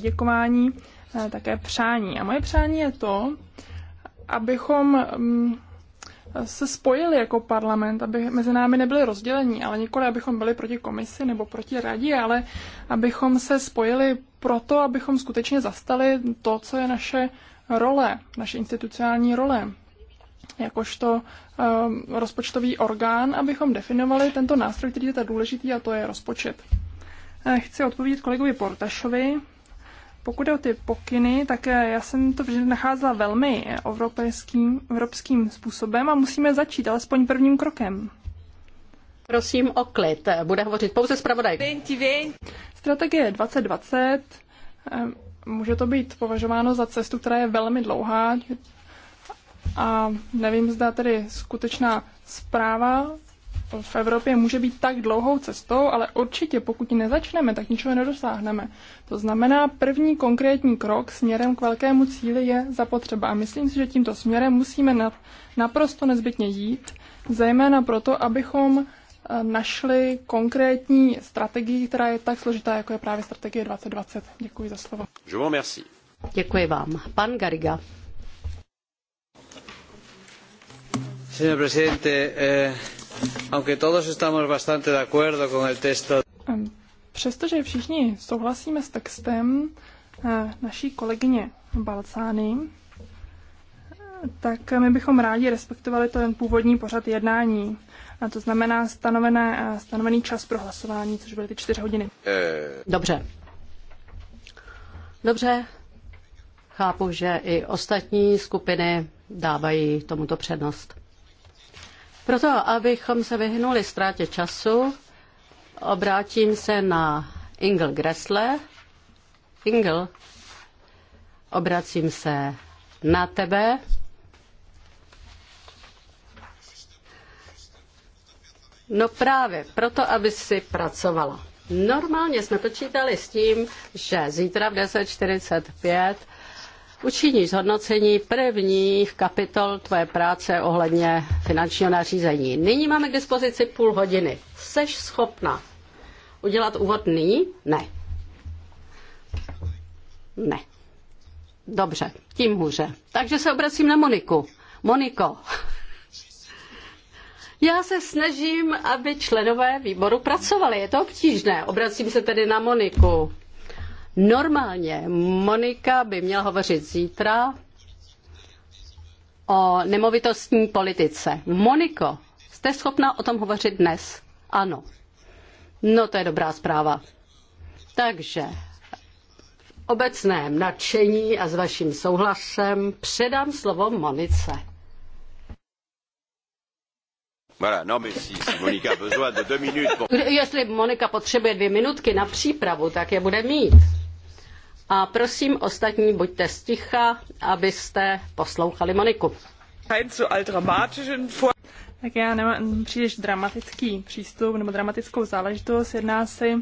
děkování, eh, také přání. A moje přání je to, abychom mm, se spojili jako parlament, aby mezi námi nebyly rozdělení, ale nikoli abychom byli proti komisi nebo proti radě, ale abychom se spojili proto, abychom skutečně zastali to, co je naše role, naše institucionální role, jakožto um, rozpočtový orgán, abychom definovali tento nástroj, který je tak důležitý, a to je rozpočet. Eh, chci odpovědět kolegovi Portašovi, pokud jde o ty pokyny, tak eh, já jsem to vždy nacházela velmi eh, evropským, evropským způsobem a musíme začít alespoň prvním krokem. Prosím o klid. Bude hovořit pouze zpravodaj. Strategie 2020. Eh, může to být považováno za cestu, která je velmi dlouhá. A nevím, zda tedy skutečná zpráva v Evropě může být tak dlouhou cestou, ale určitě pokud ji nezačneme, tak ničeho nedosáhneme. To znamená, první konkrétní krok směrem k velkému cíli je zapotřeba. A myslím si, že tímto směrem musíme naprosto nezbytně jít, zejména proto, abychom eh, našli konkrétní strategii, která je tak složitá, jako je právě strategie 2020. Děkuji za slovo. Děkuji vám. Pan Gariga. Pane eh... Aunque todos estamos bastante de acuerdo con el texto. Přestože všichni souhlasíme s textem eh, naší kolegyně Balcány, tak my bychom rádi respektovali ten původní pořad jednání. A to znamená stanovené, eh, stanovený čas pro hlasování, což byly ty čtyři hodiny. Eh. Dobře. Dobře. Chápu, že i ostatní skupiny dávají tomuto přednost. Proto, abychom se vyhnuli ztrátě času, obrátím se na Ingel Gressle. Ingel, obracím se na tebe. No právě proto, aby si pracovala. Normálně jsme počítali s tím, že zítra v 10.45 učiní zhodnocení prvních kapitol tvoje práce ohledně finančního nařízení. Nyní máme k dispozici půl hodiny. Seš schopna udělat úvod nyní? Ne. Ne. Dobře, tím hůře. Takže se obracím na Moniku. Moniko, já se snažím, aby členové výboru pracovali. Je to obtížné. Obracím se tedy na Moniku. Normálně Monika by měla hovořit zítra o nemovitostní politice. Moniko, jste schopna o tom hovořit dnes? Ano. No to je dobrá zpráva. Takže v obecném nadšení a s vaším souhlasem předám slovo Monice. Jestli Monika potřebuje dvě minutky na přípravu, tak je bude mít. A prosím ostatní, buďte sticha, abyste poslouchali Moniku. Tak já nemám příliš dramatický přístup nebo dramatickou záležitost. Jedná se eh,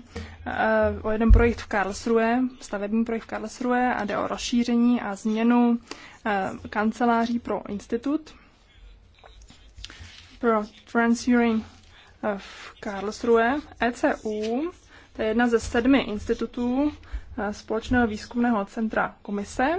o jeden projekt v Karlsruhe, stavební projekt v Karlsruhe a jde o rozšíření a změnu eh, kanceláří pro institut pro Transuring eh, v Karlsruhe. ECU, to je jedna ze sedmi institutů, společného výzkumného centra komise.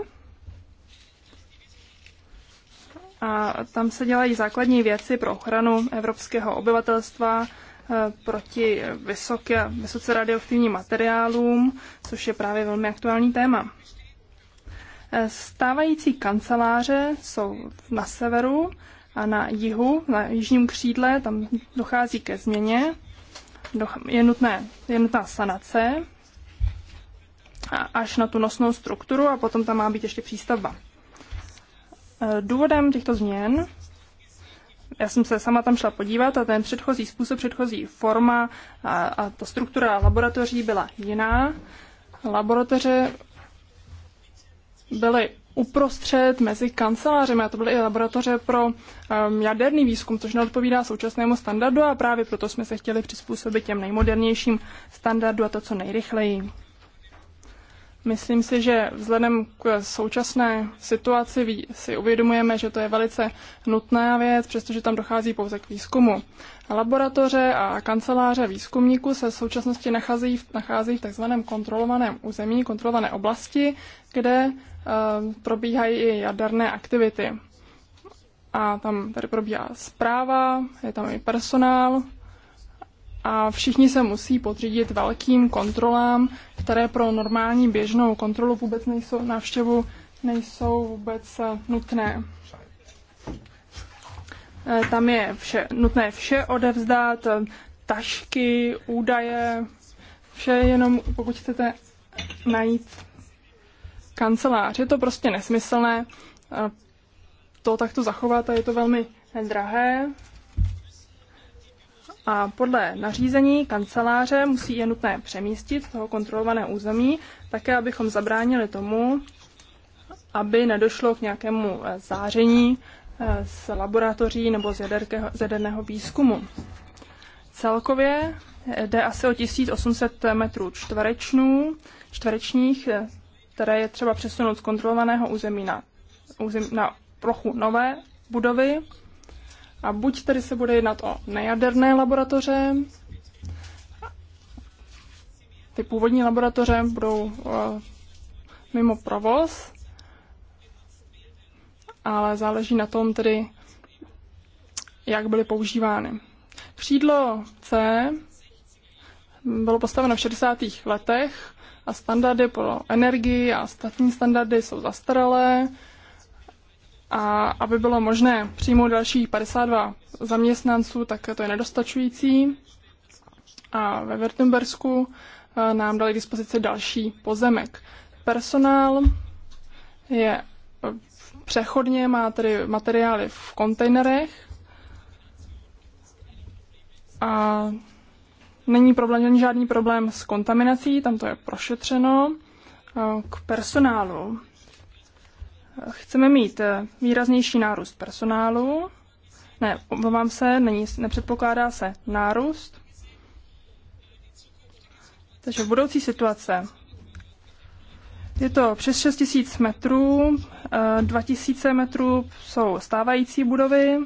A tam se dělají základní věci pro ochranu evropského obyvatelstva eh, proti vysoké, vysoce radioaktivním materiálům, což je právě velmi aktuální téma. Eh, stávající kanceláře jsou na severu a na jihu, na jižním křídle, tam dochází ke změně. Je, nutné, je nutná sanace až na tu nosnou strukturu a potom tam má být ještě přístavba. E, důvodem těchto změn, já jsem se sama tam šla podívat a ten předchozí způsob, předchozí forma a, a ta struktura laboratoří byla jiná. Laboratoře byly uprostřed mezi kancelářemi, a to byly i laboratoře pro um, jaderný výzkum, což neodpovídá současnému standardu a právě proto jsme se chtěli přizpůsobit těm nejmodernějším standardu a to co nejrychleji. Myslím si, že vzhledem k současné situaci si uvědomujeme, že to je velice nutná věc, přestože tam dochází pouze k výzkumu. Laboratoře a kanceláře výzkumníků se v současnosti nachází v, nachází v tzv. kontrolovaném území, kontrolované oblasti, kde e, probíhají i jaderné aktivity. A tam tady probíhá zpráva, je tam i personál, a všichni se musí podřídit velkým kontrolám, které pro normální běžnou kontrolu vůbec nejsou, návštěvu nejsou vůbec eh, nutné. Eh, tam je vše, nutné vše odevzdat, eh, tašky, údaje, vše jenom pokud chcete najít kancelář. Je to prostě nesmyslné to takto zachovat a je to velmi drahé. A podle nařízení kanceláře musí je nutné přemístit z toho kontrolované území, také abychom zabránili tomu, aby nedošlo k nějakému eh, záření eh, z laboratoří nebo z, z jaderného výzkumu. Celkově eh, jde asi o 1800 metrů čtverečnů, čtverečních, které je třeba přesunout z kontrolovaného území na, území, na plochu nové budovy a buď tedy se bude jednat o nejaderné laboratoře, ty původní laboratoře budou eh, mimo provoz, ale záleží na tom tedy, jak byly používány. Křídlo C bylo postaveno v 60. letech a standardy pro energii a ostatní standardy jsou zastaralé a aby bylo možné přijmout dalších 52 zaměstnanců, tak to je nedostačující. A ve Württembersku eh, nám dali k dispozici další pozemek. Personál je eh, přechodně, má tedy materiály v kontejnerech a není problém, není žádný problém s kontaminací, tam to je prošetřeno. Eh, k personálu. Chceme mít eh, výraznější nárůst personálu. Ne, obávám se, není, nepředpokládá se nárůst. Takže v budoucí situace. Je to přes 6 tisíc metrů, 2 eh, 000 metrů jsou stávající budovy,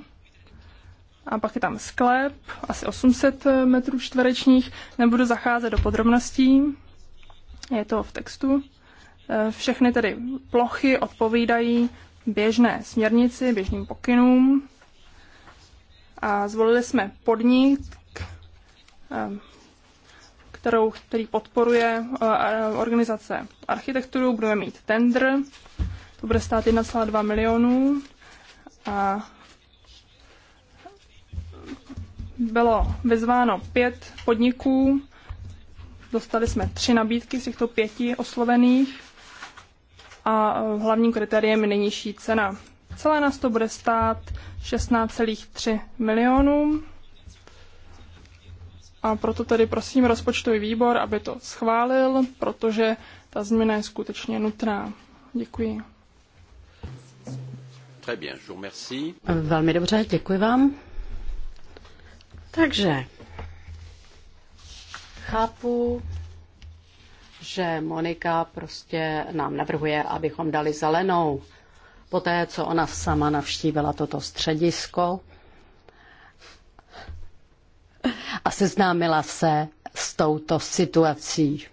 a pak je tam sklep, asi 800 eh, metrů čtverečních. Nebudu zacházet do podrobností, je to v textu. Eh, všechny tedy plochy odpovídají běžné směrnici, běžným pokynům a zvolili jsme podnik, eh, kterou, který podporuje eh, organizace architekturu. Budeme mít tender, to bude stát 1,2 milionů a bylo vyzváno pět podniků, dostali jsme tři nabídky z těchto pěti oslovených a hlavním kritériem je nejnižší cena. Celé nás to bude stát 16,3 milionů a proto tedy prosím rozpočtový výbor, aby to schválil, protože ta změna je skutečně nutná. Děkuji. Velmi dobře, děkuji vám. Takže chápu, že Monika prostě nám navrhuje, abychom dali zelenou. Poté, co ona sama navštívila toto středisko a seznámila se s touto situací.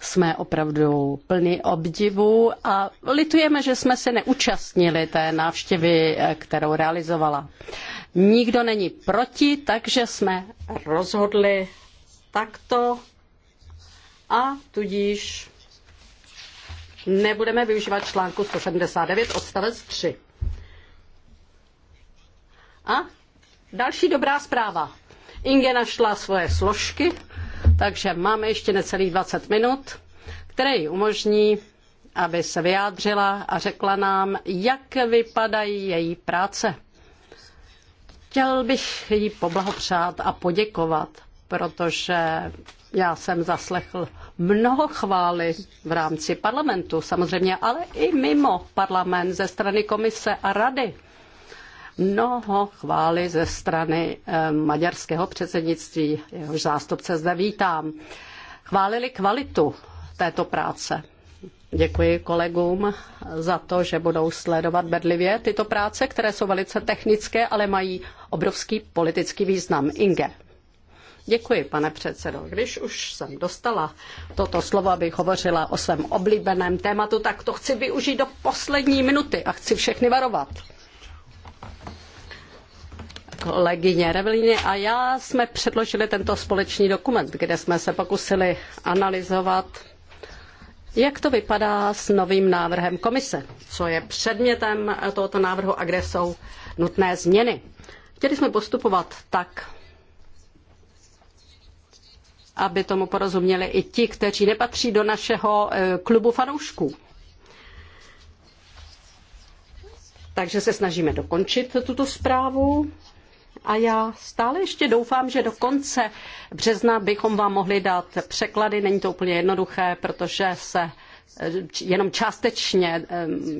Jsme opravdu plní obdivu a litujeme, že jsme se neúčastnili té návštěvy, kterou realizovala. Nikdo není proti, takže jsme rozhodli takto a tudíž nebudeme využívat článku 179 odstavec 3. A další dobrá zpráva. Inge našla svoje složky, takže máme ještě necelých 20 minut, které ji umožní, aby se vyjádřila a řekla nám, jak vypadají její práce. Chtěl bych jí poblahopřát a poděkovat protože já jsem zaslechl mnoho chvály v rámci parlamentu, samozřejmě, ale i mimo parlament ze strany komise a rady. Mnoho chvály ze strany eh, maďarského předsednictví, jehož zástupce zde vítám. Chválili kvalitu této práce. Děkuji kolegům za to, že budou sledovat bedlivě tyto práce, které jsou velice technické, ale mají obrovský politický význam. Inge. Děkuji, pane předsedo. Když už jsem dostala toto slovo, abych hovořila o svém oblíbeném tématu, tak to chci využít do poslední minuty a chci všechny varovat. Kolegyně Revelíně a já jsme předložili tento společný dokument, kde jsme se pokusili analyzovat jak to vypadá s novým návrhem komise, co je předmětem tohoto návrhu a kde jsou nutné změny? Chtěli jsme postupovat tak, aby tomu porozuměli i ti, kteří nepatří do našeho eh, klubu fanoušků. Takže se snažíme dokončit tuto zprávu a já stále ještě doufám, že do konce března bychom vám mohli dát překlady. Není to úplně jednoduché, protože se jenom částečně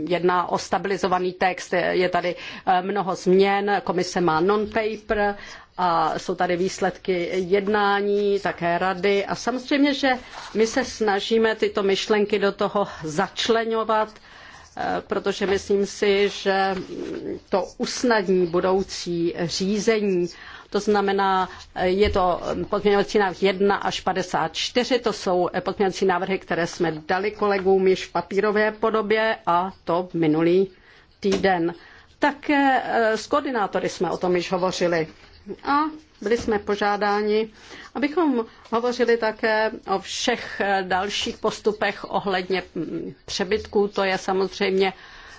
jedná o stabilizovaný text. Je tady eh, mnoho změn, komise má non-paper a jsou tady výsledky jednání, také rady a samozřejmě, že my se snažíme tyto myšlenky do toho začlenovat, eh, protože myslím si, že to usnadní budoucí řízení to znamená, je to eh, pozměňovací návrh 1 až 54, to jsou eh, pozměňovací návrhy, které jsme dali kolegům již v papírové podobě a to minulý týden. Také eh, s koordinátory jsme o tom již hovořili a byli jsme požádáni, abychom hovořili také o všech dalších postupech ohledně mm, přebytků. To je samozřejmě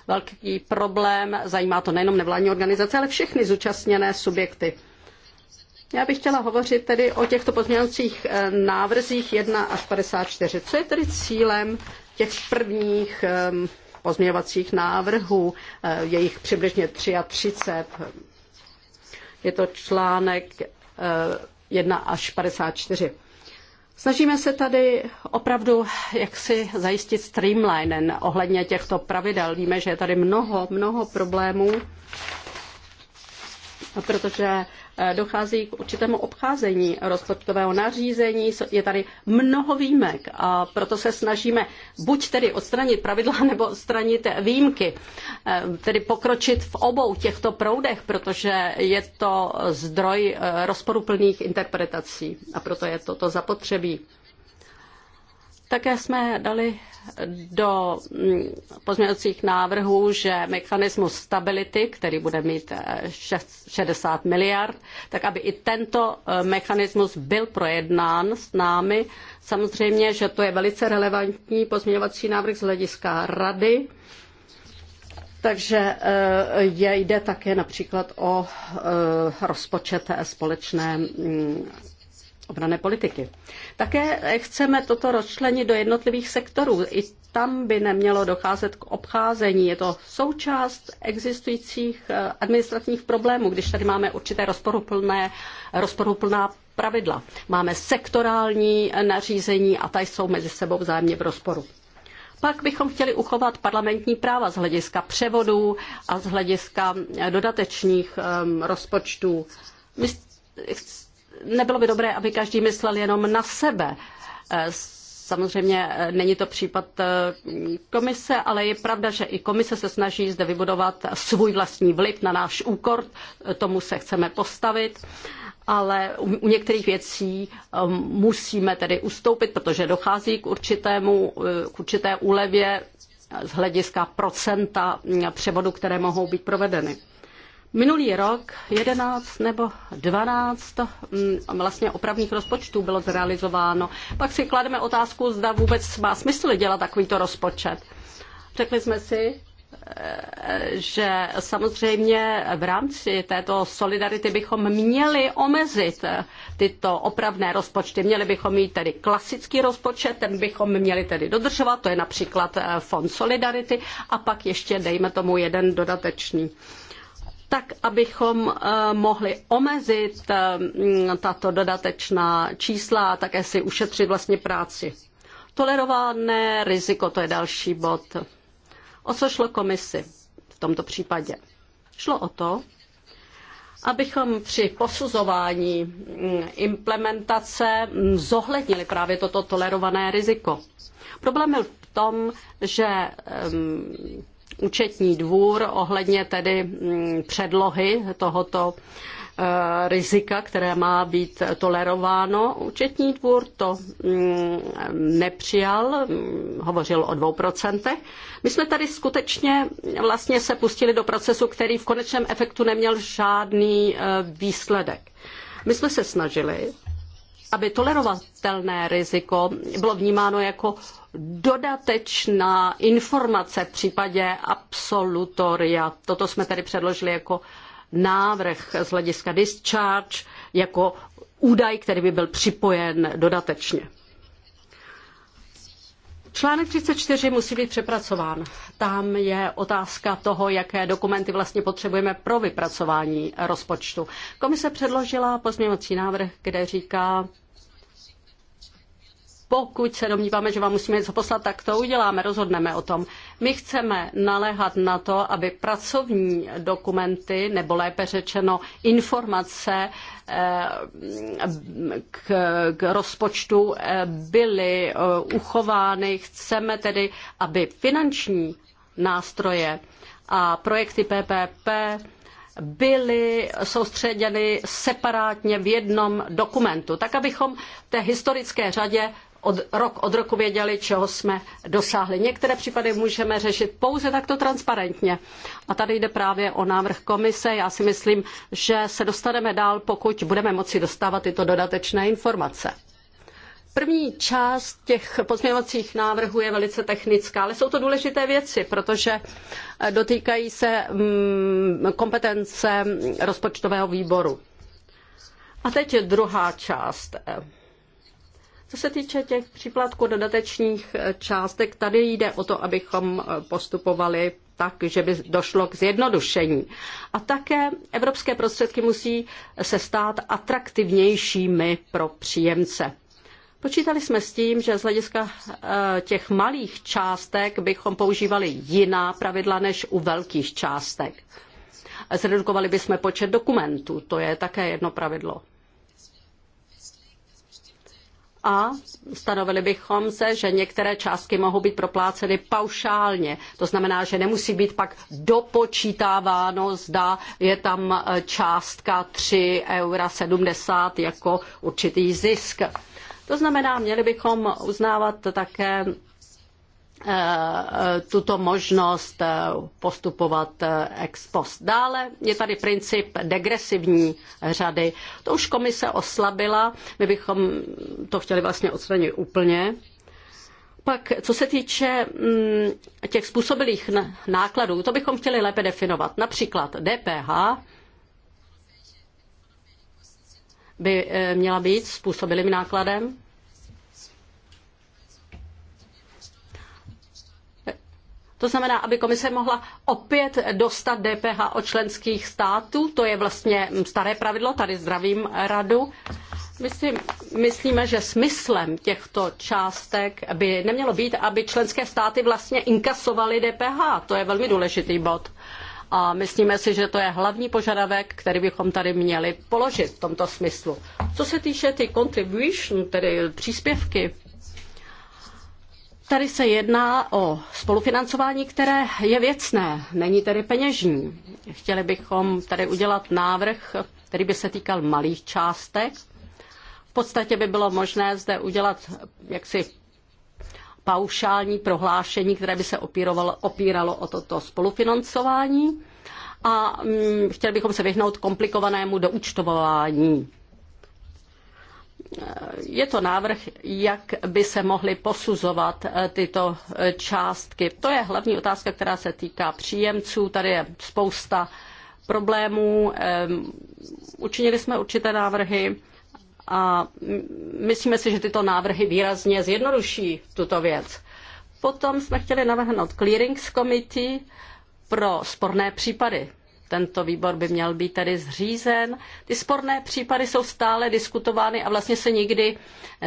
velký problém, zajímá to nejenom nevládní organizace, ale všechny zúčastněné subjekty. Já bych chtěla hovořit tedy o těchto pozměňovacích eh, návrzích 1 až 54. Co je tedy cílem těch prvních ehm, pozměňovacích návrhů, eh, jejich přibližně 33. Je to článek 1 eh, až 54. Snažíme se tady opravdu jaksi zajistit streamlinen ohledně těchto pravidel. Víme, že je tady mnoho, mnoho problémů, protože Eh, dochází k určitému obcházení rozpočtového nařízení, je tady mnoho výjimek a proto se snažíme buď tedy odstranit pravidla nebo odstranit výjimky, eh, tedy pokročit v obou těchto proudech, protože je to zdroj eh, rozporuplných interpretací a proto je toto zapotřebí. Také jsme dali do mm, pozměňovacích návrhů, že mechanismus stability, který bude mít 60 eh, miliard, tak aby i tento eh, mechanismus byl projednán s námi. Samozřejmě, že to je velice relevantní pozměňovací návrh z hlediska rady, takže eh, je, jde také například o rozpočet společné mm, obrané politiky. Také chceme toto rozčlenit do jednotlivých sektorů. I tam by nemělo docházet k obcházení. Je to součást existujících eh, administrativních problémů, když tady máme určité rozporuplné, rozporuplná pravidla. Máme sektorální eh, nařízení a ta jsou mezi sebou vzájemně v rozporu. Pak bychom chtěli uchovat parlamentní práva z hlediska převodů a z hlediska eh, dodatečných um, rozpočtů. My nebylo by dobré, aby každý myslel jenom na sebe. Eh, samozřejmě eh, není to případ eh, komise, ale je pravda, že i komise se snaží zde vybudovat svůj vlastní vliv na náš úkor, tomu se chceme postavit ale u některých věcí musíme tedy ustoupit, protože dochází k, určitému, k určité úlevě z hlediska procenta mm, převodu, které mohou být provedeny. Minulý rok 11 nebo 12 mm, vlastně opravných rozpočtů bylo zrealizováno. Pak si klademe otázku, zda vůbec má smysl dělat takovýto rozpočet. Řekli jsme si, eh, že samozřejmě v rámci této solidarity bychom měli omezit eh, tyto opravné rozpočty. Měli bychom mít tedy klasický rozpočet, ten bychom měli tedy dodržovat, to je například eh, Fond Solidarity a pak ještě dejme tomu jeden dodatečný tak abychom eh, mohli omezit eh, mm, tato dodatečná čísla a také si ušetřit vlastně práci. Tolerované riziko, to je další bod. O co šlo komisi v tomto případě? Šlo o to, abychom při posuzování mm, implementace mm, zohlednili právě toto tolerované riziko. Problém byl v tom, že účetní dvůr ohledně tedy mm, předlohy tohoto eh, rizika, které má být tolerováno. Účetní dvůr to mm, nepřijal, mm, hovořil o dvou procentech. My jsme tady skutečně vlastně se pustili do procesu, který v konečném efektu neměl žádný eh, výsledek. My jsme se snažili aby tolerovatelné riziko bylo vnímáno jako dodatečná informace v případě absolutoria. Toto jsme tedy předložili jako návrh z hlediska discharge, jako údaj, který by byl připojen dodatečně. Článek 34 musí být přepracován. Tam je otázka toho, jaké dokumenty vlastně potřebujeme pro vypracování rozpočtu. Komise předložila pozměňovací návrh, kde říká, pokud se domníváme, že vám musíme něco poslat, tak to uděláme, rozhodneme o tom. My chceme naléhat na to, aby pracovní dokumenty, nebo lépe řečeno informace eh, k, k rozpočtu eh, byly eh, uchovány. Chceme tedy, aby finanční nástroje a projekty PPP byly soustředěny separátně v jednom dokumentu, tak abychom té historické řadě od, rok od roku věděli, čeho jsme dosáhli. Některé případy můžeme řešit pouze takto transparentně. A tady jde právě o návrh komise. Já si myslím, že se dostaneme dál, pokud budeme moci dostávat tyto dodatečné informace. První část těch pozměňovacích návrhů je velice technická, ale jsou to důležité věci, protože eh, dotýkají se mm, kompetence rozpočtového výboru. A teď je druhá část. Eh, co se týče těch příplatků dodatečních částek, tady jde o to, abychom postupovali tak, že by došlo k zjednodušení. A také evropské prostředky musí se stát atraktivnějšími pro příjemce. Počítali jsme s tím, že z hlediska eh, těch malých částek bychom používali jiná pravidla než u velkých částek. Zredukovali bychom počet dokumentů, to je také jedno pravidlo a stanovili bychom se, že některé částky mohou být propláceny paušálně. To znamená, že nemusí být pak dopočítáváno, zda je tam e, částka 3,70 eura jako určitý zisk. To znamená, měli bychom uznávat také Eh, eh, tuto možnost eh, postupovat ex post. Dále je tady princip degresivní řady. To už komise oslabila, my bychom to chtěli vlastně odstranit úplně. Pak, co se týče mm, těch způsobilých nákladů, to bychom chtěli lépe definovat. Například DPH by měla být způsobilým nákladem, To znamená, aby komise mohla opět dostat DPH od členských států. To je vlastně staré pravidlo, tady zdravím radu. Myslím, myslíme, že smyslem těchto částek by nemělo být, aby členské státy vlastně inkasovaly DPH. To je velmi důležitý bod. A myslíme si, že to je hlavní požadavek, který bychom tady měli položit v tomto smyslu. Co se týče ty contribution, tedy příspěvky, Tady se jedná o spolufinancování, které je věcné, není tedy peněžní. Chtěli bychom tady udělat návrh, který by se týkal malých částek. V podstatě by bylo možné zde udělat jaksi paušální prohlášení, které by se opíralo, opíralo o toto spolufinancování a um, chtěli bychom se vyhnout komplikovanému doučtování je to návrh, jak by se mohly posuzovat eh, tyto eh, částky. To je hlavní otázka, která se týká příjemců. Tady je spousta problémů. Ehm, učinili jsme určité návrhy a myslíme si, že tyto návrhy výrazně zjednoduší tuto věc. Potom jsme chtěli navrhnout Clearings Committee pro sporné případy. Tento výbor by měl být tedy zřízen. Ty sporné případy jsou stále diskutovány a vlastně se nikdy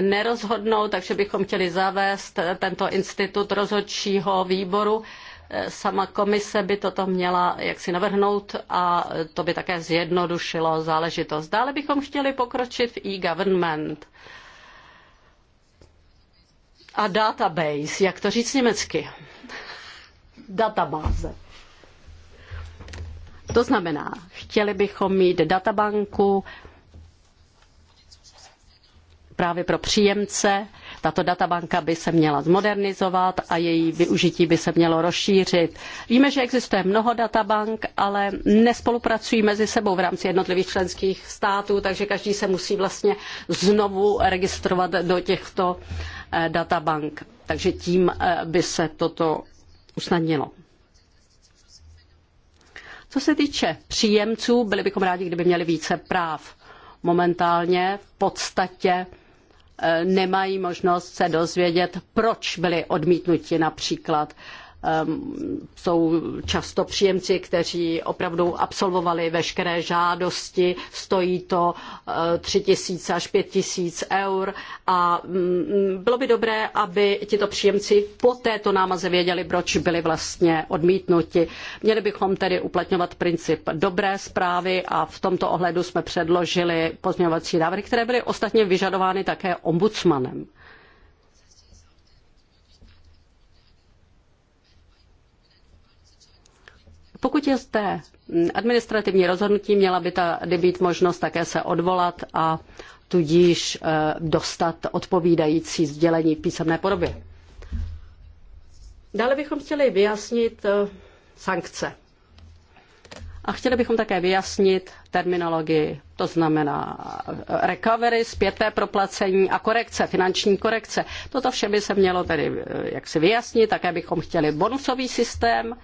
nerozhodnou, takže bychom chtěli zavést tento institut rozhodčího výboru. Sama komise by toto měla jaksi navrhnout a to by také zjednodušilo záležitost. Dále bychom chtěli pokročit v e-government a database, jak to říct německy, databáze. To znamená, chtěli bychom mít databanku právě pro příjemce. Tato databanka by se měla zmodernizovat a její využití by se mělo rozšířit. Víme, že existuje mnoho databank, ale nespolupracují mezi sebou v rámci jednotlivých členských států, takže každý se musí vlastně znovu registrovat do těchto eh, databank. Takže tím eh, by se toto usnadnilo. Co se týče příjemců, byli bychom rádi, kdyby měli více práv. Momentálně v podstatě e, nemají možnost se dozvědět, proč byli odmítnuti například. Ehm, jsou často příjemci, kteří opravdu absolvovali veškeré žádosti, stojí to 3 eh, tisíce až 5 tisíc eur a mm, bylo by dobré, aby tito příjemci po této námaze věděli, proč byli vlastně odmítnuti. Měli bychom tedy uplatňovat princip dobré zprávy a v tomto ohledu jsme předložili pozměňovací návrhy, které byly ostatně vyžadovány také ombudsmanem. Pokud je zde administrativní rozhodnutí, měla by tady být možnost také se odvolat a tudíž eh, dostat odpovídající sdělení v písemné podobě. Dále bychom chtěli vyjasnit eh, sankce. A chtěli bychom také vyjasnit terminologii, to znamená eh, recovery, zpěté proplacení a korekce, finanční korekce. Toto vše by se mělo tedy jaksi vyjasnit, také bychom chtěli bonusový systém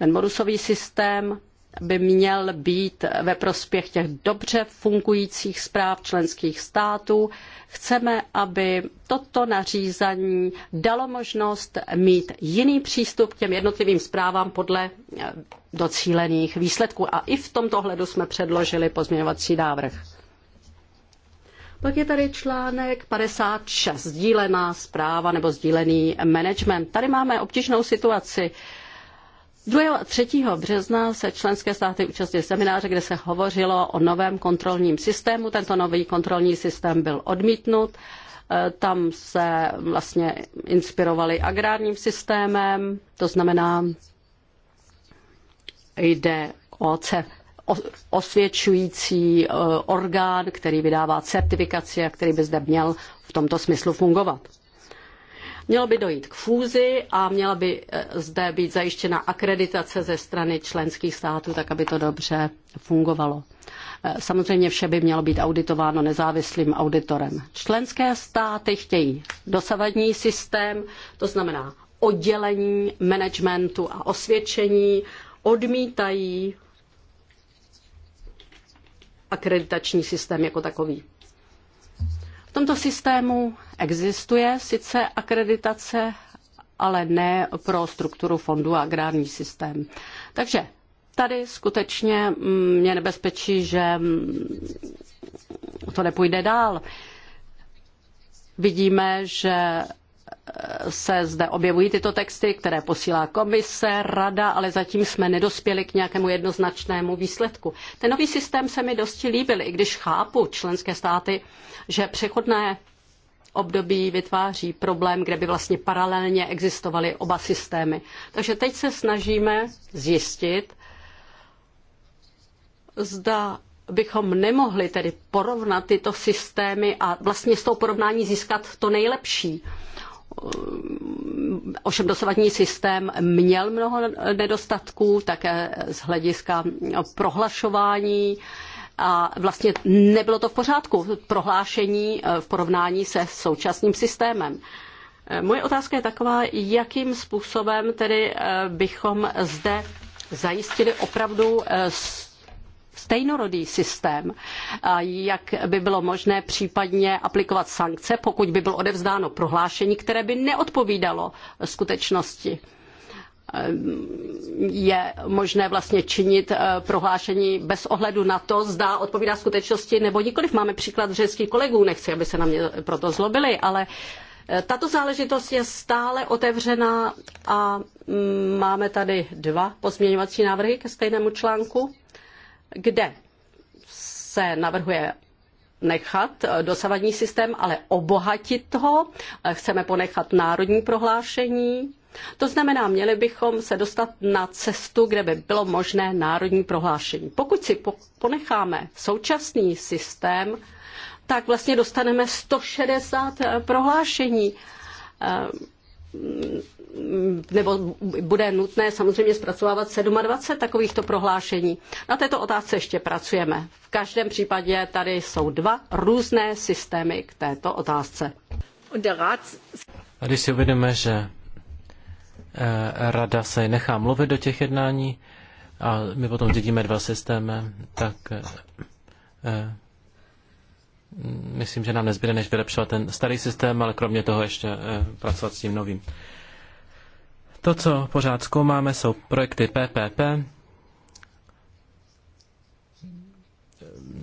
ten modusový systém by měl být ve prospěch těch dobře fungujících zpráv členských států. Chceme, aby toto nařízení dalo možnost mít jiný přístup k těm jednotlivým zprávám podle eh, docílených výsledků. A i v tomto ohledu jsme předložili pozměňovací návrh. Pak je tady článek 56, sdílená zpráva nebo sdílený management. Tady máme obtížnou situaci 2. a 3. března se členské státy účastnily semináře, kde se hovořilo o novém kontrolním systému. Tento nový kontrolní systém byl odmítnut. E, tam se vlastně inspirovali agrárním systémem, to znamená, jde o osvědčující e, orgán, který vydává certifikaci a který by zde měl v tomto smyslu fungovat. Mělo by dojít k fúzi a měla by eh, zde být zajištěna akreditace ze strany členských států, tak aby to dobře fungovalo. Eh, samozřejmě vše by mělo být auditováno nezávislým auditorem. Členské státy chtějí dosavadní systém, to znamená oddělení managementu a osvědčení, odmítají akreditační systém jako takový. V tomto systému existuje sice akreditace, ale ne pro strukturu fondu a agrární systém. Takže tady skutečně mm, mě nebezpečí, že mm, to nepůjde dál. Vidíme, že se zde objevují tyto texty, které posílá komise, rada, ale zatím jsme nedospěli k nějakému jednoznačnému výsledku. Ten nový systém se mi dosti líbil, i když chápu členské státy, že přechodné období vytváří problém, kde by vlastně paralelně existovaly oba systémy. Takže teď se snažíme zjistit, zda bychom nemohli tedy porovnat tyto systémy a vlastně z toho porovnání získat to nejlepší. Ovšem dosavadní systém měl mnoho nedostatků, také z hlediska prohlašování a vlastně nebylo to v pořádku prohlášení eh, v porovnání se současným systémem. Eh, moje otázka je taková, jakým způsobem tedy eh, bychom zde zajistili opravdu stejnorodý systém, jak by bylo možné případně aplikovat sankce, pokud by bylo odevzdáno prohlášení, které by neodpovídalo skutečnosti je možné vlastně činit eh, prohlášení bez ohledu na to, zda odpovídá skutečnosti nebo nikoliv. Máme příklad řeckých kolegů, nechci, aby se na mě proto zlobili, ale eh, tato záležitost je stále otevřená a mm, máme tady dva pozměňovací návrhy ke stejnému článku kde se navrhuje nechat eh, dosavadní systém, ale obohatit ho. Eh, chceme ponechat národní prohlášení. To znamená, měli bychom se dostat na cestu, kde by bylo možné národní prohlášení. Pokud si ponecháme současný systém, tak vlastně dostaneme 160 eh, prohlášení nebo bude nutné samozřejmě zpracovávat 27 takovýchto prohlášení. Na této otázce ještě pracujeme. V každém případě tady jsou dva různé systémy k této otázce. A když si uvědomíme, že eh, rada se nechá mluvit do těch jednání a my potom dědíme dva systémy, tak eh, eh, myslím, že nám nezbyde, než vylepšovat ten starý systém, ale kromě toho ještě eh, pracovat s tím novým. To, co pořád zkoumáme, jsou projekty PPP.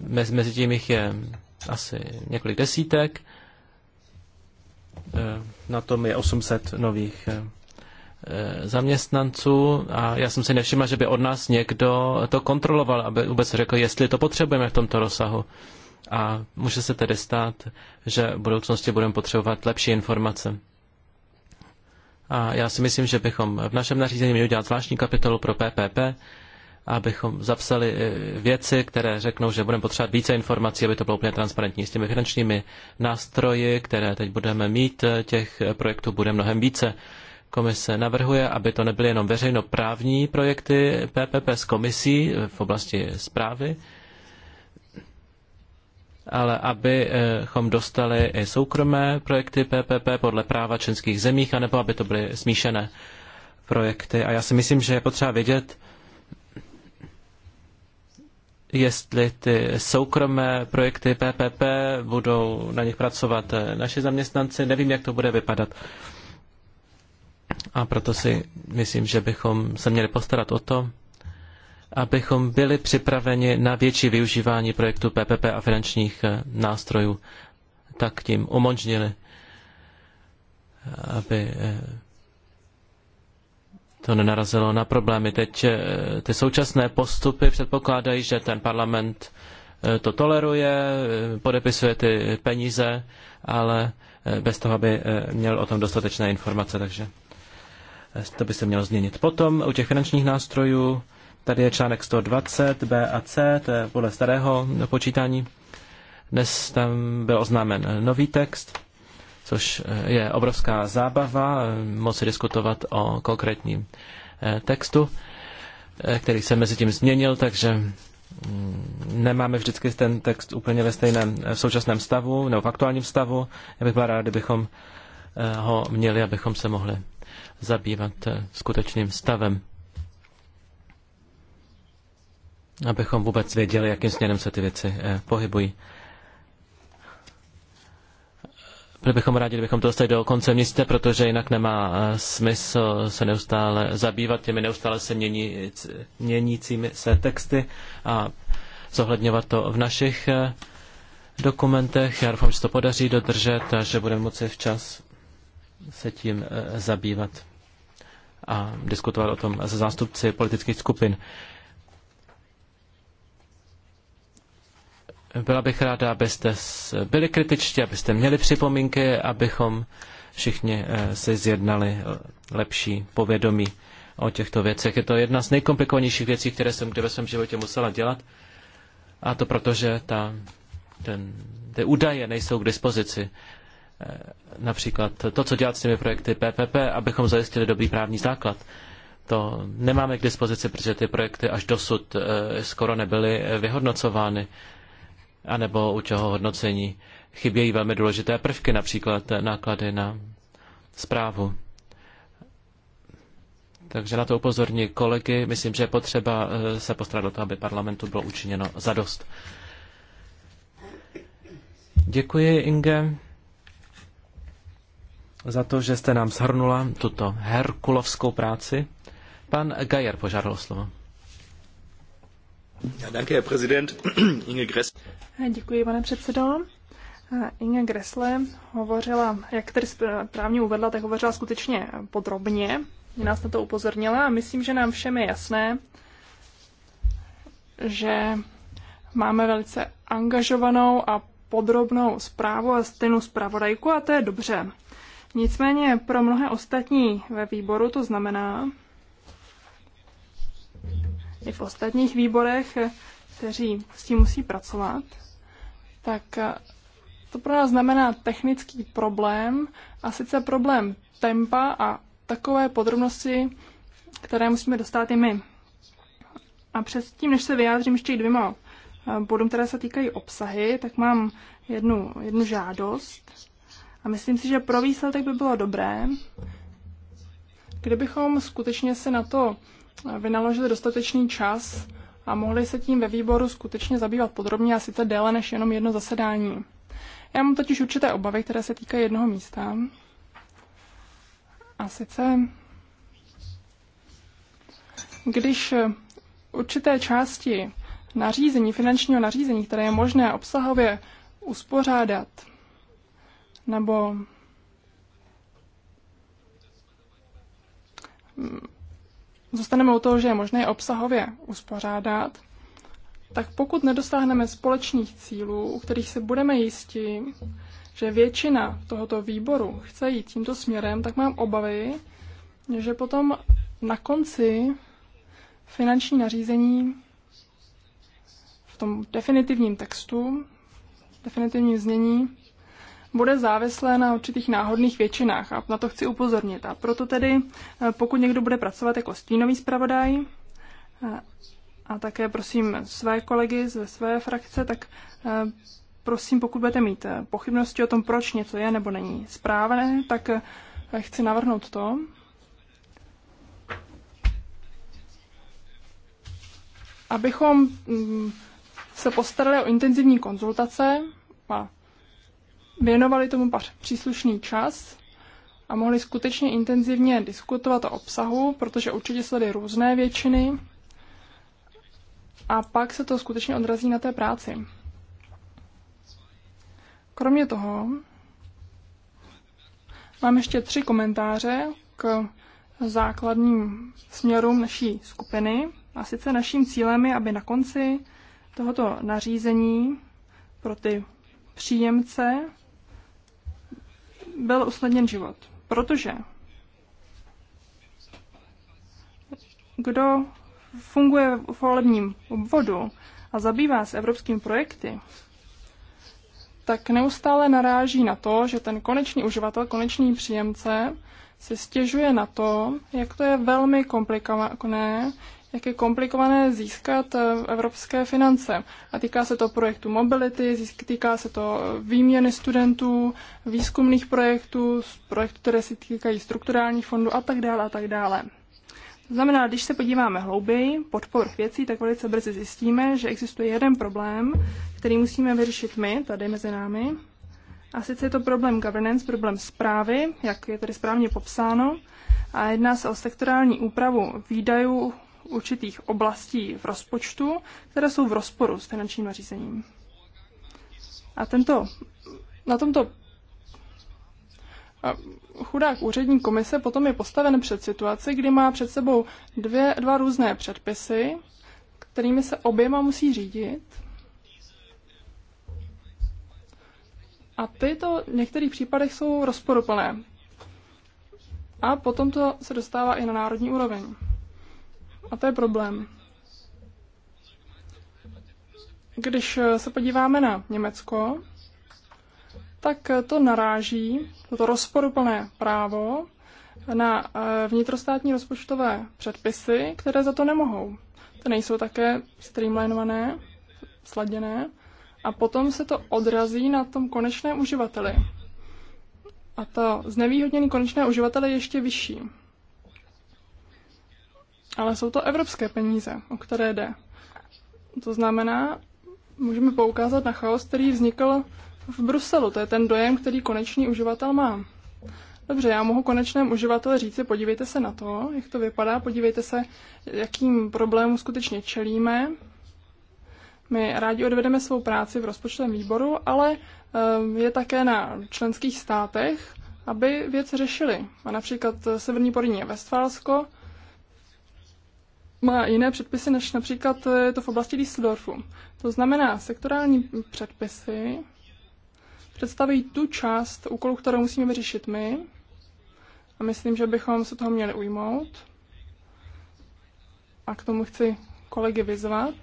Mez, mezi tím jich je asi několik desítek. Eh, na tom je 800 nových eh, zaměstnanců a já jsem si nevšiml, že by od nás někdo to kontroloval, aby vůbec řekl, jestli to potřebujeme v tomto rozsahu a může se tedy stát, že v budoucnosti budeme potřebovat lepší informace. A já si myslím, že bychom v našem nařízení měli udělat zvláštní kapitolu pro PPP, abychom zapsali eh, věci, které řeknou, že budeme potřebovat více informací, aby to bylo úplně transparentní. S těmi finančními nástroji, které teď budeme mít, eh, těch eh, projektů bude mnohem více. Komise navrhuje, aby to nebyly jenom veřejnoprávní projekty PPP s komisí v oblasti zprávy, ale abychom dostali i soukromé projekty PPP podle práva členských zemích, anebo aby to byly smíšené projekty. A já si myslím, že je potřeba vědět, jestli ty soukromé projekty PPP budou na nich pracovat naši zaměstnanci. Nevím, jak to bude vypadat. A proto si myslím, že bychom se měli postarat o to, abychom byli připraveni na větší využívání projektu PPP a finančních eh, nástrojů, tak tím umožnili, aby eh, to nenarazilo na problémy. Teď eh, ty současné postupy předpokládají, že ten parlament to toleruje, podepisuje ty peníze, ale bez toho, aby měl o tom dostatečné informace, takže to by se mělo změnit. Potom u těch finančních nástrojů Tady je článek 120 B a C, to je podle starého počítání. Dnes tam byl oznámen nový text, což eh, je obrovská zábava, eh, moci diskutovat o konkrétním eh, textu, který se mezi tím změnil, takže mm, nemáme vždycky ten text úplně ve stejném v současném stavu nebo v aktuálním stavu. Já bych byl rád, kdybychom ho měli, abychom se mohli zabývat skutečným stavem abychom vůbec věděli, jakým směrem se ty věci eh, pohybují. Byli bychom rádi, kdybychom to dostali do konce měsíce, protože jinak nemá eh, smysl se neustále zabývat těmi neustále se mění, měnícími se texty a zohledňovat to v našich eh, dokumentech. Já doufám, že to podaří dodržet a že budeme moci včas se tím zabývat a diskutovat o tom se zástupci politických skupin. Byla bych ráda, abyste byli kritičtí, abyste měli připomínky, abychom všichni eh, si zjednali eh, lepší povědomí o těchto věcech. Je to jedna z nejkomplikovanějších věcí, které jsem kdy ve svém životě musela dělat. A to proto, že ta, ten, ty údaje nejsou k dispozici. Eh, například to, co dělat s těmi projekty PPP, abychom zajistili dobrý právní základ. To nemáme k dispozici, protože ty projekty až dosud skoro nebyly vyhodnocovány anebo u čeho hodnocení chybějí velmi důležité prvky, například náklady na zprávu. Takže na to upozorní kolegy. Myslím, že je potřeba eh, se postarat o to, aby parlamentu bylo učiněno zadost. Děkuji, Inge, za to, že jste nám shrnula tuto herkulovskou práci. Pan Gajer požádal slovo. Děkuji, pane předsedo. Inge Gressle hovořila, jak tedy správně uvedla, tak hovořila skutečně podrobně. Nás na to upozornila a myslím, že nám všem je jasné, že máme velice angažovanou a podrobnou zprávu a stejnou zpravodajku a to je dobře. Nicméně pro mnohé ostatní ve výboru to znamená, i v ostatních výborech, kteří s tím musí pracovat, tak to pro nás znamená technický problém, a sice problém tempa a takové podrobnosti, které musíme dostat i my. A předtím, než se vyjádřím ještě i dvěma eh, bodům, které se týkají obsahy, tak mám jednu, jednu žádost. A myslím si, že pro výsledek by bylo dobré, kdybychom skutečně se na to vynaložili dostatečný čas a mohli se tím ve výboru skutečně zabývat podrobně a sice déle než jenom jedno zasedání. Já mám totiž určité obavy, které se týkají jednoho místa. A sice, když určité části nařízení, finančního nařízení, které je možné obsahově uspořádat, nebo zůstaneme u toho, že je možné je obsahově uspořádat, tak pokud nedosáhneme společných cílů, u kterých se budeme jistí, že většina tohoto výboru chce jít tímto směrem, tak mám obavy, že potom na konci finanční nařízení v tom definitivním textu, definitivním znění, bude závislé na určitých náhodných většinách a na to chci upozornit. A proto tedy, eh, pokud někdo bude pracovat jako stínový zpravodaj eh, a také prosím své kolegy ze své frakce, tak eh, prosím, pokud budete mít pochybnosti o tom, proč něco je nebo není správné, tak chci navrhnout to, abychom mm, se postarali o intenzivní konzultace a věnovali tomu příslušný čas a mohli skutečně intenzivně diskutovat o obsahu, protože určitě se tady různé většiny a pak se to skutečně odrazí na té práci. Kromě toho mám ještě tři komentáře k základním směrům naší skupiny. A sice naším cílem je, aby na konci tohoto nařízení pro ty příjemce byl usnadněn život, protože kdo funguje v volebním obvodu a zabývá se evropskými projekty, tak neustále naráží na to, že ten konečný uživatel, konečný příjemce se stěžuje na to, jak to je velmi komplikované, jak je komplikované získat eh, evropské finance. A týká se to projektu mobility, týká se to eh, výměny studentů, výzkumných projektů, projektů, které se týkají strukturálních fondů a tak dále a tak dále. To znamená, když se podíváme hlouběji pod povrch věcí, tak velice brzy zjistíme, že existuje jeden problém, který musíme vyřešit my, tady mezi námi. A sice je to problém governance, problém zprávy, jak je tady správně popsáno, a jedná se o sektorální úpravu výdajů určitých oblastí v rozpočtu, které jsou v rozporu s finančním nařízením. A tento, na tomto chudák úřední komise potom je postaven před situaci, kdy má před sebou dvě, dva různé předpisy, kterými se oběma musí řídit. A tyto v některých případech jsou rozporuplné. A potom to se dostává i na národní úroveň. A to je problém. Když eh, se podíváme na Německo, tak eh, to naráží, toto rozporuplné právo, na eh, vnitrostátní rozpočtové předpisy, které za to nemohou. Ty nejsou také streamlinované, sladěné a potom se to odrazí na tom konečném uživateli. A to znevýhodněný konečné uživatele je ještě vyšší ale jsou to evropské peníze, o které jde. To znamená, můžeme poukázat na chaos, který vznikl v Bruselu. To je ten dojem, který konečný uživatel má. Dobře, já mohu konečnému uživateli říci, podívejte se na to, jak to vypadá, podívejte se, jakým problémům skutečně čelíme. My rádi odvedeme svou práci v rozpočtovém výboru, ale eh, je také na členských státech, aby věc řešili. A například Severní Porýní Vestfálsko má jiné předpisy než například eh, je to v oblasti Düsseldorfu. To znamená, sektorální předpisy představují tu část úkolů, kterou musíme vyřešit my a myslím, že bychom se toho měli ujmout. A k tomu chci kolegy vyzvat.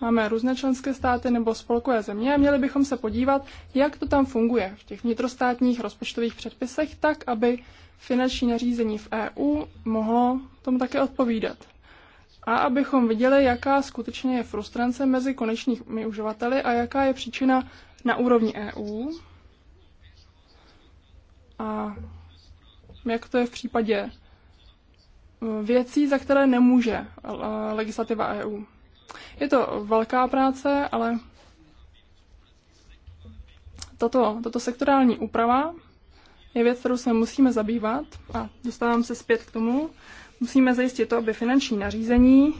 Máme různé členské státy nebo spolkové země a měli bychom se podívat, jak to tam funguje v těch vnitrostátních rozpočtových předpisech, tak aby finanční nařízení v EU mohlo tomu také odpovídat. A abychom viděli, jaká skutečně je frustrance mezi konečnými uživateli a jaká je příčina na úrovni EU a jak to je v případě e, věcí, za které nemůže e, legislativa EU. Je to velká práce, ale tato, tato sektorální úprava je věc, kterou se musíme zabývat a dostávám se zpět k tomu. Musíme zajistit to, aby finanční nařízení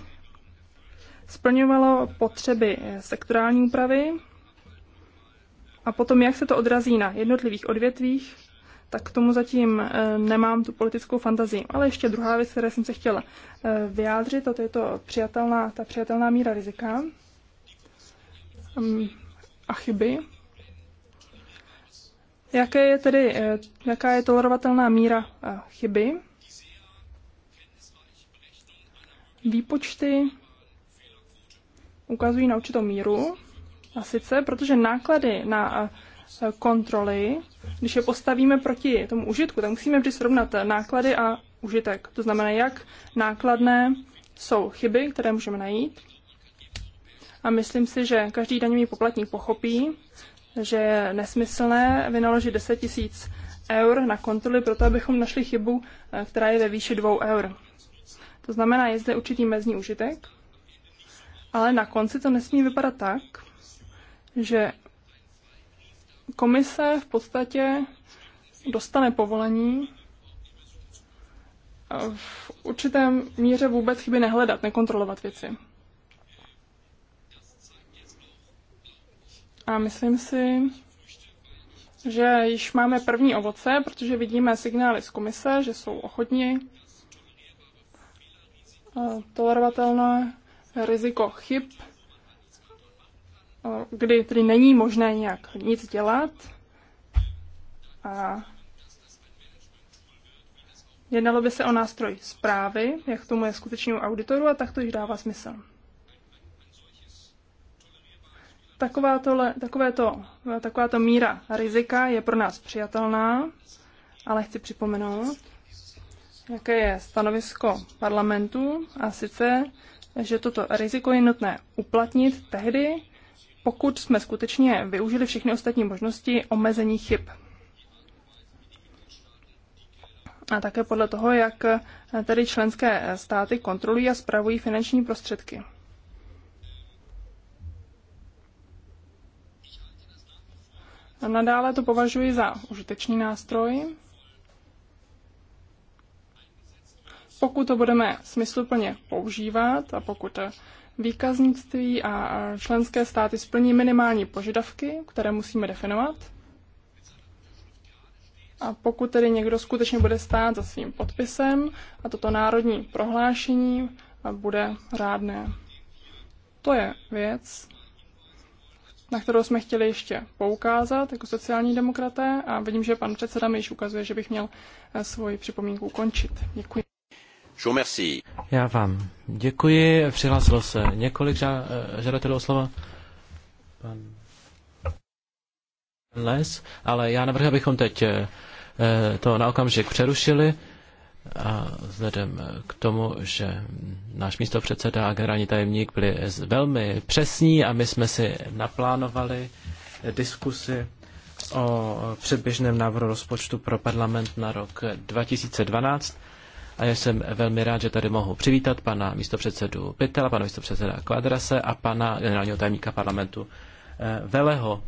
splňovalo potřeby sektorální úpravy a potom, jak se to odrazí na jednotlivých odvětvích, tak k tomu zatím eh, nemám tu politickou fantazii. Ale ještě druhá věc, které jsem se chtěla eh, vyjádřit, a to je to přijatelná, ta přijatelná míra rizika mm, a chyby. Jaké je tedy, eh, jaká je tolerovatelná míra eh, chyby? Výpočty ukazují na určitou míru, a sice protože náklady na eh, kontroly, když je postavíme proti tomu užitku, tak musíme vždy srovnat náklady a užitek. To znamená, jak nákladné jsou chyby, které můžeme najít. A myslím si, že každý daňový poplatník pochopí, že je nesmyslné vynaložit 10 tisíc eur na kontroly proto, abychom našli chybu, eh, která je ve výši 2 eur. To znamená, je zde určitý mezní užitek, ale na konci to nesmí vypadat tak, že komise v podstatě dostane povolení eh, v určitém míře vůbec chyby nehledat, nekontrolovat věci. A myslím si, že již máme první ovoce, protože vidíme signály z komise, že jsou ochotni eh, tolerovatelné riziko chyb, eh, kdy tedy není možné nějak nic dělat. A jednalo by se o nástroj zprávy, jak tomu je skutečnému auditoru a tak to již dává smysl. Takováto, takovéto, míra rizika je pro nás přijatelná, ale chci připomenout, jaké je stanovisko parlamentu, a sice, že toto riziko je nutné uplatnit tehdy, pokud jsme skutečně využili všechny ostatní možnosti omezení chyb. A také podle toho, jak tedy členské státy kontrolují a spravují finanční prostředky. A Nadále to považuji za užitečný nástroj. Pokud to budeme smysluplně používat a pokud výkaznictví a členské státy splní minimální požadavky, které musíme definovat, a pokud tedy někdo skutečně bude stát za svým podpisem a toto národní prohlášení bude rádné. To je věc, na kterou jsme chtěli ještě poukázat jako sociální demokraté a vidím, že pan předseda mi již ukazuje, že bych měl eh, svoji připomínku ukončit. Děkuji. Já vám děkuji. Přihlásilo se několik ža- eh, žadatelů o slova. Pan Les, ale já navrhuji, abychom teď eh, to na okamžik přerušili. A vzhledem k tomu, že náš předseda a generální tajemník byli velmi přesní a my jsme si naplánovali diskusy o předběžném návrhu rozpočtu pro parlament na rok 2012. A já jsem velmi rád, že tady mohu přivítat pana místopředsedu Pytela, pana místopředseda Kvadrase a pana generálního tajemníka parlamentu eh, Veleho.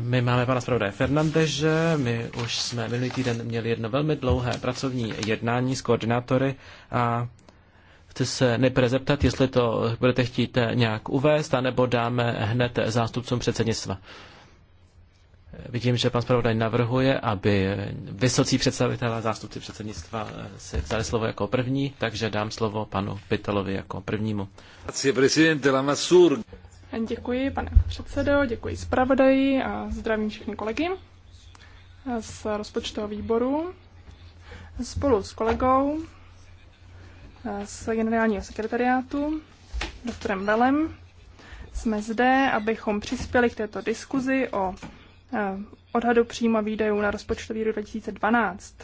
My máme pana zpravodaje Fernandeže, my už jsme minulý týden měli jedno velmi dlouhé pracovní jednání s koordinátory a chci se nejprve zeptat, jestli to budete chtít nějak uvést, anebo dáme hned zástupcům předsednictva. Vidím, že pan zpravodaj navrhuje, aby vysocí představitelé zástupci předsednictva si vzali slovo jako první, takže dám slovo panu Pitalovi jako prvnímu. Děkuji, pane předsedo, děkuji zpravodaji a zdravím všechny kolegy z rozpočtového výboru. Spolu s kolegou z generálního sekretariátu, doktorem Velem, jsme zde, abychom přispěli k této diskuzi o eh, odhadu příjmu výdajů na rozpočtový rok 2012.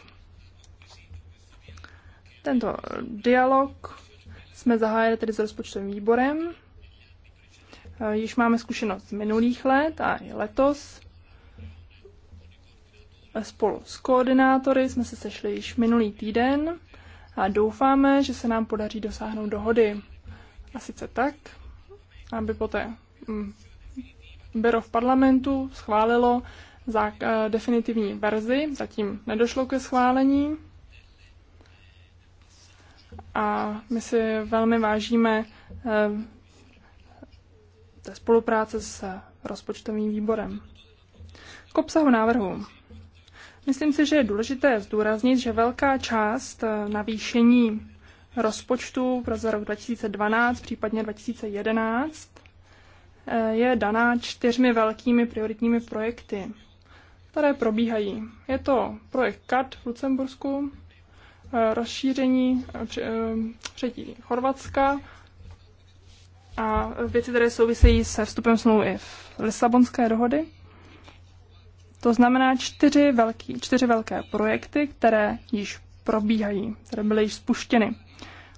Tento dialog jsme zahájili tedy s rozpočtovým výborem Eh, již máme zkušenost z minulých let a i letos. Eh, spolu s koordinátory jsme se sešli již minulý týden a doufáme, že se nám podaří dosáhnout dohody. A sice tak, aby poté mm, byro v parlamentu schválilo za, eh, definitivní verzi, zatím nedošlo ke schválení. A my si velmi vážíme té spolupráce s rozpočtovým výborem. K obsahu návrhu. Myslím si, že je důležité zdůraznit, že velká část eh, navýšení rozpočtu pro rok 2012, případně 2011, eh, je daná čtyřmi velkými prioritními projekty, které probíhají. Je to projekt CAD v Lucembursku, eh, rozšíření třetí Chorvatska, a věci, které souvisejí se vstupem smlouvy v Lisabonské dohody. To znamená čtyři, velký, čtyři velké projekty, které již probíhají, které byly již spuštěny.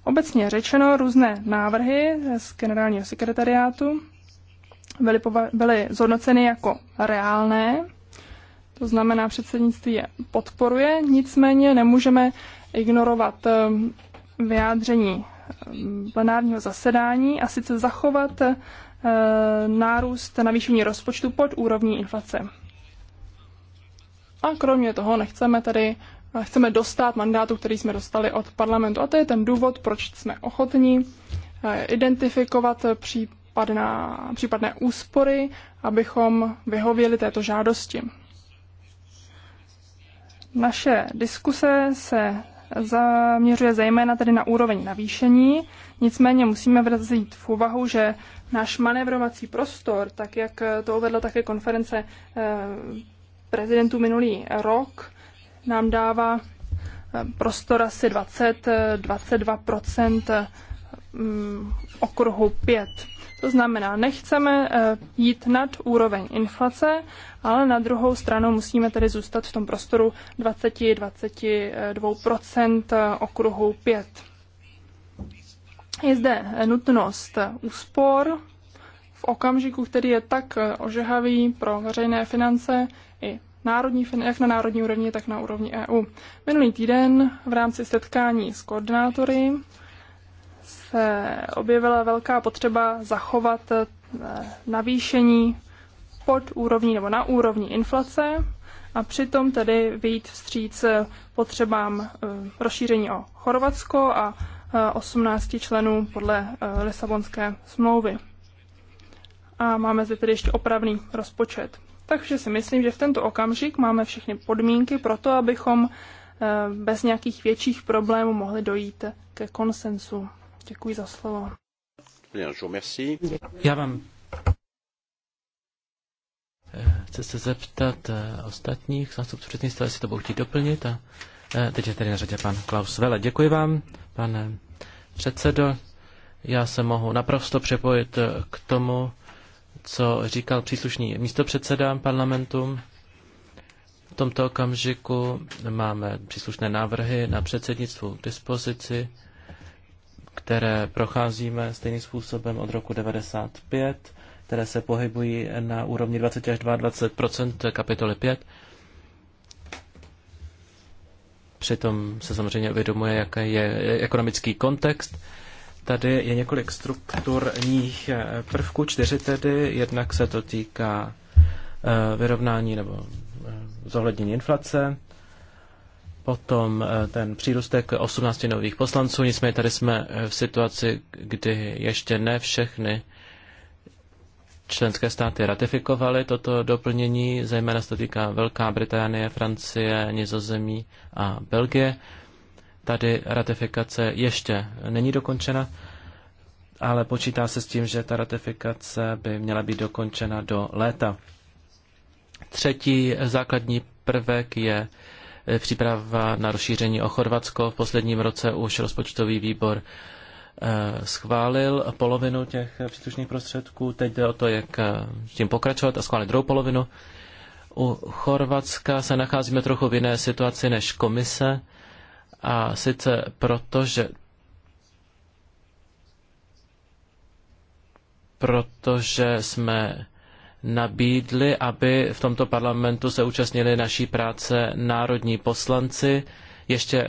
Obecně řečeno, různé návrhy z generálního sekretariátu byly, byly zhodnoceny jako reálné, to znamená, předsednictví je podporuje, nicméně nemůžeme ignorovat eh, vyjádření plenárního zasedání a sice zachovat eh, nárůst navýšení rozpočtu pod úrovní inflace. A kromě toho nechceme tedy chceme dostat mandátu, který jsme dostali od parlamentu. A to je ten důvod, proč jsme ochotní eh, identifikovat případná, případné úspory, abychom vyhověli této žádosti. Naše diskuse se zaměřuje zejména tedy na úroveň navýšení, nicméně musíme vzít v úvahu, že náš manévrovací prostor, tak jak to uvedla také konference eh, prezidentů minulý rok, nám dává eh, prostor asi 20-22 eh, mm, okruhu 5. To znamená, nechceme eh, jít nad úroveň inflace, ale na druhou stranu musíme tedy zůstat v tom prostoru 20-22 eh, okruhu 5. Je zde nutnost úspor v okamžiku, který je tak eh, ožehavý pro veřejné finance i národní, jak na národní úrovni, tak na úrovni EU. Minulý týden v rámci setkání s koordinátory se eh, objevila velká potřeba zachovat eh, navýšení pod úrovní nebo na úrovni inflace a přitom tedy vyjít vstříc eh, potřebám rozšíření o Chorvatsko a 18 členů podle Lisabonské smlouvy. A máme zde tedy ještě opravný rozpočet. Takže si myslím, že v tento okamžik máme všechny podmínky pro to, abychom bez nějakých větších problémů mohli dojít ke konsensu. Děkuji za slovo. Já vám chci se zeptat eh, ostatních zástupců předsednictva, jestli to budou chtít doplnit. A eh, teď je tady na řadě pan Klaus Vele. Děkuji vám, pane předsedo. Já se mohu naprosto přepojit eh, k tomu, co říkal příslušný místopředseda parlamentu. V tomto okamžiku máme příslušné návrhy na předsednictvu k dispozici které procházíme stejným způsobem od roku 95, které se pohybují na úrovni 20 až 22 kapitoly 5. Přitom se samozřejmě uvědomuje, jaký je ekonomický kontext. Tady je několik strukturních prvků, čtyři tedy. Jednak se to týká eh, vyrovnání nebo eh, zohlednění inflace, Potom eh, ten přírůstek 18 nových poslanců, nicméně tady jsme eh, v situaci, kdy ještě ne všechny členské státy ratifikovaly toto doplnění, zejména se to týká Velká Británie, Francie, Nizozemí a Belgie. Tady ratifikace ještě není dokončena, ale počítá se s tím, že ta ratifikace by měla být dokončena do léta. Třetí základní prvek je Eh, příprava na rozšíření o Chorvatsko. V posledním roce už rozpočtový výbor eh, schválil polovinu těch eh, příslušných prostředků. Teď jde o to, jak s tím pokračovat a schválit druhou polovinu. U Chorvatska se nacházíme trochu v jiné situaci než komise a sice proto, že protože jsme nabídli, aby v tomto parlamentu se účastnili naší práce národní poslanci. Ještě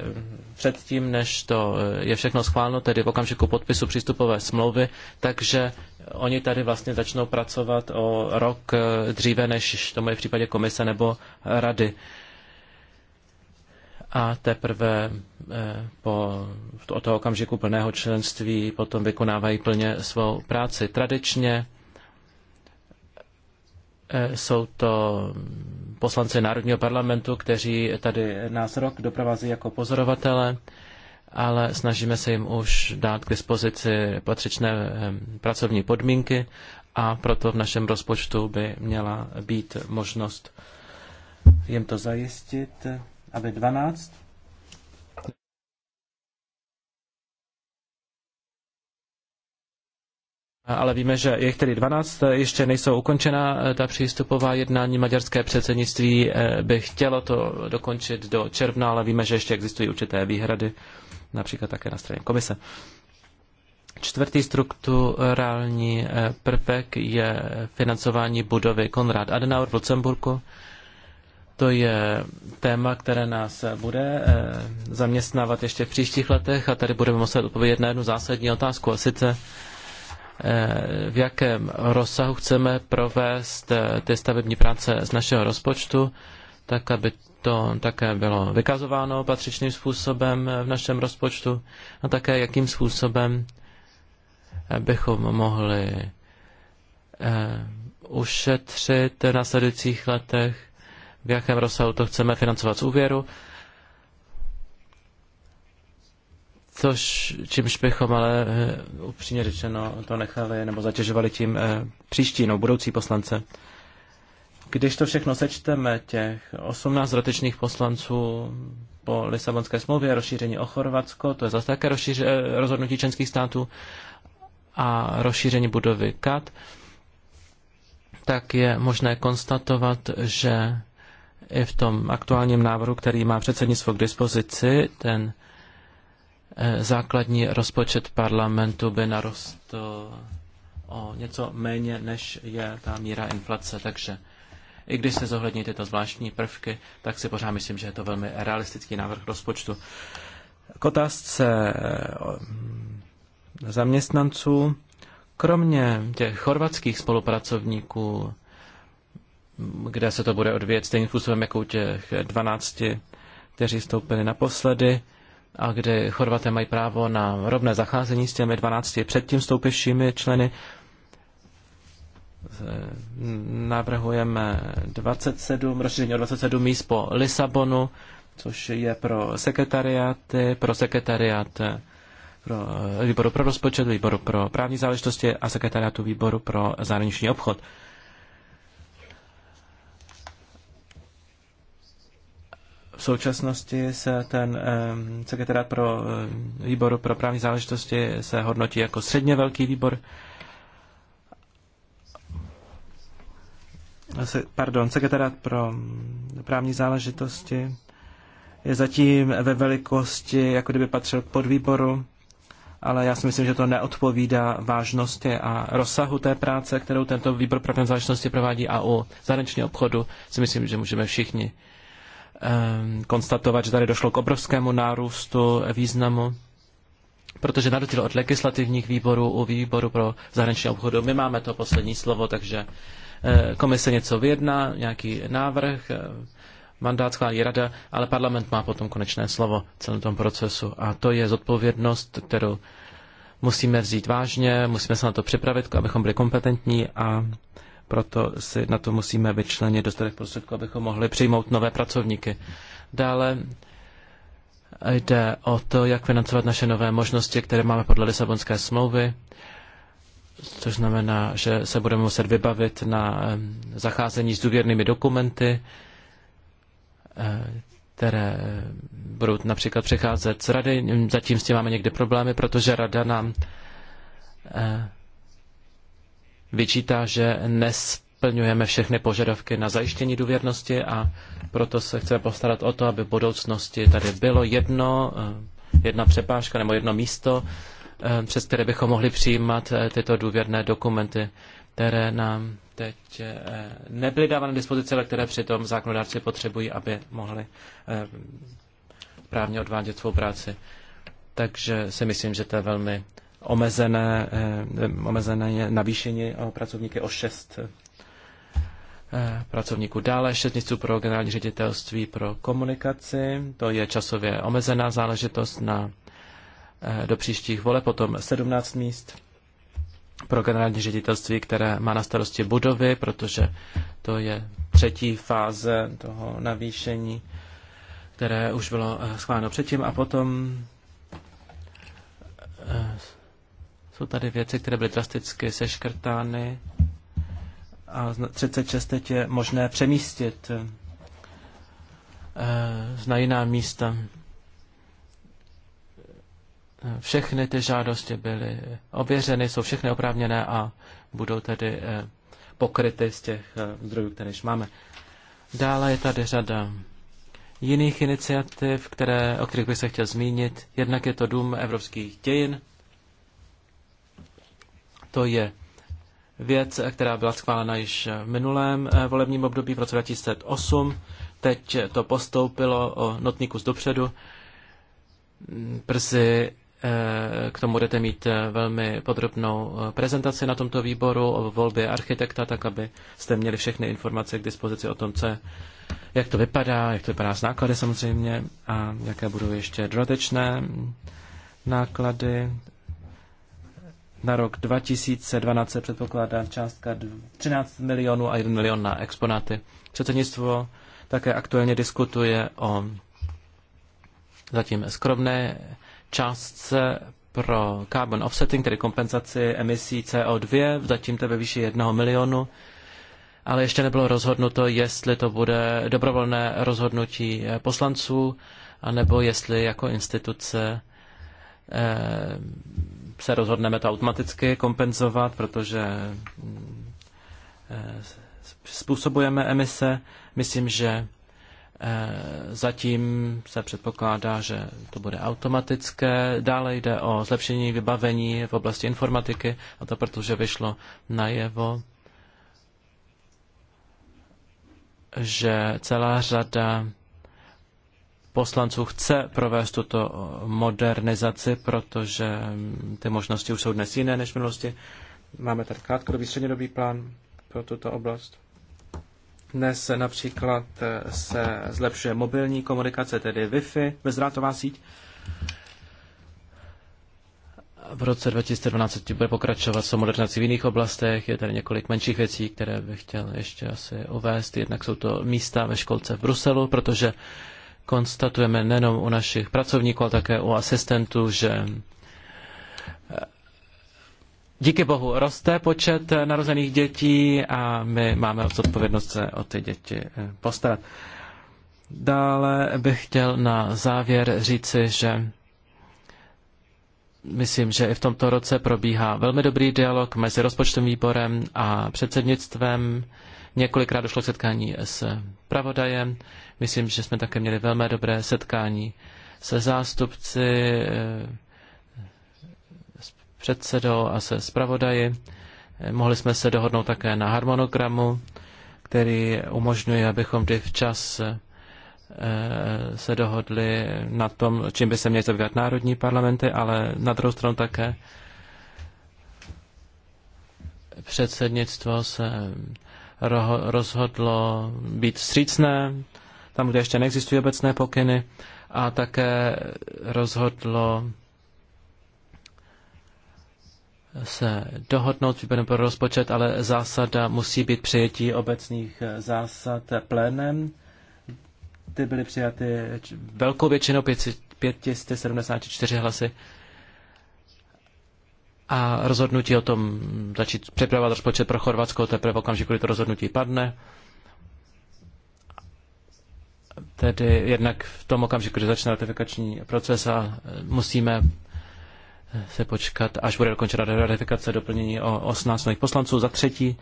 předtím, než to eh, je všechno schváleno, tedy v okamžiku podpisu přístupové smlouvy, takže oni tady vlastně začnou pracovat o rok eh, dříve, než tomu je v případě komise nebo rady a teprve eh, po od toho okamžiku plného členství potom vykonávají plně svou práci. Tradičně Eh, jsou to poslanci Národního parlamentu, kteří tady nás rok doprovází jako pozorovatele, ale snažíme se jim už dát k dispozici patřičné ehm, pracovní podmínky a proto v našem rozpočtu by měla být možnost jim to zajistit, aby 12 ale víme, že jejich tedy 12 ještě nejsou ukončena eh, ta přístupová jednání. Maďarské předsednictví eh, by chtělo to dokončit do června, ale víme, že ještě existují určité výhrady, například také na straně komise. Čtvrtý strukturální eh, prvek je financování budovy Konrad Adenauer v Lucemburku. To je téma, které nás bude zaměstnávat ještě v příštích letech a tady budeme muset odpovědět na jednu zásadní otázku a sice Eh, v jakém rozsahu chceme provést eh, ty stavební práce z našeho rozpočtu, tak aby to také bylo vykazováno patřičným způsobem eh, v našem rozpočtu a také jakým způsobem bychom mohli ušetřit v následujících letech, v jakém rozsahu to chceme financovat z úvěru Což, čímž bychom ale eh, upřímně řečeno to nechali nebo zatěžovali tím eh, příští, no budoucí poslance. Když to všechno sečteme, těch 18 rotečních poslanců po Lisabonské smlouvě, rozšíření o Chorvatsko, to je zase také rozšíře, eh, rozhodnutí členských států, a rozšíření budovy KAT, tak je možné konstatovat, že i v tom aktuálním návrhu, který má předsednictvo k dispozici, ten Eh, základní rozpočet parlamentu by narostl o něco méně, než je ta míra inflace. Takže i když se zohlední tyto zvláštní prvky, tak si pořád myslím, že je to velmi realistický návrh rozpočtu. K otázce eh, zaměstnanců, kromě těch chorvatských spolupracovníků, kde se to bude odvíjet stejným způsobem jako u těch 12, kteří vstoupili naposledy, a kde Chorvaté mají právo na rovné zacházení s těmi 12 předtím stoupějšími členy. Navrhujeme 27, rozšíření o 27 míst po Lisabonu, což je pro sekretariáty, pro sekretariát eh, pro výboru pro rozpočet, výboru pro právní záležitosti a sekretariátu výboru pro zahraniční obchod. V současnosti se ten eh, sekretariat pro eh, výboru pro právní záležitosti se hodnotí jako středně velký výbor. Se, pardon, sekretariat pro mm, právní záležitosti je zatím ve velikosti, jako kdyby patřil k podvýboru, ale já si myslím, že to neodpovídá vážnosti a rozsahu té práce, kterou tento výbor pro právní záležitosti provádí a u zahraničního obchodu si myslím, že můžeme všichni Ehm, konstatovat, že tady došlo k obrovskému nárůstu významu, protože na rozdíl od legislativních výborů u výboru pro zahraniční obchodu, my máme to poslední slovo, takže eh, komise něco vyjedná, nějaký návrh, eh, mandát schválí rada, ale parlament má potom konečné slovo v celém tom procesu. A to je zodpovědnost, kterou musíme vzít vážně, musíme se na to připravit, abychom byli kompetentní a proto si na to musíme vyčlenit dostatek prostředků, abychom mohli přijmout nové pracovníky. Dále jde o to, jak financovat naše nové možnosti, které máme podle Lisabonské smlouvy, což znamená, že se budeme muset vybavit na eh, zacházení s důvěrnými dokumenty, eh, které budou například přecházet z rady. Zatím s tím máme někdy problémy, protože rada nám eh, vyčítá, že nesplňujeme všechny požadavky na zajištění důvěrnosti a proto se chceme postarat o to, aby v budoucnosti tady bylo jedno, eh, jedna přepážka nebo jedno místo, eh, přes které bychom mohli přijímat eh, tyto důvěrné dokumenty, které nám teď nebyly dávány k dispozici, ale které přitom zákonodárci potřebují, aby mohli právně odvádět svou práci. Takže si myslím, že to je velmi omezené, eh, omezené navýšení o pracovníky o 6 eh, pracovníků. Dále 6 pro generální ředitelství pro komunikaci, to je časově omezená záležitost na, eh, do příštích vole, potom 17 míst pro generální ředitelství, které má na starosti budovy, protože to je třetí fáze toho navýšení, které už bylo schváleno předtím a potom jsou tady věci, které byly drasticky seškrtány a 36 teď je možné přemístit eh, na jiná místa. Všechny ty žádosti byly ověřeny, jsou všechny oprávněné a budou tedy eh, pokryty z těch eh, zdrojů, které již máme. Dále je tady řada jiných iniciativ, které, o kterých bych se chtěl zmínit. Jednak je to Dům evropských dějin, to je věc, která byla schválena již v minulém eh, volebním období v roce 2008. Teď to postoupilo o notný kus dopředu. Brzy eh, k tomu budete mít eh, velmi podrobnou prezentaci na tomto výboru o volbě architekta, tak abyste měli všechny informace k dispozici o tom, co, jak to vypadá, jak to vypadá s náklady samozřejmě a jaké budou ještě dodatečné náklady na rok 2012 se předpokládá částka 13 milionů a 1 milion na exponáty. Předsednictvo také aktuálně diskutuje o zatím skromné částce pro carbon offsetting, tedy kompenzaci emisí CO2, zatím to ve výši 1 milionu, ale ještě nebylo rozhodnuto, jestli to bude dobrovolné rozhodnutí poslanců, anebo jestli jako instituce eh, se rozhodneme to automaticky kompenzovat, protože mm, e, způsobujeme emise. Myslím, že e, zatím se předpokládá, že to bude automatické. Dále jde o zlepšení vybavení v oblasti informatiky, a to protože vyšlo najevo, že celá řada poslanců chce provést tuto eh, modernizaci, protože mm, ty možnosti už jsou dnes jiné než v minulosti. Máme tady krátkodobý střednědobý plán pro tuto oblast. Dnes například eh, se zlepšuje mobilní komunikace, tedy Wi-Fi, bezdrátová síť. V roce 2012 bude pokračovat s modernizací v jiných oblastech. Je tady několik menších věcí, které bych chtěl ještě asi uvést. Jednak jsou to místa ve školce v Bruselu, protože konstatujeme nejenom u našich pracovníků, ale také u asistentů, že eh, díky bohu roste počet eh, narozených dětí a my máme odpovědnost se o ty děti eh, postarat. Dále bych chtěl na závěr říci, že myslím, že i v tomto roce probíhá velmi dobrý dialog mezi rozpočtovým výborem a předsednictvem. Několikrát došlo k setkání s pravodajem. Myslím, že jsme také měli velmi dobré setkání se zástupci, eh, s předsedou a se zpravodaji. Eh, mohli jsme se dohodnout také na harmonogramu, který umožňuje, abychom kdy včas eh, se dohodli na tom, čím by se měly zabývat národní parlamenty, ale na druhou stranu také předsednictvo se rozhodlo být střícné, tam, kde ještě neexistují obecné pokyny a také rozhodlo se dohodnout výborem pro rozpočet, ale zásada musí být přijetí obecných eh, zásad plénem. Ty byly přijaty velkou většinou 574 hlasy a rozhodnutí o tom začít připravovat rozpočet pro Chorvatsko teprve v okamžiku, kdy to rozhodnutí padne tedy jednak v tom okamžiku, kdy začne ratifikační proces a e, musíme e, se počkat, až bude dokončena ratifikace doplnění o 18 nových poslanců. Za třetí,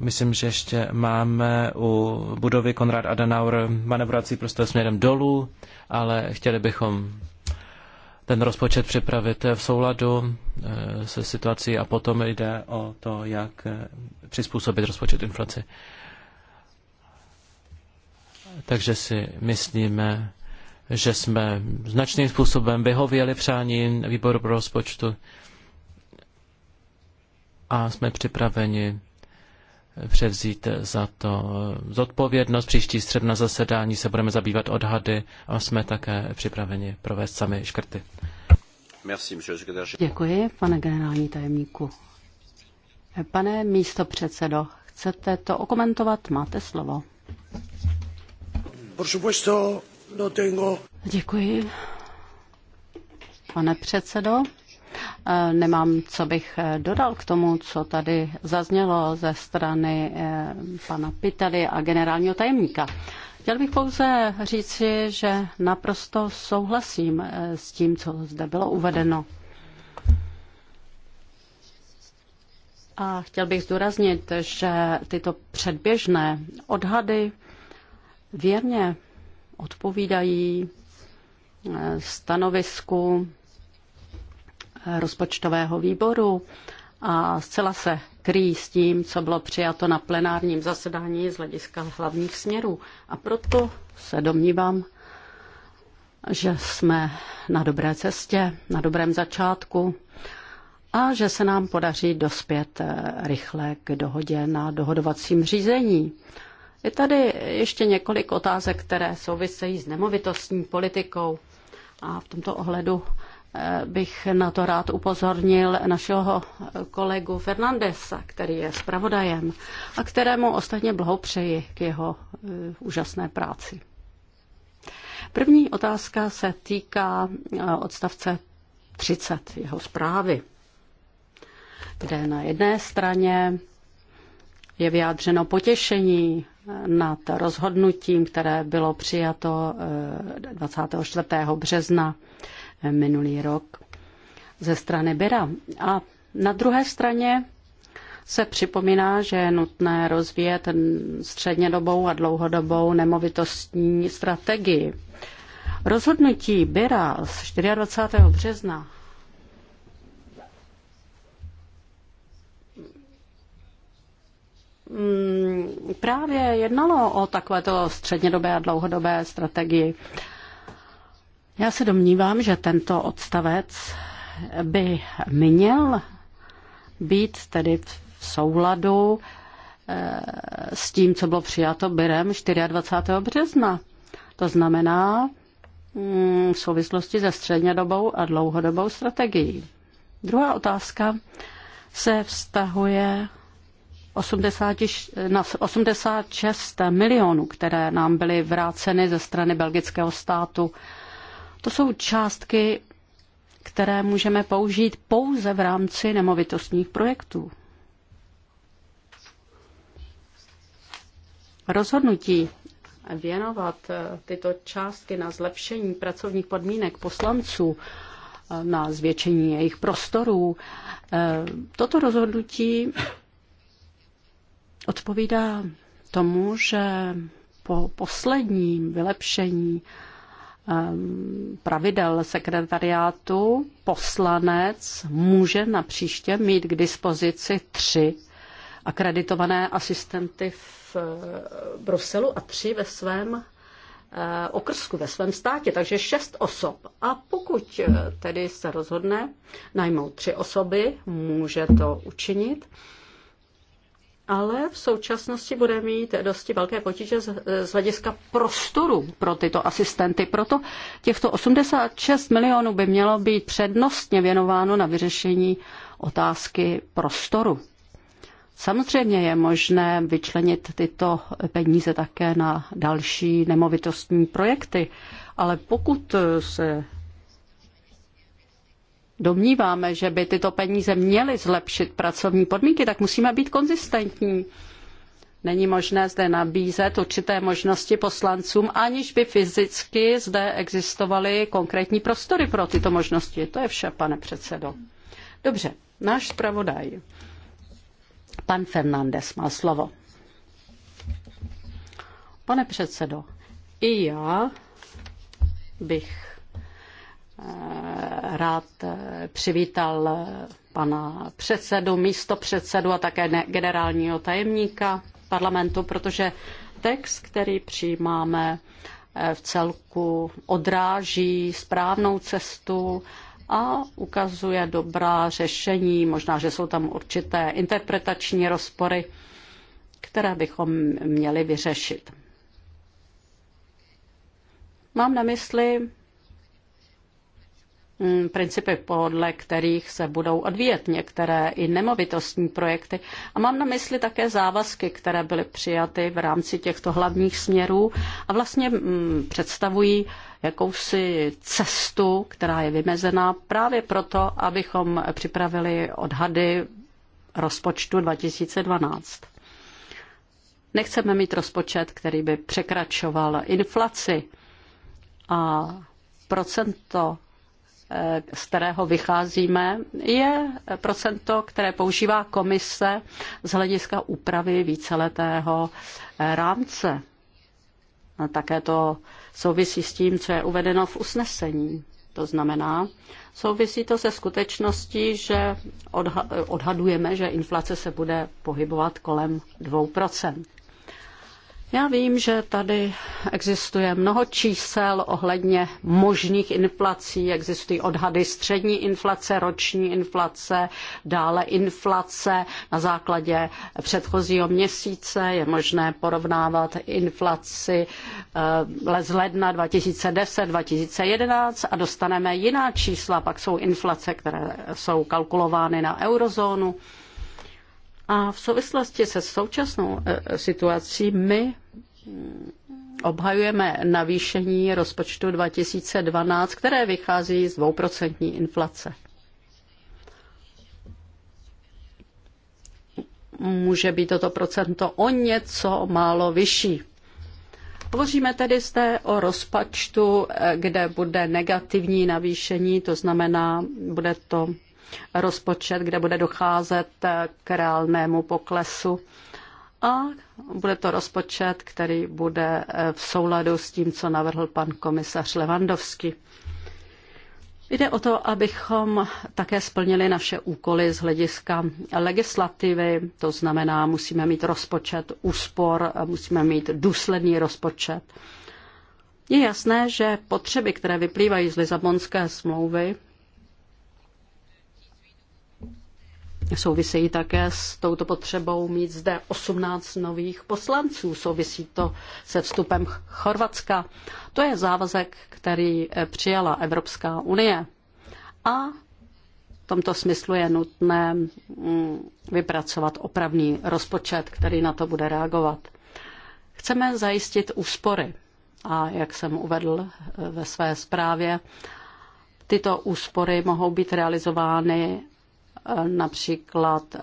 myslím, že ještě máme u budovy Konrad Adenauer manevrací prostě směrem dolů, ale chtěli bychom ten rozpočet připravit v souladu e, se situací a potom jde o to, jak přizpůsobit rozpočet inflaci takže si myslíme, že jsme značným způsobem vyhověli přání výboru pro rozpočtu a jsme připraveni převzít za to zodpovědnost. Příští střed na zasedání se budeme zabývat odhady a jsme také připraveni provést sami škrty. Děkuji, pane generální tajemníku. Pane místo předsedo, chcete to okomentovat? Máte slovo. No Děkuji. Pane předsedo, eh, nemám, co bych eh, dodal k tomu, co tady zaznělo ze strany eh, pana Pitely a generálního tajemníka. Chtěl bych pouze říci, že naprosto souhlasím s tím, co zde bylo uvedeno. A chtěl bych zdůraznit, že tyto předběžné odhady věrně odpovídají eh, stanovisku eh, rozpočtového výboru a zcela se kryjí s tím, co bylo přijato na plenárním zasedání z hlediska hlavních směrů. A proto se domnívám, že jsme na dobré cestě, na dobrém začátku a že se nám podaří dospět eh, rychle k dohodě na dohodovacím řízení. Je tady ještě několik otázek, které souvisejí s nemovitostní politikou a v tomto ohledu eh, bych na to rád upozornil našeho eh, kolegu Fernandesa, který je zpravodajem a kterému ostatně blahopřeji k jeho eh, úžasné práci. První otázka se týká odstavce 30 jeho zprávy, kde na jedné straně je vyjádřeno potěšení nad rozhodnutím, které bylo přijato 24. Eh, března eh, minulý rok ze strany Bira. A na druhé straně se připomíná, že je nutné rozvíjet střednědobou a dlouhodobou nemovitostní strategii. Rozhodnutí Bira z 24. března Mm, právě jednalo o takovéto střednědobé a dlouhodobé strategii. Já se domnívám, že tento odstavec by měl být tedy v souladu eh, s tím, co bylo přijato Birem 24. března. To znamená mm, v souvislosti se střednědobou a dlouhodobou strategií. Druhá otázka se vztahuje 80, na 86 milionů, které nám byly vráceny ze strany belgického státu. To jsou částky, které můžeme použít pouze v rámci nemovitostních projektů. Rozhodnutí věnovat eh, tyto částky na zlepšení pracovních podmínek poslanců, eh, na zvětšení jejich prostorů, eh, toto rozhodnutí odpovídá tomu, že po posledním vylepšení ehm, pravidel sekretariátu poslanec může na příště mít k dispozici tři akreditované asistenty v eh, Bruselu a tři ve svém eh, okrsku, ve svém státě, takže šest osob. A pokud eh, tedy se rozhodne najmout tři osoby, může to učinit ale v současnosti bude mít dosti velké potíže z hlediska prostoru pro tyto asistenty. Proto těchto 86 milionů by mělo být přednostně věnováno na vyřešení otázky prostoru. Samozřejmě je možné vyčlenit tyto peníze také na další nemovitostní projekty, ale pokud se domníváme, že by tyto peníze měly zlepšit pracovní podmínky, tak musíme být konzistentní. Není možné zde nabízet určité možnosti poslancům, aniž by fyzicky zde existovaly konkrétní prostory pro tyto možnosti. To je vše, pane předsedo. Dobře, náš zpravodaj, pan Fernandez, má slovo. Pane předsedo, i já bych Eh, rád eh, přivítal eh, pana předsedu, místopředsedu a také generálního tajemníka parlamentu, protože text, který přijímáme, v celku odráží správnou cestu a ukazuje dobrá řešení. Možná, že jsou tam určité interpretační rozpory, které bychom měli vyřešit. Mám na mysli Mm, principy, podle kterých se budou odvíjet některé i nemovitostní projekty. A mám na mysli také závazky, které byly přijaty v rámci těchto hlavních směrů a vlastně mm, představují jakousi cestu, která je vymezená právě proto, abychom připravili odhady rozpočtu 2012. Nechceme mít rozpočet, který by překračoval inflaci a procento z kterého vycházíme, je procento, které používá komise z hlediska úpravy víceletého rámce. A také to souvisí s tím, co je uvedeno v usnesení. To znamená, souvisí to se skutečností, že odha- odhadujeme, že inflace se bude pohybovat kolem 2 já vím, že tady existuje mnoho čísel ohledně možných inflací. Existují odhady střední inflace, roční inflace, dále inflace na základě předchozího měsíce. Je možné porovnávat inflaci eh, z ledna 2010, 2011 a dostaneme jiná čísla. Pak jsou inflace, které jsou kalkulovány na eurozónu. A v souvislosti se současnou e, situací my obhajujeme navýšení rozpočtu 2012, které vychází z dvouprocentní inflace. Může být toto procento o něco málo vyšší. Hovoříme tedy zde o rozpočtu, e, kde bude negativní navýšení, to znamená, bude to rozpočet, kde bude docházet eh, k reálnému poklesu a bude to rozpočet, který bude eh, v souladu s tím, co navrhl pan komisař Levandovský. Jde o to, abychom také splnili naše úkoly z hlediska legislativy, to znamená, musíme mít rozpočet úspor, musíme mít důsledný rozpočet. Je jasné, že potřeby, které vyplývají z Lisabonské smlouvy, Souvisejí také s touto potřebou mít zde 18 nových poslanců. Souvisí to se vstupem Chorvatska. To je závazek, který eh, přijala Evropská unie. A v tomto smyslu je nutné mm, vypracovat opravný rozpočet, který na to bude reagovat. Chceme zajistit úspory. A jak jsem uvedl eh, ve své zprávě, tyto úspory mohou být realizovány Eh, například eh,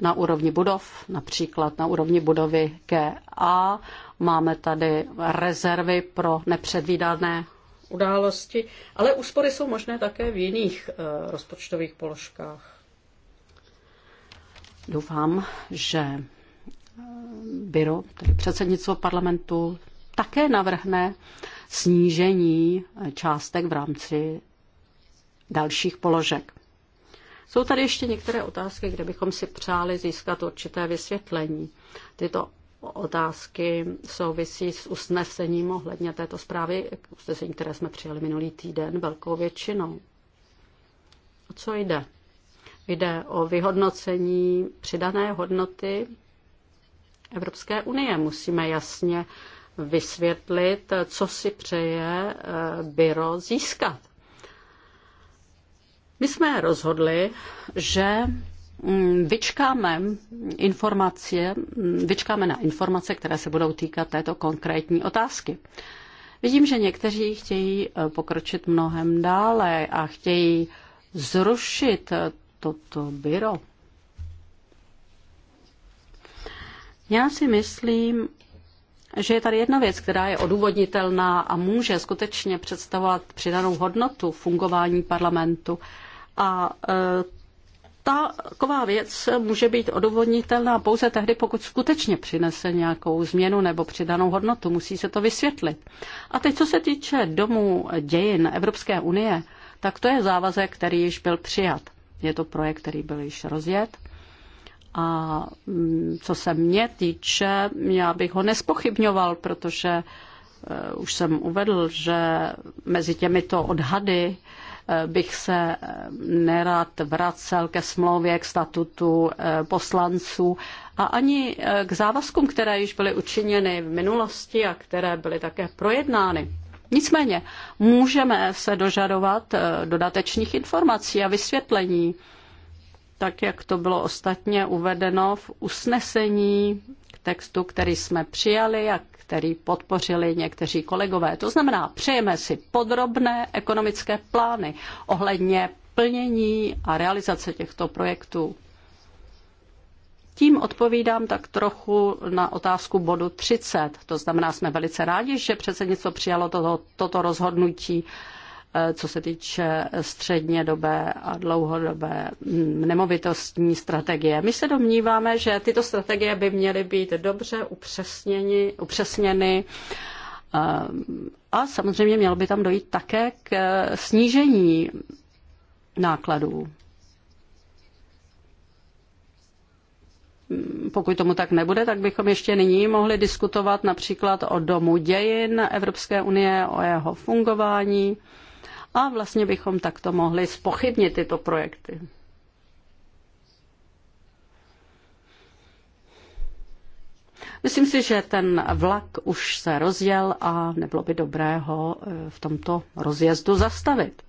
na úrovni budov, například na úrovni budovy KA. Máme tady rezervy pro nepředvídané události, ale úspory jsou možné také v jiných eh, rozpočtových položkách. Doufám, že byro, tedy předsednictvo parlamentu, také navrhne snížení částek v rámci dalších položek. Jsou tady ještě některé otázky, kde bychom si přáli získat určité vysvětlení. Tyto otázky souvisí s usnesením ohledně této zprávy, usnesení, které jsme přijali minulý týden velkou většinou. O co jde? Jde o vyhodnocení přidané hodnoty Evropské unie. Musíme jasně vysvětlit, co si přeje eh, byro získat my jsme rozhodli, že mm, vyčkáme informace, vyčkáme na informace, které se budou týkat této konkrétní otázky. Vidím, že někteří chtějí eh, pokročit mnohem dále a chtějí zrušit eh, toto byro. Já si myslím, že je tady jedna věc, která je odůvodnitelná a může skutečně představovat přidanou hodnotu fungování parlamentu. A e, taková věc může být odůvodnitelná pouze tehdy, pokud skutečně přinese nějakou změnu nebo přidanou hodnotu. Musí se to vysvětlit. A teď, co se týče domů dějin Evropské unie, tak to je závazek, který již byl přijat. Je to projekt, který byl již rozjet. A mm, co se mě týče, já bych ho nespochybňoval, protože e, už jsem uvedl, že mezi těmito odhady Eh, bych se eh, nerad vracel ke smlouvě, k statutu eh, poslanců a ani k závazkům, které již byly učiněny v minulosti a které byly také projednány. Nicméně můžeme se dožadovat dodatečných informací a vysvětlení, tak jak to bylo ostatně uvedeno v usnesení k textu, který jsme přijali a který podpořili někteří kolegové. To znamená, přejeme si podrobné ekonomické plány ohledně plnění a realizace těchto projektů. Tím odpovídám tak trochu na otázku bodu 30. To znamená, jsme velice rádi, že předsednictvo přijalo toto, toto rozhodnutí Eh, co se týče střednědobé a dlouhodobé mm, nemovitostní strategie. My se domníváme, že tyto strategie by měly být dobře upřesněny, upřesněny eh, a samozřejmě mělo by tam dojít také k eh, snížení nákladů. Mm, pokud tomu tak nebude, tak bychom ještě nyní mohli diskutovat například o Domu dějin Evropské unie, o jeho fungování a vlastně bychom takto mohli spochybnit tyto projekty. Myslím si, že ten vlak už se rozjel a nebylo by dobré ho eh, v tomto rozjezdu zastavit.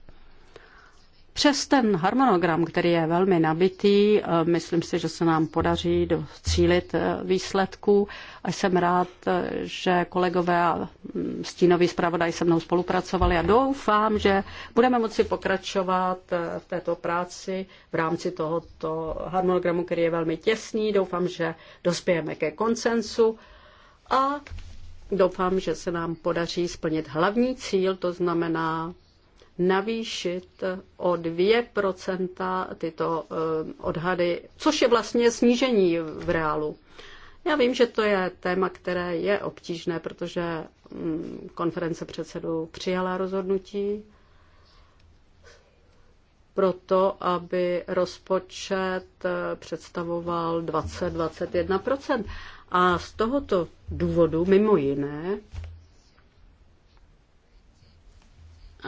Přes ten harmonogram, který je velmi nabitý, eh, myslím si, že se nám podaří docílit eh, výsledků a jsem rád, eh, že kolegové a mm, stínový zpravodaj se mnou spolupracovali a doufám, že budeme moci pokračovat v této práci v rámci tohoto harmonogramu, který je velmi těsný. Doufám, že dospějeme ke koncensu a doufám, že se nám podaří splnit hlavní cíl, to znamená navýšit o 2% tyto eh, odhady, což je vlastně snížení v reálu. Já vím, že to je téma, které je obtížné, protože mm, konference předsedů přijala rozhodnutí pro to, aby rozpočet eh, představoval 20-21%. A z tohoto důvodu, mimo jiné,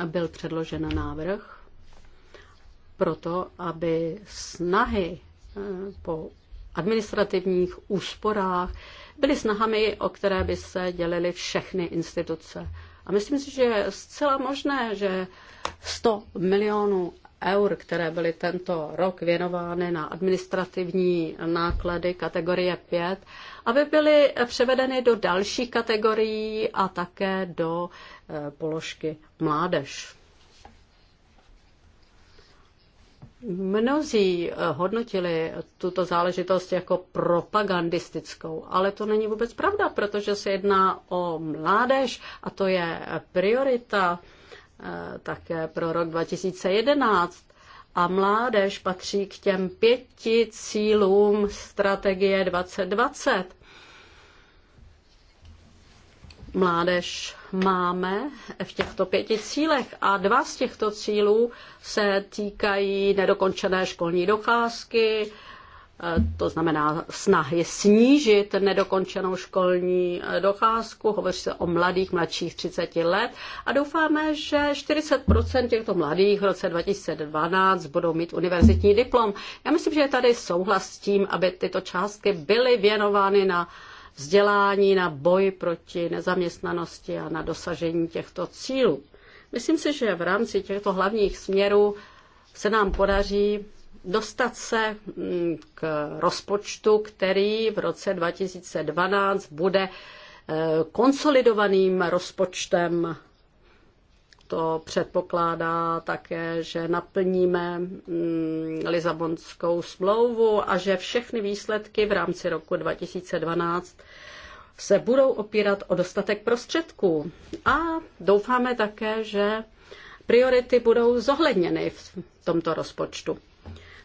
byl předložen návrh proto, aby snahy eh, po administrativních úsporách byly snahami, o které by se dělily všechny instituce. A myslím si, že je zcela možné, že 100 milionů eur, které byly tento rok věnovány na administrativní náklady kategorie 5, aby byly převedeny do dalších kategorií a také do eh, položky mládež. Mnozí eh, hodnotili tuto záležitost jako propagandistickou, ale to není vůbec pravda, protože se jedná o mládež a to je priorita eh, také pro rok 2011 a mládež patří k těm pěti cílům strategie 2020. Mládež máme v těchto pěti cílech a dva z těchto cílů se týkají nedokončené školní docházky, to znamená snahy snížit nedokončenou školní eh, docházku, hovoří se o mladých, mladších 30 let a doufáme, že 40% těchto mladých v roce 2012 budou mít univerzitní diplom. Já myslím, že tady souhlas s tím, aby tyto částky byly věnovány na vzdělání, na boj proti nezaměstnanosti a na dosažení těchto cílů. Myslím si, že v rámci těchto hlavních směrů se nám podaří dostat se mm, k rozpočtu, který v roce 2012 bude eh, konsolidovaným rozpočtem. To předpokládá také, že naplníme mm, Lisabonskou smlouvu a že všechny výsledky v rámci roku 2012 se budou opírat o dostatek prostředků. A doufáme také, že priority budou zohledněny v tomto rozpočtu.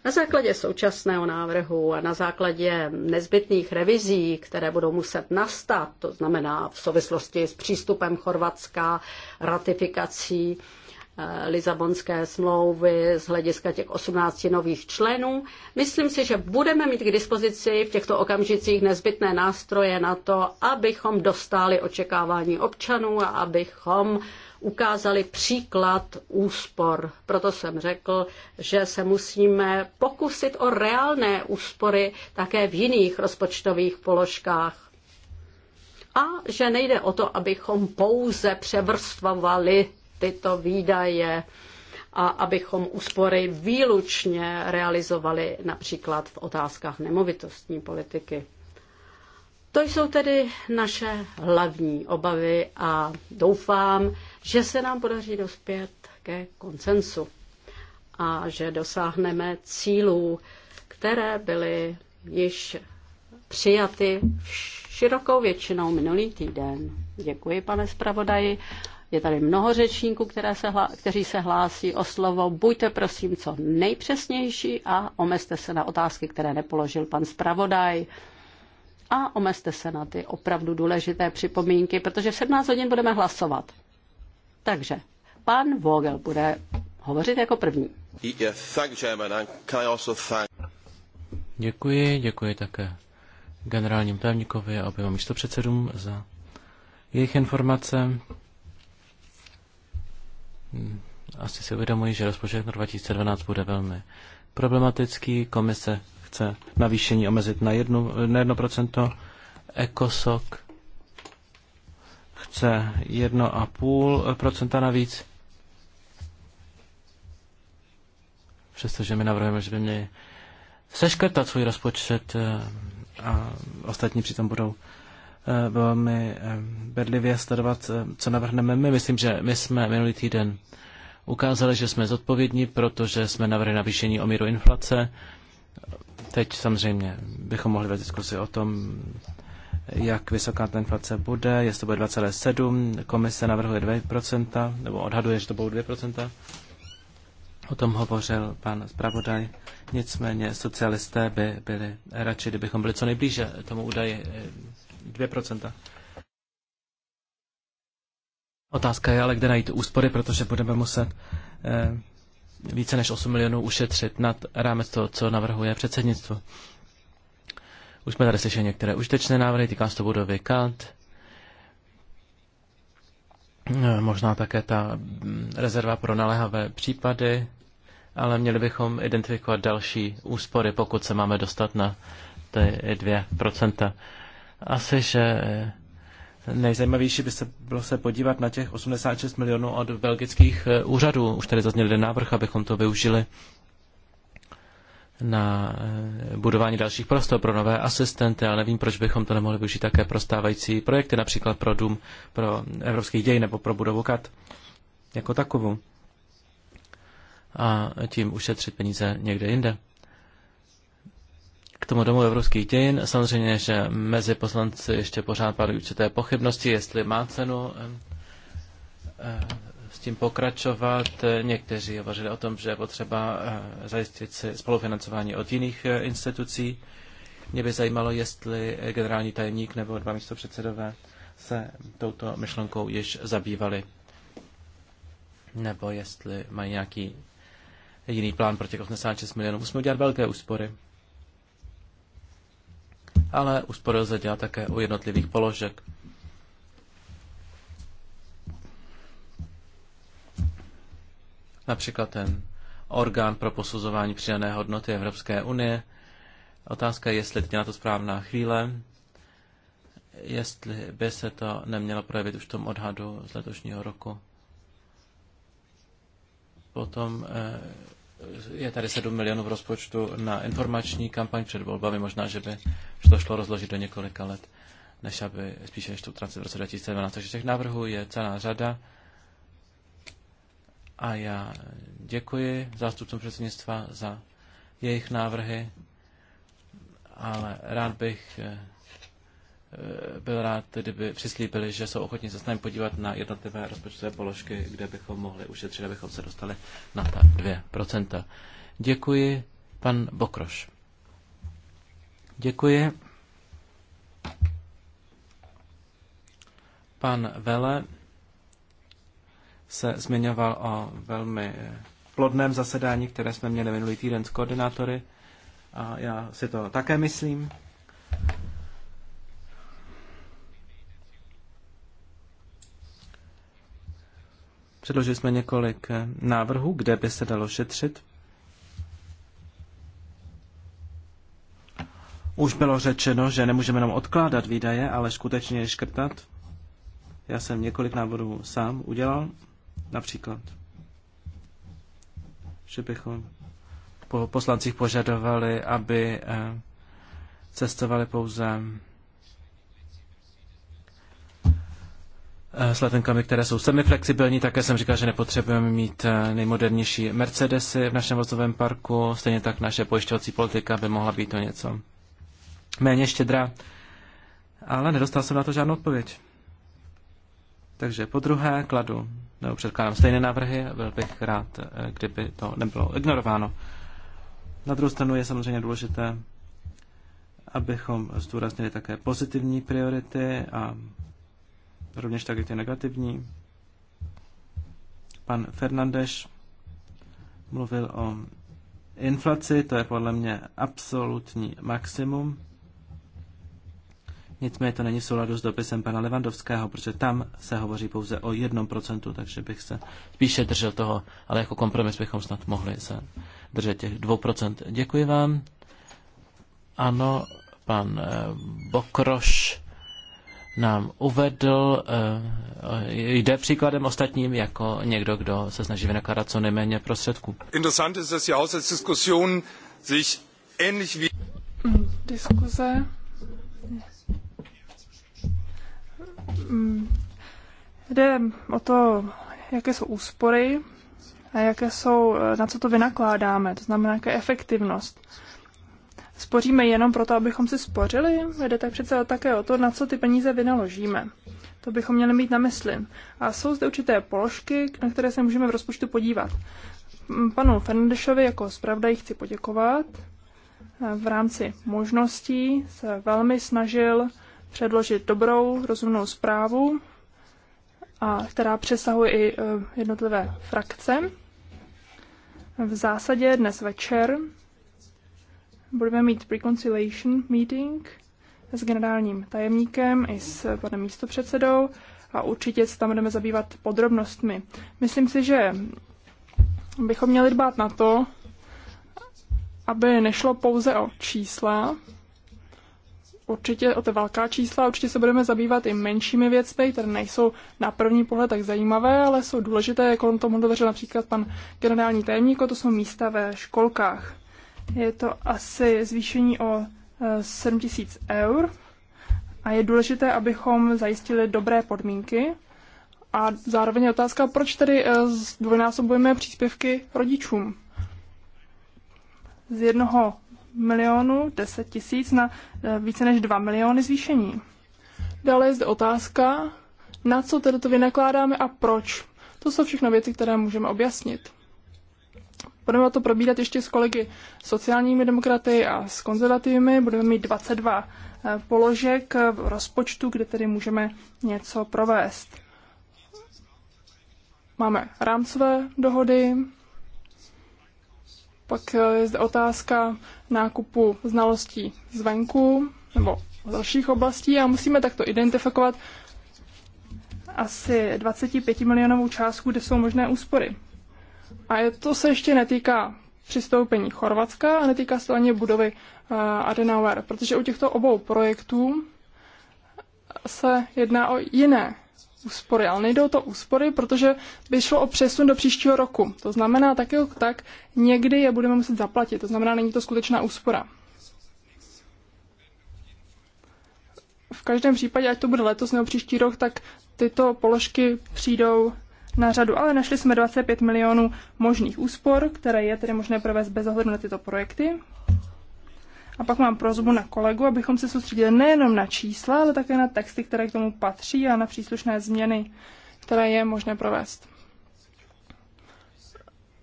Na základě současného návrhu a na základě nezbytných revizí, které budou muset nastat, to znamená v souvislosti s přístupem Chorvatska, ratifikací eh, Lisabonské smlouvy z hlediska těch 18 nových členů. Myslím si, že budeme mít k dispozici v těchto okamžicích nezbytné nástroje na to, abychom dostali očekávání občanů a abychom ukázali příklad úspor. Proto jsem řekl, že se musíme pokusit o reálné úspory také v jiných rozpočtových položkách. A že nejde o to, abychom pouze převrstvovali tyto výdaje a abychom úspory výlučně realizovali například v otázkách nemovitostní politiky. To jsou tedy naše hlavní obavy a doufám, že se nám podaří dospět ke koncensu a že dosáhneme cílů, které byly již přijaty širokou většinou minulý týden. Děkuji, pane zpravodaji. Je tady mnoho řečníků, které se hla, kteří se hlásí o slovo. Buďte prosím co nejpřesnější a omezte se na otázky, které nepoložil pan zpravodaj. A omezte se na ty opravdu důležité připomínky, protože v 17 hodin budeme hlasovat. Takže pan Vogel bude hovořit jako první. Děkuji, děkuji také generálním tajemníkovi a oběma místopředsedům za jejich informace. Asi si uvědomuji, že rozpočet na 2012 bude velmi problematický. Komise chce navýšení omezit na, jednu, na 1%. ECOSOC chce 1,5% navíc. Přestože my navrhujeme, že by měli seškrtat svůj rozpočet eh, a ostatní přitom budou eh, velmi eh, bedlivě sledovat, co navrhneme my. Myslím, že my jsme minulý týden ukázali, že jsme zodpovědní, protože jsme navrhli navýšení o míru inflace. Teď samozřejmě bychom mohli vést diskusi o tom, jak vysoká ta inflace bude, jestli to bude 2,7, komise navrhuje 2%, nebo odhaduje, že to budou 2%. O tom hovořil pan zpravodaj. Nicméně socialisté by byli radši, kdybychom byli co nejblíže tomu údaji 2%. Eh, Otázka je ale, kde najít úspory, protože budeme muset eh, více než 8 milionů ušetřit nad rámec toho, co navrhuje předsednictvo. Už jsme tady slyšeli některé užitečné návrhy, týká se to budovy KAT, eh, možná také ta mm, rezerva pro naléhavé případy, ale měli bychom identifikovat další úspory, pokud se máme dostat na ty 2%. Asi, že eh, nejzajímavější by se bylo se podívat na těch 86 milionů od belgických eh, úřadů. Už tady zazněl jeden návrh, abychom to využili na eh, budování dalších prostor pro nové asistenty, ale nevím, proč bychom to nemohli využít také pro stávající projekty, například pro Dům pro evropský děj nebo pro budovu KAT jako takovou. A tím ušetřit peníze někde jinde. K tomu domu evropských dějin samozřejmě, že mezi poslanci ještě pořád padují určité pochybnosti, jestli má cenu eh, eh, tím pokračovat. Někteří hovořili o tom, že je potřeba eh, zajistit si spolufinancování od jiných eh, institucí. Mě by zajímalo, jestli eh, generální tajemník nebo dva místopředsedové se touto myšlenkou již zabývali, nebo jestli mají nějaký jiný plán pro těch 86 milionů. Musíme udělat velké úspory. Ale úspory lze dělat také u jednotlivých položek. například ten orgán pro posuzování přidané hodnoty Evropské unie. Otázka je, jestli teď je na to správná chvíle, jestli by se to nemělo projevit už v tom odhadu z letošního roku. Potom eh, je tady 7 milionů v rozpočtu na informační kampaň před volbami. Možná, že by to šlo rozložit do několika let, než aby spíše než to utracit v roce 2012. Takže těch návrhů je celá řada. A já děkuji zástupcům předsednictva za jejich návrhy, ale rád bych eh, byl rád, kdyby přislíbili, že jsou ochotni se s námi podívat na jednotlivé rozpočtové položky, kde bychom mohli ušetřit, abychom se dostali na ta 2%. Děkuji, pan Bokroš. Děkuji. Pan Vele se zmiňoval o velmi plodném zasedání, které jsme měli minulý týden s koordinátory a já si to také myslím. Předložili jsme několik návrhů, kde by se dalo šetřit. Už bylo řečeno, že nemůžeme jenom odkládat výdaje, ale skutečně je škrtat. Já jsem několik návodů sám udělal. Například, že bychom po poslancích požadovali, aby eh, cestovali pouze eh, s letenkami, které jsou semiflexibilní. Také jsem říkal, že nepotřebujeme mít eh, nejmodernější Mercedesy v našem vozovém parku. Stejně tak naše pojišťovací politika by mohla být o něco méně štědrá. Ale nedostal jsem na to žádnou odpověď. Takže po druhé kladu, nebo předkládám stejné návrhy, byl bych rád, eh, kdyby to nebylo ignorováno. Na druhou stranu je samozřejmě důležité, abychom zdůraznili také pozitivní priority a rovněž taky ty negativní. Pan Fernandeš mluvil o inflaci, to je podle mě absolutní maximum. Nicméně to není v souladu s dopisem pana Levandovského, protože tam se hovoří pouze o jednom procentu, takže bych se spíše držel toho, ale jako kompromis bychom snad mohli se držet těch dvou procent. Děkuji vám. Ano, pan eh, Bokroš nám uvedl, eh, jde příkladem ostatním jako někdo, kdo se snaží vynakládat co nejméně prostředků. Interessant je, že die Haushaltsdiskussion hm, Diskuse Mm, jde o to, jaké jsou úspory a jaké jsou, na co to vynakládáme, to znamená, jaká je efektivnost. Spoříme jenom proto, abychom si spořili? Jde tak přece také o to, na co ty peníze vynaložíme. To bychom měli mít na mysli. A jsou zde určité položky, na které se můžeme v rozpočtu podívat. Panu Fernandešovi jako zpravodaj chci poděkovat. V rámci možností se velmi snažil předložit dobrou, rozumnou zprávu, a která přesahuje i e, jednotlivé frakce. V zásadě dnes večer budeme mít reconciliation meeting s generálním tajemníkem i s panem místopředsedou a určitě se tam budeme zabývat podrobnostmi. Myslím si, že bychom měli dbát na to, aby nešlo pouze o čísla, určitě o ty velká čísla, určitě se budeme zabývat i menšími věcmi, které nejsou na první pohled tak zajímavé, ale jsou důležité, on tomu hovořil například pan generální tajemník, to jsou místa ve školkách. Je to asi zvýšení o 7 e, 000 eur a je důležité, abychom zajistili dobré podmínky. A zároveň je otázka, proč tedy e, zdvojnásobujeme příspěvky rodičům. Z jednoho milionů, 10 tisíc na eh, více než 2 miliony zvýšení. Dále je zde otázka, na co tedy to vynakládáme a proč. To jsou všechno věci, které můžeme objasnit. Budeme to probírat ještě s kolegy sociálními demokraty a s konzervativními. Budeme mít 22 eh, položek v rozpočtu, kde tedy můžeme něco provést. Máme rámcové dohody, pak eh, je zde otázka nákupu znalostí zvenku nebo z dalších oblastí a musíme takto identifikovat asi 25 milionovou částku, kde jsou možné úspory. A je, to se ještě netýká přistoupení Chorvatska a netýká se to ani budovy uh, Adenauer, protože u těchto obou projektů se jedná o jiné úspory, ale nejdou to úspory, protože by šlo o přesun do příštího roku. To znamená, tak jo, tak někdy je budeme muset zaplatit. To znamená, není to skutečná úspora. V každém případě, ať to bude letos nebo příští rok, tak tyto položky přijdou na řadu. Ale našli jsme 25 milionů možných úspor, které je tedy možné provést bez ohledu na tyto projekty. A pak mám prozbu na kolegu, abychom se soustředili nejenom na čísla, ale také na texty, které k tomu patří a na příslušné změny, které je možné provést.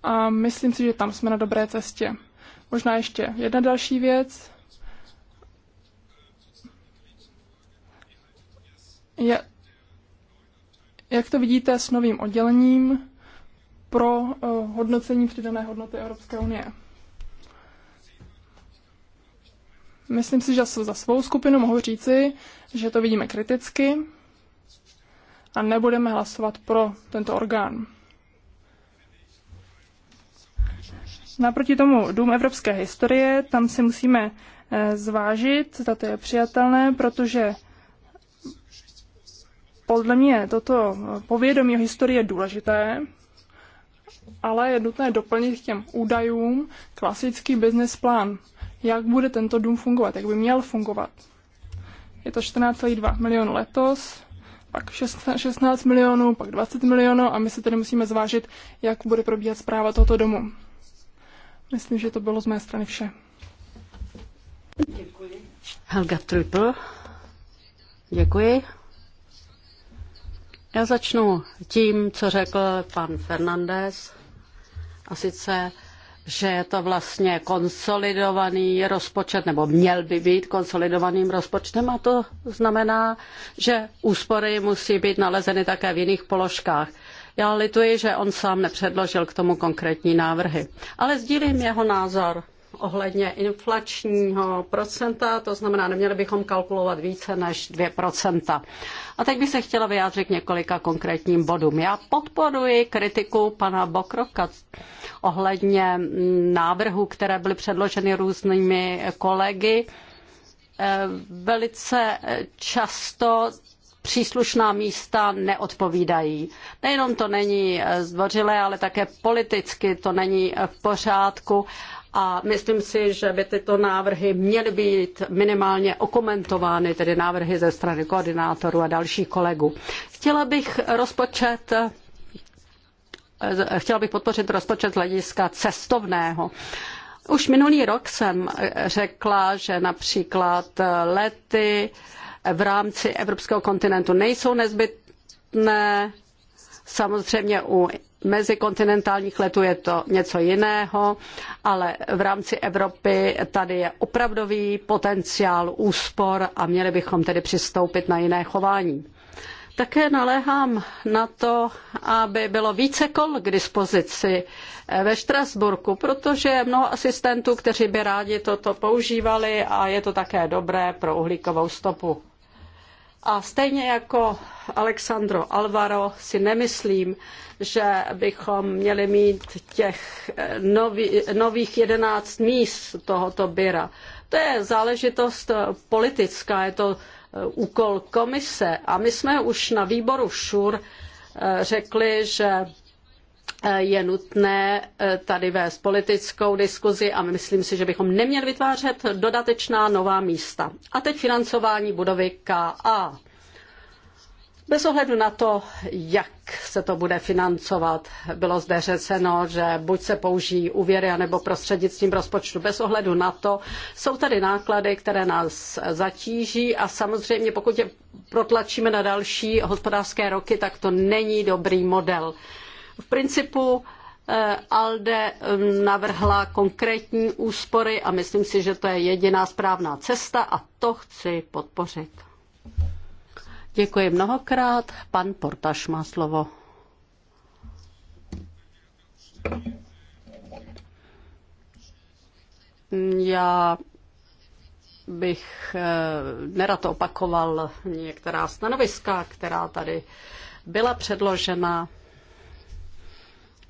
A myslím si, že tam jsme na dobré cestě. Možná ještě jedna další věc. Je, jak to vidíte s novým oddělením pro uh, hodnocení přidané hodnoty Evropské unie? Myslím si, že za svou skupinu mohu říci, že to vidíme kriticky a nebudeme hlasovat pro tento orgán. Naproti tomu Dům evropské historie, tam si musíme eh, zvážit, zda to je přijatelné, protože podle mě toto povědomí o historii je důležité, ale je nutné doplnit k těm údajům klasický business plán jak bude tento dům fungovat, jak by měl fungovat. Je to 14,2 milionů letos, pak 16 milionů, pak 20 milionů a my se tedy musíme zvážit, jak bude probíhat zpráva tohoto domu. Myslím, že to bylo z mé strany vše. Děkuji. Helga Trüppel. Děkuji. Já začnu tím, co řekl pan Fernandez. A sice že je to vlastně konsolidovaný rozpočet, nebo měl by být konsolidovaným rozpočtem a to znamená, že úspory musí být nalezeny také v jiných položkách. Já lituji, že on sám nepředložil k tomu konkrétní návrhy, ale sdílím jeho názor ohledně inflačního procenta, to znamená, neměli bychom kalkulovat více než 2%. A teď bych se chtěla vyjádřit k několika konkrétním bodům. Já podporuji kritiku pana Bokroka ohledně mm, návrhů, které byly předloženy různými kolegy. E, velice často příslušná místa neodpovídají. Nejenom to není zdvořilé, ale také politicky to není v pořádku a myslím si, že by tyto návrhy měly být minimálně okomentovány, tedy návrhy ze strany koordinátorů a dalších kolegů. Chtěla bych rozpočet chtěla bych podpořit rozpočet z hlediska cestovného. Už minulý rok jsem řekla, že například lety v rámci evropského kontinentu nejsou nezbytné, Samozřejmě u mezikontinentálních letů je to něco jiného, ale v rámci Evropy tady je opravdový potenciál úspor a měli bychom tedy přistoupit na jiné chování. Také naléhám na to, aby bylo více kol k dispozici eh, ve Štrasburku, protože je mnoho asistentů, kteří by rádi toto používali a je to také dobré pro uhlíkovou stopu. A stejně jako Alexandro Alvaro si nemyslím, že bychom měli mít těch eh, nový, nových 11 míst tohoto byra. To je záležitost eh, politická, je to eh, úkol komise a my jsme už na výboru ŠUR řekli, že je nutné tady vést politickou diskuzi a myslím si, že bychom neměli vytvářet dodatečná nová místa. A teď financování budovy KA. Bez ohledu na to, jak se to bude financovat, bylo zde řeceno, že buď se použijí úvěry, anebo prostřednictvím rozpočtu. Bez ohledu na to, jsou tady náklady, které nás zatíží a samozřejmě pokud je protlačíme na další hospodářské roky, tak to není dobrý model. V principu eh, ALDE hm, navrhla konkrétní úspory a myslím si, že to je jediná správná cesta a to chci podpořit. Děkuji mnohokrát. Pan Portaš má slovo. Já bych eh, nerad opakoval některá stanoviska, která tady byla předložena.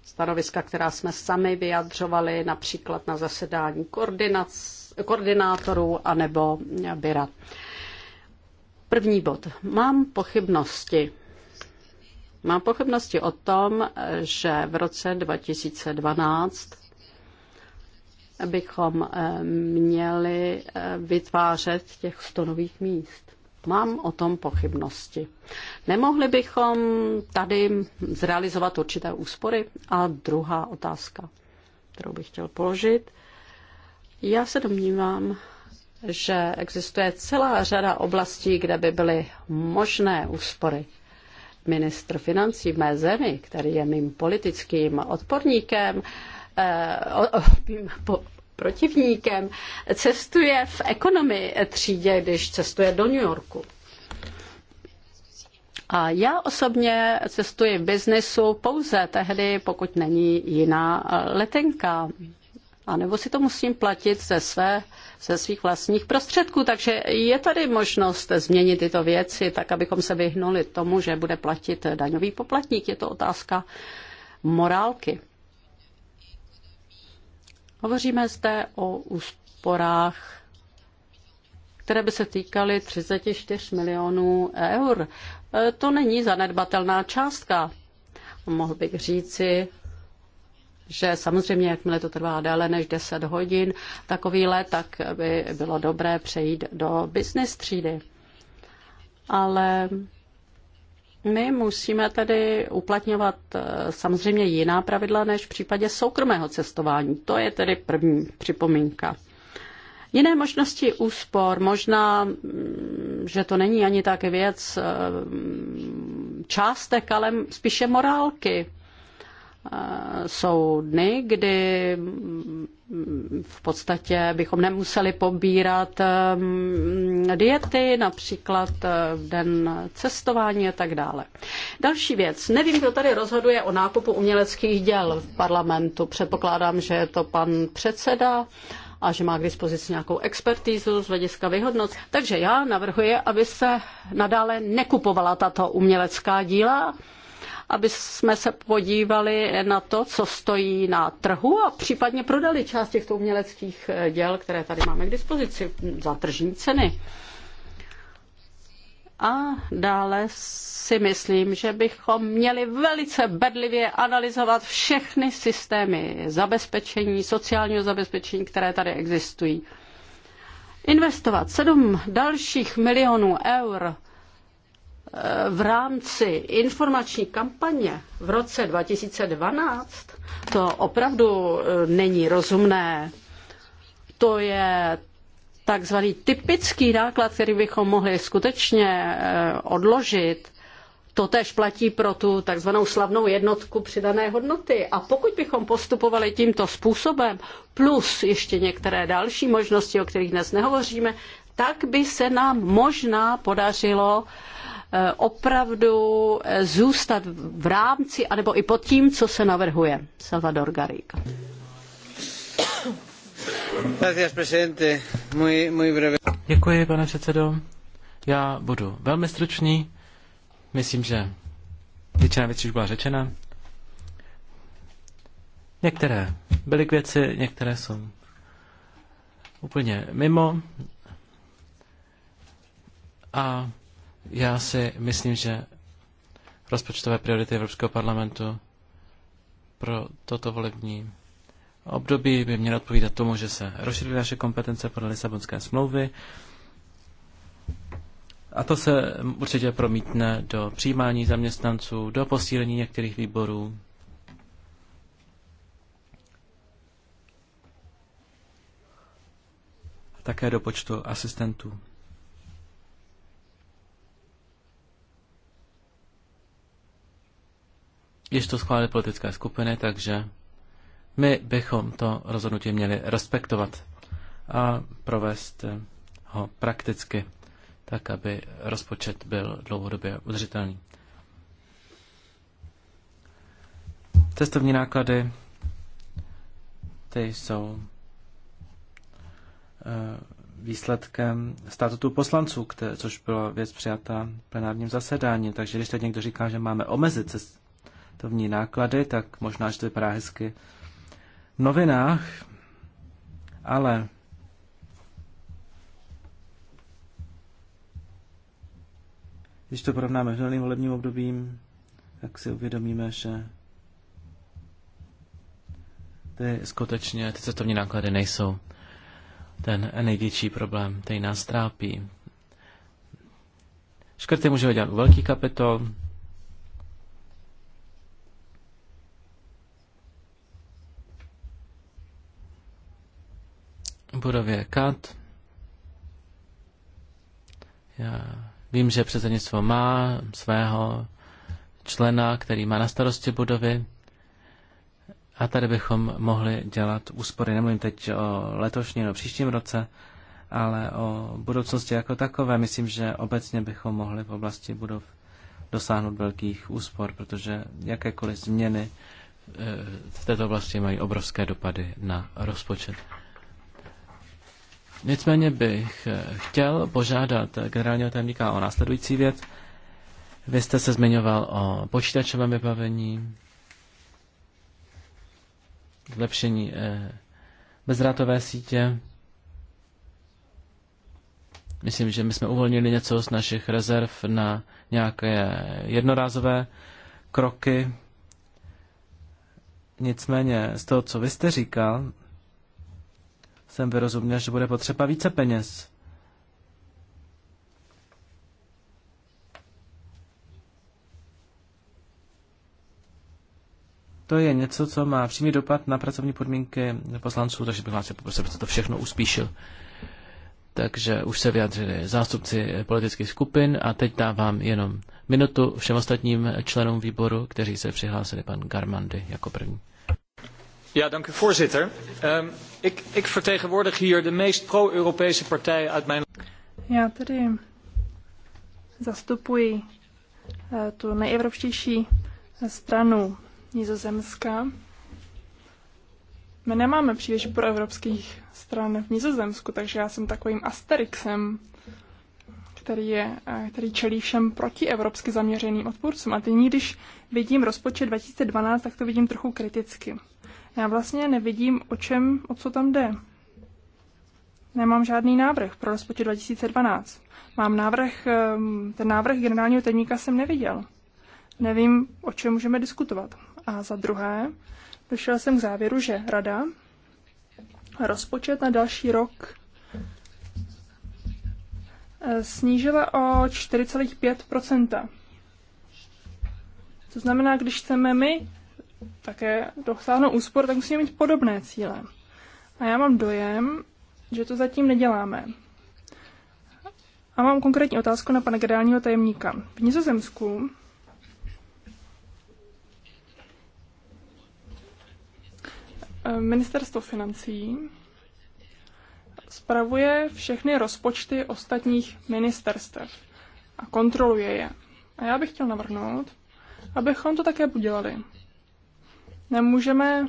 Stanoviska, která jsme sami vyjadřovali například na zasedání koordinátorů anebo byra. První bod. Mám pochybnosti. Mám pochybnosti o tom, že v roce 2012 bychom eh, měli eh, vytvářet těch 100 nových míst. Mám o tom pochybnosti. Nemohli bychom tady zrealizovat určité úspory? A druhá otázka, kterou bych chtěl položit. Já se domnívám, že existuje celá řada oblastí, kde by byly možné úspory. Ministr financí v mé zemi, který je mým politickým odporníkem, eh, mým po, protivníkem, cestuje v ekonomii třídě, když cestuje do New Yorku. A já osobně cestuji v biznesu pouze tehdy, pokud není jiná letenka a nebo si to musím platit ze, své, ze svých vlastních prostředků. Takže je tady možnost změnit tyto věci, tak abychom se vyhnuli tomu, že bude platit daňový poplatník. Je to otázka morálky. Hovoříme zde o úsporách, které by se týkaly 34 milionů eur. E, to není zanedbatelná částka. Mohl bych říci, že samozřejmě, jakmile to trvá déle než 10 hodin takový let, tak by bylo dobré přejít do business třídy. Ale my musíme tedy uplatňovat eh, samozřejmě jiná pravidla než v případě soukromého cestování. To je tedy první připomínka. Jiné možnosti úspor, možná, mm, že to není ani tak věc eh, částek, ale spíše morálky jsou dny, kdy v podstatě bychom nemuseli pobírat um, diety, například v uh, den cestování a tak dále. Další věc. Nevím, kdo tady rozhoduje o nákupu uměleckých děl v parlamentu. Předpokládám, že je to pan předseda a že má k dispozici nějakou expertízu z hlediska vyhodnoc. Takže já navrhuji, aby se nadále nekupovala tato umělecká díla, aby jsme se podívali na to, co stojí na trhu a případně prodali část těchto uměleckých eh, děl, které tady máme k dispozici za tržní ceny. A dále si myslím, že bychom měli velice bedlivě analyzovat všechny systémy zabezpečení, sociálního zabezpečení, které tady existují. Investovat sedm dalších milionů eur Eh, v rámci informační kampaně v roce 2012, to opravdu eh, není rozumné. To je takzvaný typický náklad, který bychom mohli skutečně eh, odložit. To tež platí pro tu takzvanou slavnou jednotku přidané hodnoty. A pokud bychom postupovali tímto způsobem, plus ještě některé další možnosti, o kterých dnes nehovoříme, tak by se nám možná podařilo uh, Eh, opravdu eh, zůstat v rámci anebo i pod tím, co se navrhuje. Salvador Garriga. Děkuji, pane předsedo. Já budu velmi stručný. Myslím, že většina věcí už byla řečena. Některé byly k věci, některé jsou úplně mimo. A já si myslím, že rozpočtové priority Evropského parlamentu pro toto volební období by měly odpovídat tomu, že se rozšířily naše kompetence podle Lisabonské smlouvy. A to se určitě promítne do přijímání zaměstnanců, do posílení některých výborů. Také do počtu asistentů. když to schválí politické skupiny, takže my bychom to rozhodnutí měli respektovat a provést eh, ho prakticky, tak aby rozpočet byl dlouhodobě udržitelný. Cestovní náklady, ty jsou eh, výsledkem statutu poslanců, které, což byla věc přijata plenárním zasedání. Takže když teď někdo říká, že máme omezit ní náklady, tak možná, že to vypadá hezky v novinách, ale když to porovnáme s minulým volebním obdobím, tak si uvědomíme, že ty skutečně ty cestovní náklady nejsou ten největší problém, který nás trápí. Škrty můžeme dělat u velkých kapitol, budově KAT. Já vím, že předsednictvo má svého člena, který má na starosti budovy. A tady bychom mohli dělat úspory. Nemluvím teď o letošním nebo příštím roce, ale o budoucnosti jako takové. Myslím, že obecně bychom mohli v oblasti budov dosáhnout velkých úspor, protože jakékoliv změny eh, v této oblasti mají obrovské dopady na rozpočet. Nicméně bych eh, chtěl požádat generálního tajemníka o následující věc. Vy jste se zmiňoval o počítačovém vybavení, zlepšení eh, bezdrátové sítě. Myslím, že my jsme uvolnili něco z našich rezerv na nějaké jednorázové kroky. Nicméně z toho, co vy jste říkal, jsem vyrozuměl, že bude potřeba více peněz. To je něco, co má přímý dopad na pracovní podmínky poslanců, takže bych vás chtěl poprosit, abyste to všechno uspíšil. Takže už se vyjádřili zástupci politických skupin a teď dávám jenom minutu všem ostatním členům výboru, kteří se přihlásili pan Garmandy jako první. Ja, dank u voorzitter. Um, ik, ik vertegenwoordig hier de meest pro-Europese partij uit mijn... Já tedy zastupuji uh, tu nejevropštější stranu Nizozemska. My nemáme příliš proevropských stran v Nizozemsku, takže já jsem takovým asterixem, který, je, eh, který čelí všem protievropsky zaměřeným odpůrcům. A když vidím rozpočet 2012, tak to vidím trochu kriticky. Já vlastně nevidím, o čem, o co tam jde. Nemám žádný návrh pro rozpočet 2012. Mám návrh, ehm, ten návrh generálního tajemníka jsem neviděl. Nevím, o čem můžeme diskutovat. A za druhé, došel jsem k závěru, že rada rozpočet na další rok eh, snížila o 4,5 To znamená, když chceme my také dosáhnout úspor, tak musíme mít podobné cíle. A já mám dojem, že to zatím neděláme. A mám konkrétní otázku na pana generálního tajemníka. V Nizozemsku ministerstvo financí spravuje všechny rozpočty ostatních ministerstev a kontroluje je. A já bych chtěl navrhnout, abychom to také udělali. Nemůžeme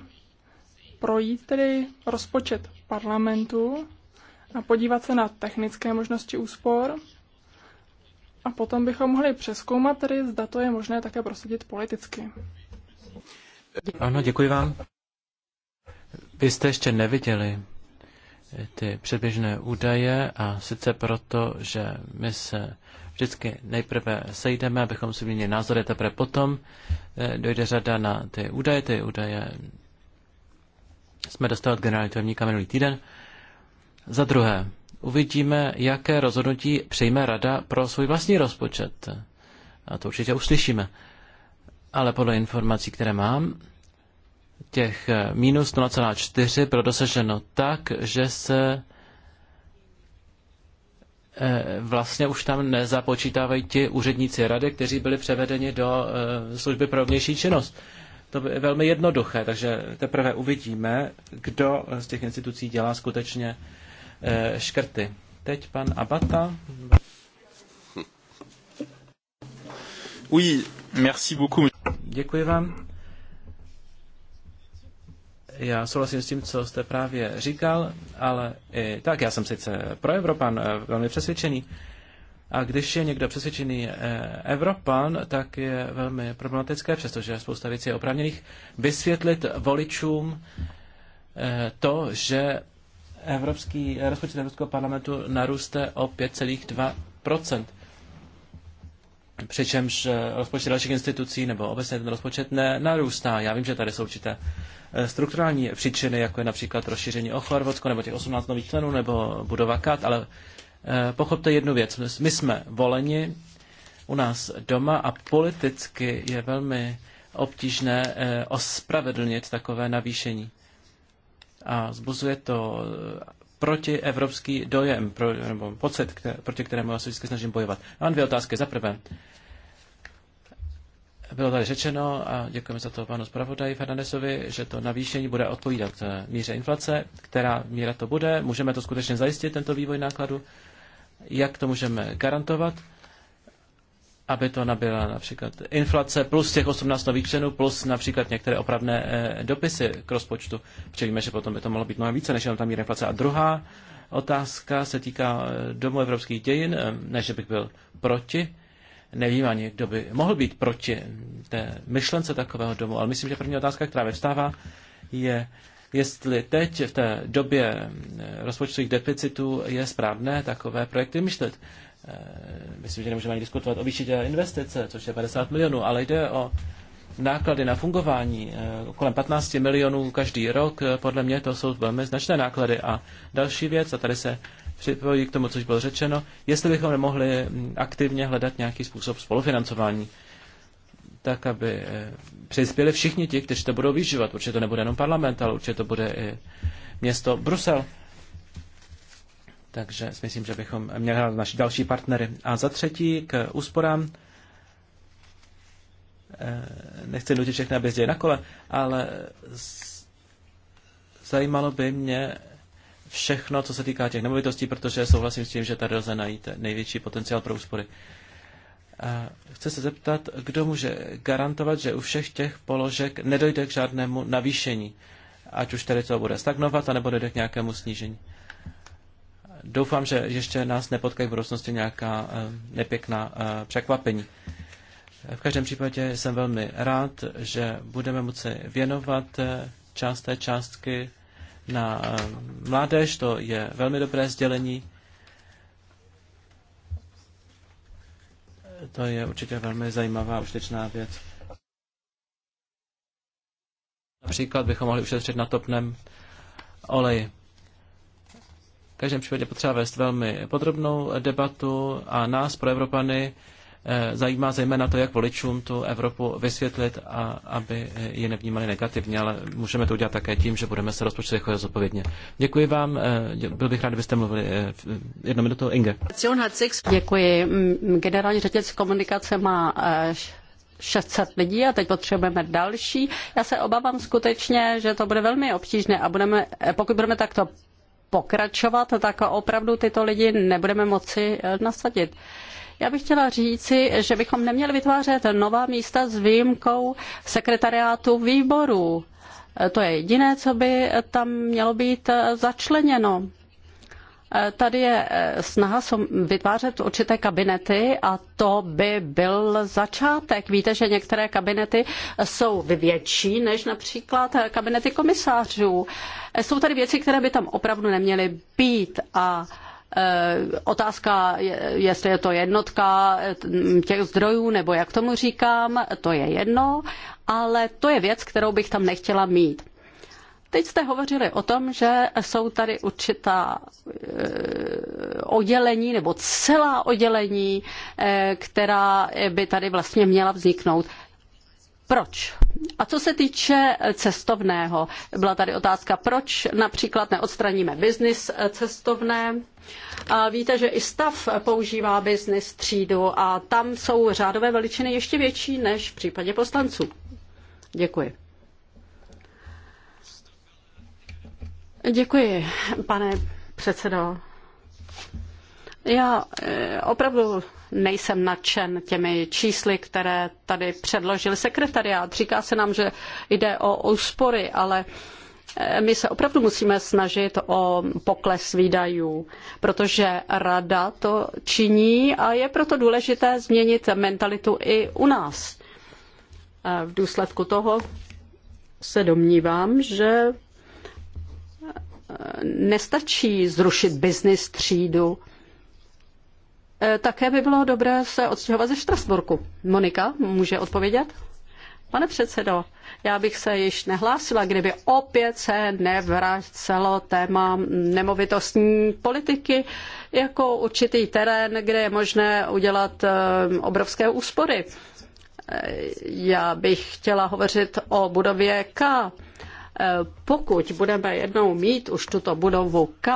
projít tedy rozpočet parlamentu a podívat se na technické možnosti úspor a potom bychom mohli přeskoumat tedy, zda to je možné také prosadit politicky. Ano, děkuji vám. Vy jste ještě neviděli eh, ty předběžné údaje a sice proto, že my se vždycky nejprve sejdeme, abychom si měli názory, teprve potom eh, dojde řada na ty údaje. Ty údaje jsme dostali od generálního tajemníka minulý týden. Za druhé, uvidíme, jaké rozhodnutí přijme rada pro svůj vlastní rozpočet. A to určitě uslyšíme. Ale podle informací, které mám, těch eh, minus 0,4 bylo dosaženo tak, že se Eh, vlastně už tam nezapočítávají ti úředníci rady, kteří byli převedeni do eh, služby pro vnější činnost. To je velmi jednoduché, takže teprve uvidíme, kdo z těch institucí dělá skutečně eh, škrty. Teď pan Abata. Oui, merci beaucoup. Děkuji vám. Já souhlasím s tím, co jste právě říkal, ale i tak, já jsem sice pro Evropan eh, velmi přesvědčený, a když je někdo přesvědčený eh, Evropan, tak je velmi problematické, přestože spousta věcí je opravněných, vysvětlit voličům eh, to, že Evropský, rozpočet Evropského parlamentu naruste o 5,2 Přičemž eh, rozpočet dalších institucí nebo obecně ten rozpočet nenarůstá. Já vím, že tady jsou určité eh, strukturální příčiny, jako je například rozšíření o Chorvatsko nebo těch 18 nových členů nebo budova KAT, ale eh, pochopte jednu věc. My jsme voleni u nás doma a politicky je velmi obtížné ospravedlnit takové navýšení. A zbuzuje to protievropský evropský dojem, pro, nebo pocit, které, proti kterému já se vždycky snažím bojovat. Já mám dvě otázky. Za prvé, bylo tady řečeno, a děkujeme za to panu zpravodaji Fernandesovi, že to navýšení bude odpovídat eh, míře inflace, která míra to bude, můžeme to skutečně zajistit, tento vývoj nákladu, jak to můžeme garantovat aby to nabyla například inflace plus těch 18 nových členů plus například některé opravné eh, dopisy k rozpočtu. Protože víme, že potom by to mohlo být mnohem více než jenom ta míra inflace. A druhá otázka se týká eh, Domu evropských dějin, ehm, ne, že bych byl proti, nevím ani, kdo by mohl být proti té myšlence takového domu, ale myslím, že první otázka, která vyvstává, je, jestli teď v té době ehm, rozpočtových deficitů je správné takové projekty myšlet. Eh, myslím, že nemůžeme ani diskutovat o výši investice, což je 50 milionů, ale jde o náklady na fungování eh, kolem 15 milionů každý rok. Eh, podle mě to jsou velmi značné náklady. A další věc, a tady se připojí k tomu, což bylo řečeno, jestli bychom nemohli mm, aktivně hledat nějaký způsob spolufinancování, tak aby přispěli všichni ti, kteří to budou využívat. Určitě to nebude jenom parlament, ale určitě to bude i město Brusel. Takže si myslím, že bychom měli hledat naši další partnery. A za třetí k úsporám. Eh, nechci nutit všechny, aby na kole, ale zajímalo by mě všechno, co se týká těch nemovitostí, protože souhlasím s tím, že tady lze najít největší potenciál pro úspory. A chci se zeptat, kdo může garantovat, že u všech těch položek nedojde k žádnému navýšení, ať už tedy to bude stagnovat, anebo dojde k nějakému snížení doufám, že ještě nás nepotkají v budoucnosti nějaká eh, nepěkná eh, překvapení. V každém případě jsem velmi rád, že budeme moci věnovat eh, část té částky na mládež. To je velmi dobré sdělení. To je určitě velmi zajímavá, užitečná věc. Například bychom mohli ušetřit na topném oleji každém případě potřeba vést velmi podrobnou debatu a nás pro Evropany eh, zajímá zejména to, jak voličům tu Evropu vysvětlit a aby eh, ji nevnímali negativně, ale můžeme to udělat také tím, že budeme se rozpočet chovat jako zodpovědně. Děkuji vám, eh, byl bych rád, kdybyste mluvili jednu minutu. Inge. Děkuji. Generální řetěz komunikace má 600 lidí a teď potřebujeme další. Já se obávám skutečně, že to bude velmi obtížné a budeme, pokud budeme takto pokračovat, tak opravdu tyto lidi nebudeme moci eh, nasadit. Já bych chtěla říci, že bychom neměli vytvářet nová místa s výjimkou sekretariátu výborů. Eh, to je jediné, co by tam mělo být eh, začleněno. Eh, tady je eh, snaha vytvářet určité kabinety a to by byl začátek. Víte, že některé kabinety jsou větší než například eh, kabinety komisářů. Jsou tady věci, které by tam opravdu neměly být a Otázka, jestli je to jednotka těch zdrojů, nebo jak tomu říkám, to je jedno, ale to je věc, kterou bych tam nechtěla mít. Teď jste hovořili o tom, že jsou tady určitá eh, oddělení nebo celá oddělení, eh, která by tady vlastně měla vzniknout. Proč? A co se týče cestovného, byla tady otázka, proč například neodstraníme biznis cestovné. A víte, že i stav používá biznis třídu a tam jsou řádové veličiny ještě větší než v případě poslanců. Děkuji. Děkuji, pane předsedo. Já eh, opravdu nejsem nadšen těmi čísly, které tady předložil sekretariát. Říká se nám, že jde o úspory, ale eh, my se opravdu musíme snažit o pokles výdajů, protože rada to činí a je proto důležité změnit mentalitu i u nás. Eh, v důsledku toho se domnívám, že nestačí zrušit business třídu. E, také by bylo dobré se odstěhovat ze Štrasburku. Monika může odpovědět? Pane předsedo, já bych se již nehlásila, kdyby opět se nevracelo téma nemovitostní politiky jako určitý terén, kde je možné udělat e, obrovské úspory. E, já bych chtěla hovořit o budově K Eh, pokud budeme jednou mít už tuto budovu K,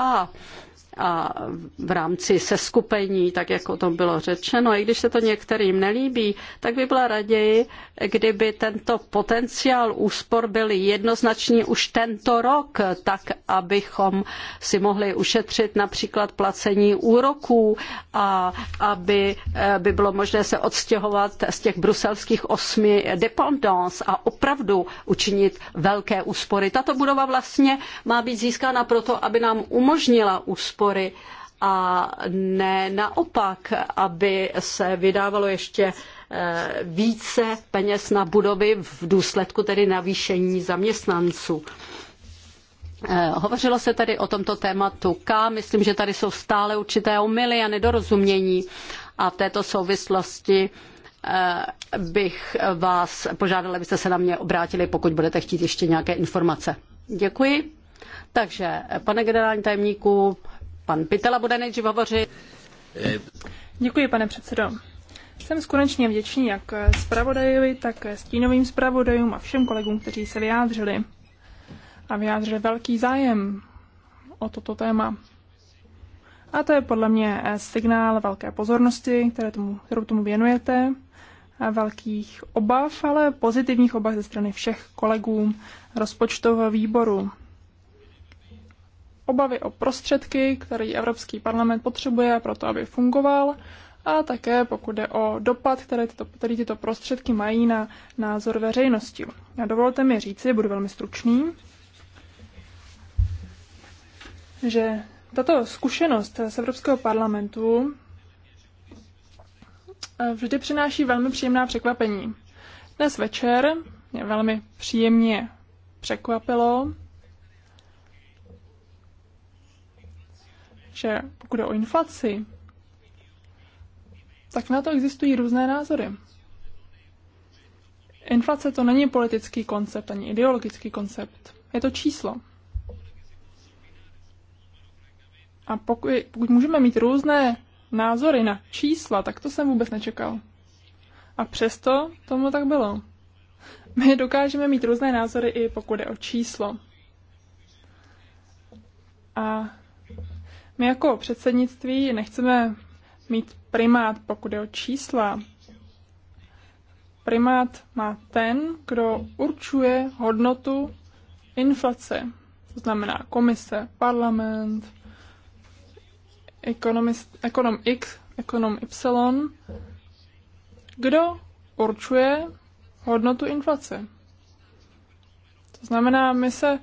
a v rámci seskupení, tak jak o tom bylo řečeno, i když se to některým nelíbí, tak by byla raději, kdyby tento potenciál úspor byl jednoznačný už tento rok, tak abychom si mohli ušetřit například placení úroků a aby eh, by bylo možné se odstěhovat z těch bruselských osmi dependance a opravdu učinit velké úspory. Tato budova vlastně má být získána proto, aby nám umožnila úspory podpory a ne naopak, aby se vydávalo ještě eh, více peněz na budovy v důsledku tedy navýšení zaměstnanců. Eh, hovořilo se tady o tomto tématu K. Myslím, že tady jsou stále určité omily a nedorozumění. A v této souvislosti eh, bych vás požádala, abyste se na mě obrátili, pokud budete chtít ještě nějaké informace. Děkuji. Takže, pane generální tajemníku, Pan Pitela bude nejdřív hovořit. Děkuji, pane předsedo. Jsem skutečně vděčný jak zpravodajovi, tak stínovým zpravodajům a všem kolegům, kteří se vyjádřili a vyjádřili velký zájem o toto téma. A to je podle mě signál velké pozornosti, které tomu, kterou tomu věnujete, a velkých obav, ale pozitivních obav ze strany všech kolegů rozpočtového výboru obavy o prostředky, který Evropský parlament potřebuje pro to, aby fungoval, a také pokud jde o dopad, který tyto, který tyto prostředky mají na názor veřejnosti. A dovolte mi říci, budu velmi stručný, že tato zkušenost z Evropského parlamentu eh, vždy přináší velmi příjemná překvapení. Dnes večer mě velmi příjemně překvapilo, že pokud je o inflaci, tak na to existují různé názory. Inflace to není politický koncept ani ideologický koncept. Je to číslo. A pokud, pokud můžeme mít různé názory na čísla, tak to jsem vůbec nečekal. A přesto tomu tak bylo. My dokážeme mít různé názory i pokud je o číslo. A my jako předsednictví nechceme mít primát, pokud je o čísla. Primát má ten, kdo určuje hodnotu inflace. To znamená komise, parlament, ekonom X, ekonom Y. Kdo určuje hodnotu inflace? To znamená, my se,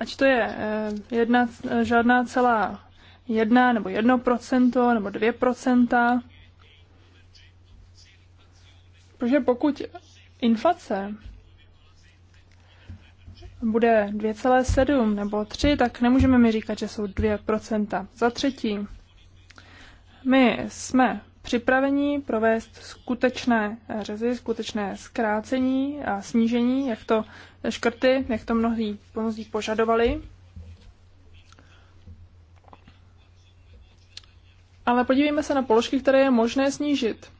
ať to je eh, jedna, eh, žádná celá jedna nebo jedno procento nebo dvě procenta. Protože pokud inflace bude 2,7 nebo 3, tak nemůžeme mi říkat, že jsou 2%. Za třetí, my jsme připraveni provést skutečné řezy, skutečné zkrácení a snížení, jak to škrty, jak to mnozí, mnozí požadovali. Ale podívejme se na položky, které je možné snížit.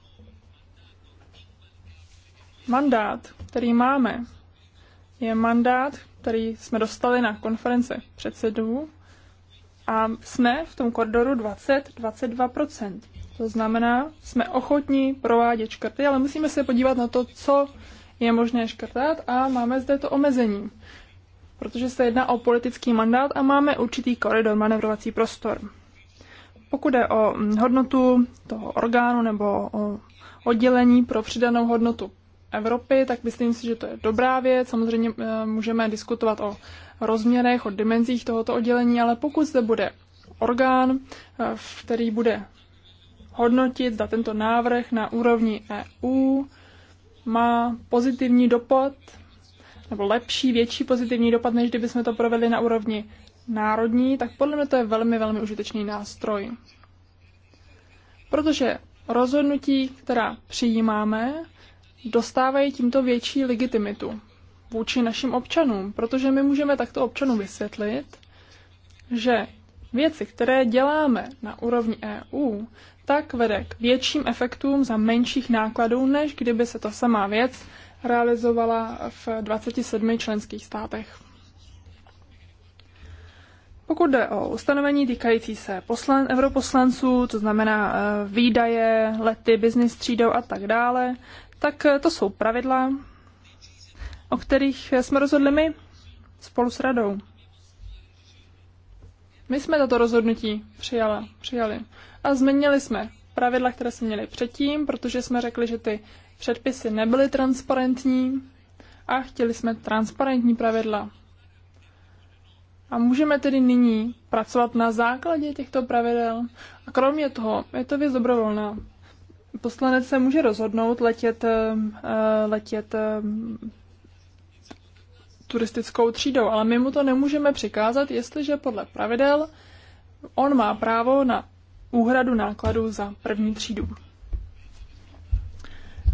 Mandát, který máme, je mandát, který jsme dostali na konference předsedů a jsme v tom koridoru 20-22%. To znamená, jsme ochotní provádět škrty, ale musíme se podívat na to, co je možné škrtat a máme zde to omezení, protože se jedná o politický mandát a máme určitý koridor, manevrovací prostor. Pokud je o mm, hodnotu toho orgánu nebo o oddělení pro přidanou hodnotu Evropy, tak myslím si, že to je dobrá věc. Samozřejmě eh, můžeme diskutovat o rozměrech, o dimenzích tohoto oddělení, ale pokud zde bude orgán, eh, který bude hodnotit, zda tento návrh na úrovni EU má pozitivní dopad, nebo lepší, větší pozitivní dopad, než kdyby jsme to provedli na úrovni národní, tak podle mě to je velmi, velmi užitečný nástroj. Protože rozhodnutí, která přijímáme, dostávají tímto větší legitimitu vůči našim občanům, protože my můžeme takto občanům vysvětlit, že věci, které děláme na úrovni EU, tak vede k větším efektům za menších nákladů, než kdyby se ta samá věc realizovala v 27 členských státech. Pokud jde o ustanovení týkající se poslan, europoslanců, to znamená eh, výdaje, lety, biznis třídou a tak dále, tak eh, to jsou pravidla, o kterých eh, jsme rozhodli my spolu s radou. My jsme toto rozhodnutí přijala, přijali a změnili jsme pravidla, které jsme měli předtím, protože jsme řekli, že ty předpisy nebyly transparentní a chtěli jsme transparentní pravidla. A můžeme tedy nyní pracovat na základě těchto pravidel. A kromě toho, je to věc dobrovolná. Poslanec se může rozhodnout letět, eh, eh, letět eh, turistickou třídou, ale my mu to nemůžeme přikázat, jestliže podle pravidel on má právo na úhradu nákladů za první třídu.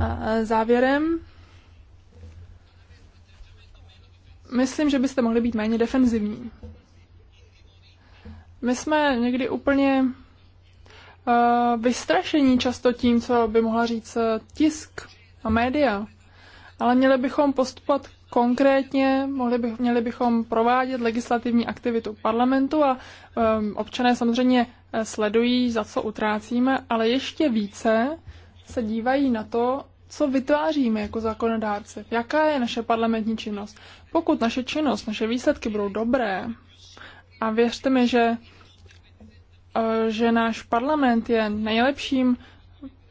A závěrem myslím, že byste mohli být méně defenzivní. My jsme někdy úplně uh, vystrašení často tím, co by mohla říct eh, tisk a média. Ale měli bychom postupovat konkrétně, mohli by, měli bychom provádět legislativní aktivitu parlamentu a um, občané samozřejmě sledují, za co utrácíme, ale ještě více se dívají na to, co vytváříme jako zákonodárci, jaká je naše parlamentní činnost. Pokud naše činnost, naše výsledky budou dobré, a věřte mi, že, eh, že náš parlament je nejlepším,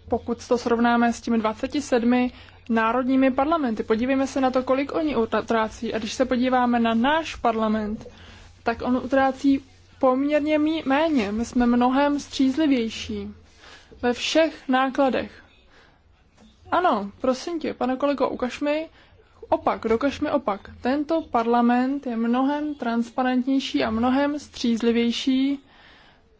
pokud to srovnáme s těmi 27 národními parlamenty. Podívejme se na to, kolik oni utrácí. A když se podíváme na náš parlament, tak on utrácí poměrně méně. My jsme mnohem střízlivější ve všech nákladech. Ano, prosím tě, pane kolego, ukaž mi opak, dokaž mi opak. Tento parlament je mnohem transparentnější a mnohem střízlivější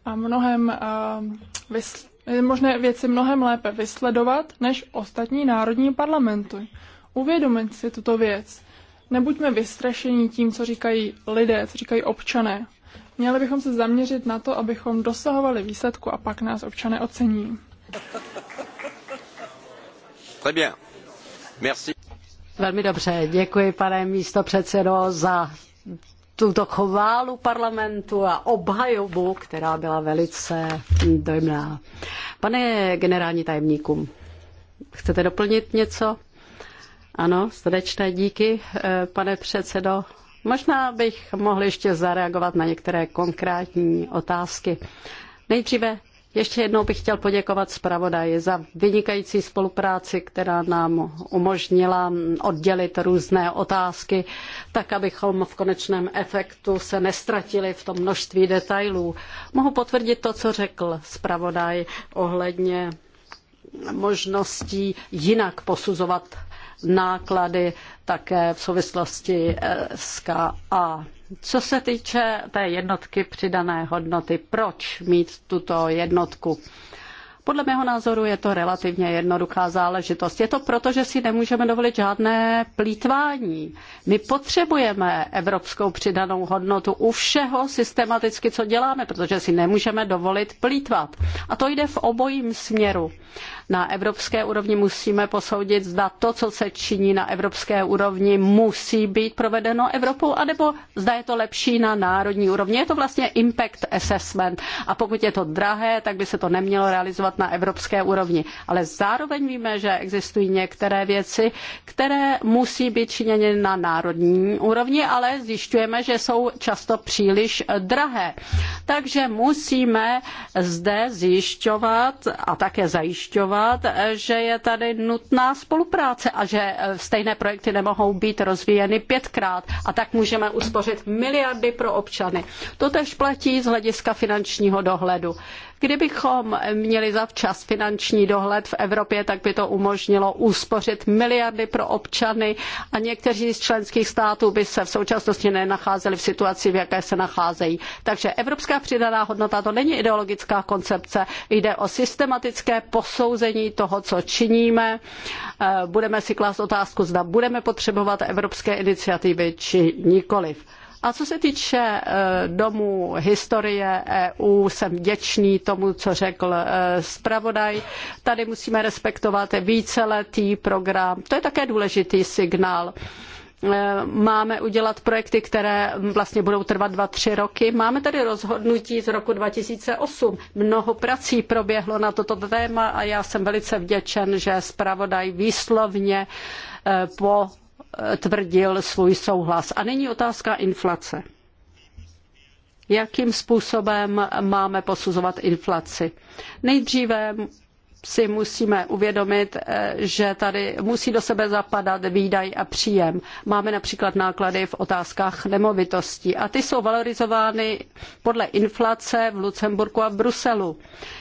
a mnohem uh, eh, vysl- je možné věci mnohem lépe vysledovat než ostatní národní parlamenty. Uvědomit si tuto věc. Nebuďme vystrašení tím, co říkají lidé, co říkají občané. Měli bychom se zaměřit na to, abychom dosahovali výsledku a pak nás občané ocení. Velmi dobře, děkuji pane místopředsedo za tuto chválu parlamentu a obhajobu, která byla velice dojemná. Pane generální tajemníku, chcete doplnit něco? Ano, srdečné díky, eh, pane předsedo. Možná bych mohl ještě zareagovat na některé konkrétní otázky. Nejdříve ještě jednou bych chtěl poděkovat zpravodaji za vynikající spolupráci, která nám umožnila oddělit různé otázky, tak abychom v konečném efektu se nestratili v tom množství detailů. Mohu potvrdit to, co řekl zpravodaj ohledně možností jinak posuzovat náklady také v souvislosti s KA. Co se týče té jednotky přidané hodnoty, proč mít tuto jednotku? Podle mého názoru je to relativně jednoduchá záležitost. Je to proto, že si nemůžeme dovolit žádné plítvání. My potřebujeme evropskou přidanou hodnotu u všeho systematicky, co děláme, protože si nemůžeme dovolit plítvat. A to jde v obojím směru na evropské úrovni musíme posoudit, zda to, co se činí na evropské úrovni, musí být provedeno Evropou, anebo zda je to lepší na národní úrovni. Je to vlastně impact assessment a pokud je to drahé, tak by se to nemělo realizovat na evropské úrovni. Ale zároveň víme, že existují některé věci, které musí být činěny na národní úrovni, ale zjišťujeme, že jsou často příliš drahé. Takže musíme zde zjišťovat a také zajišťovat, konstatovat, že je tady nutná spolupráce a že stejné projekty nemohou být rozvíjeny pětkrát a tak můžeme uspořit miliardy pro občany. To platí z hlediska finančního dohledu. Kdybychom měli zavčas finanční dohled v Evropě, tak by to umožnilo uspořit miliardy pro občany a někteří z členských států by se v současnosti nenacházeli v situaci, v jaké se nacházejí. Takže evropská přidaná hodnota to není ideologická koncepce, jde o systematické posouzení toho, co činíme. Eh, budeme si klást otázku, zda budeme potřebovat evropské iniciativy či nikoliv. A co se týče eh, domu historie EU, jsem vděčný tomu, co řekl eh, zpravodaj. Tady musíme respektovat víceletý program. To je také důležitý signál eh, máme udělat projekty, které vlastně budou trvat dva tři roky. Máme tady rozhodnutí z roku 2008. Mnoho prací proběhlo na toto téma a já jsem velice vděčen, že zpravodaj výslovně po tvrdil svůj souhlas. A není otázka inflace. Jakým způsobem máme posuzovat inflaci? Nejdříve si musíme uvědomit, eh, že tady musí do sebe zapadat výdaj a příjem. Máme například náklady v otázkách nemovitostí a ty jsou valorizovány podle inflace v Lucemburku a v Bruselu.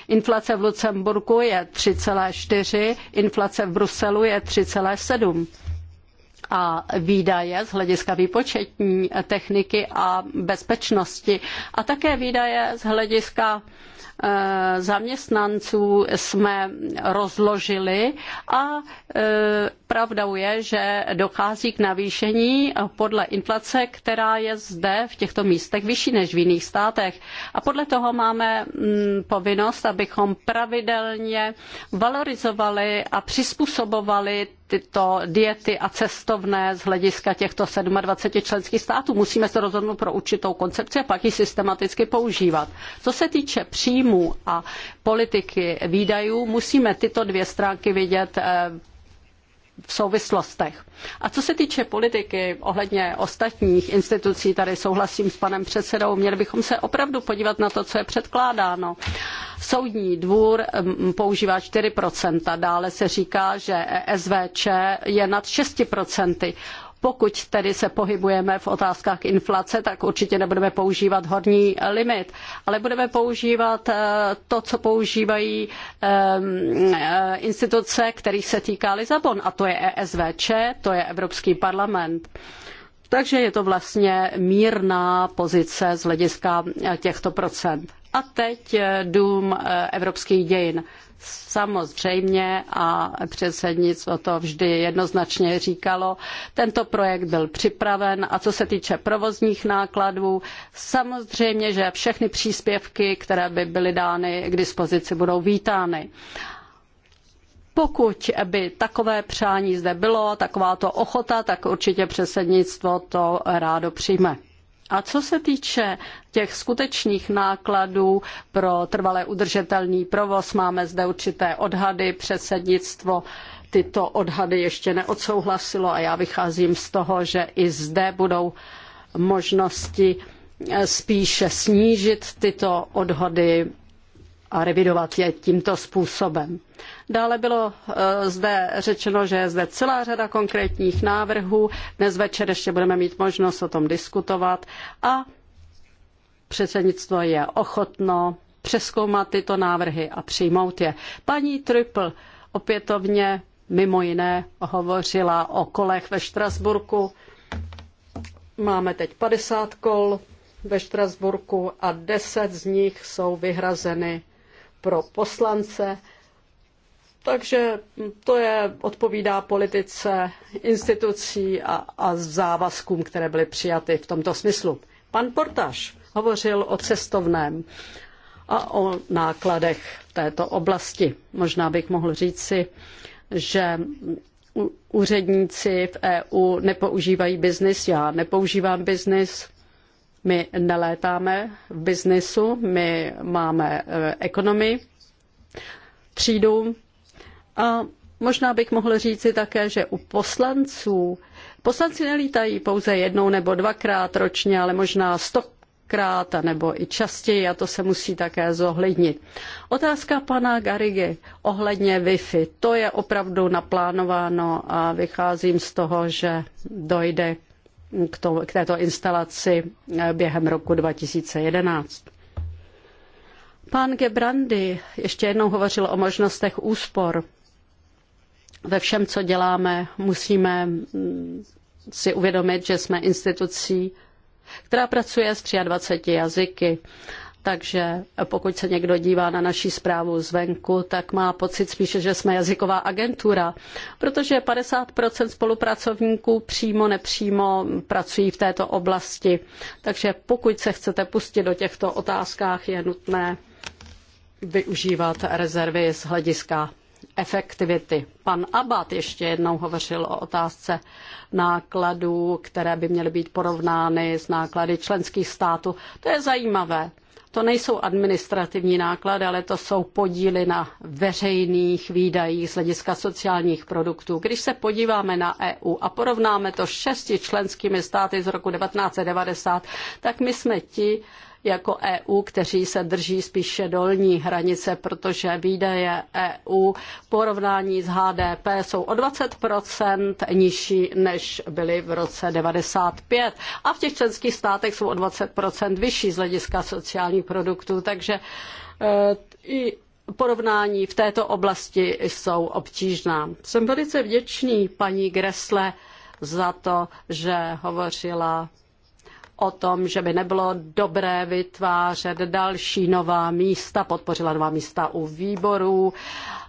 Inflace v Lucemburku je 3,4, inflace v Bruselu je 3,7 a výdaje z hlediska výpočetní techniky a bezpečnosti a také výdaje z hlediska Eh, zaměstnanců jsme rozložili a eh, pravdou je, že dochází k navýšení podle inflace, která je zde v těchto místech vyšší než v jiných státech. A podle toho máme mm, povinnost, abychom pravidelně valorizovali a přizpůsobovali tyto diety a cestovné z hlediska těchto 27 členských států. Musíme se rozhodnout pro určitou koncepci a pak ji systematicky používat. Co se týče příjmu, příjmů a politiky výdajů, musíme tyto dvě stránky vidět eh, v souvislostech. A co se týče politiky ohledně ostatních institucí, tady souhlasím s panem předsedou, měli bychom se opravdu podívat na to, co je předkládáno. Soudní dvůr mm, používá 4%, dále se říká, že e SVČ je nad 6%. Pokud tedy se pohybujeme v otázkách inflace, tak určitě nebudeme používat horní limit, ale budeme používat eh, to, co používají eh, eh, instituce, kterých se týká Lisabon, a to je ESVČ, to je Evropský parlament. Takže je to vlastně mírná pozice z hlediska těchto procent. A teď eh, dům eh, evropských dějin. Samozřejmě a předsednictvo to vždy jednoznačně říkalo, tento projekt byl připraven a co se týče provozních nákladů, samozřejmě, že všechny příspěvky, které by byly dány k dispozici, budou vítány. Pokud by takové přání zde bylo, takováto ochota, tak určitě předsednictvo to rádo přijme. A co se týče těch skutečných nákladů pro trvalé udržitelný provoz, máme zde určité odhady, předsednictvo tyto odhady ještě neodsouhlasilo a já vycházím z toho, že i zde budou možnosti eh, spíše snížit tyto odhady a revidovat je tímto způsobem. Dále bylo eh, zde řečeno, že je zde celá řada konkrétních návrhů. Dnes večer ještě budeme mít možnost o tom diskutovat a předsednictvo je ochotno přeskoumat tyto návrhy a přijmout je. Paní Trypl opětovně mimo jiné hovořila o kolech ve Štrasburku. Máme teď 50 kol ve Štrasburku a 10 z nich jsou vyhrazeny pro poslance takže to je, odpovídá politice institucí a, a závazkům, které byly přijaty v tomto smyslu. Pan Portaš hovořil o cestovném a o nákladech v této oblasti. Možná bych mohl říci, že úředníci v EU nepoužívají biznis, já nepoužívám biznis, my nelétáme v biznisu, my máme eh, ekonomii, třídu, a možná bych mohl říci také, že u poslanců, poslanci nelítají pouze jednou nebo dvakrát ročně, ale možná stokrát nebo i častěji a to se musí také zohlednit. Otázka pana Garigy ohledně Wi-Fi. To je opravdu naplánováno a vycházím z toho, že dojde k, to, k této instalaci eh, během roku 2011. Pan Gebrandy ještě jednou hovořil o možnostech úspor ve všem, co děláme, musíme mm, si uvědomit, že jsme institucí, která pracuje s 23 jazyky. Takže pokud se někdo dívá na naši zprávu zvenku, tak má pocit spíše, že jsme jazyková agentura, protože 50% spolupracovníků přímo nepřímo pracují v této oblasti. Takže pokud se chcete pustit do těchto otázkách, je nutné využívat rezervy z hlediska efektivity. Pan Abad ještě jednou hovořil o otázce nákladů, které by měly být porovnány s náklady členských států. To je zajímavé. To nejsou administrativní náklady, ale to jsou podíly na veřejných výdajích z hlediska sociálních produktů. Když se podíváme na EU a porovnáme to s šesti členskými státy z roku 1990, tak my jsme ti, jako EU, kteří se drží spíše dolní hranice, protože výdaje EU v porovnání s HDP jsou o 20 nižší, než byly v roce 95. A v těch členských státech jsou o 20 vyšší z hlediska sociálních produktů. Takže e, i porovnání v této oblasti jsou obtížná. Jsem velice vděčný paní Gresle za to, že hovořila o tom, že by nebylo dobré vytvářet další nová místa, podpořila nová místa u výborů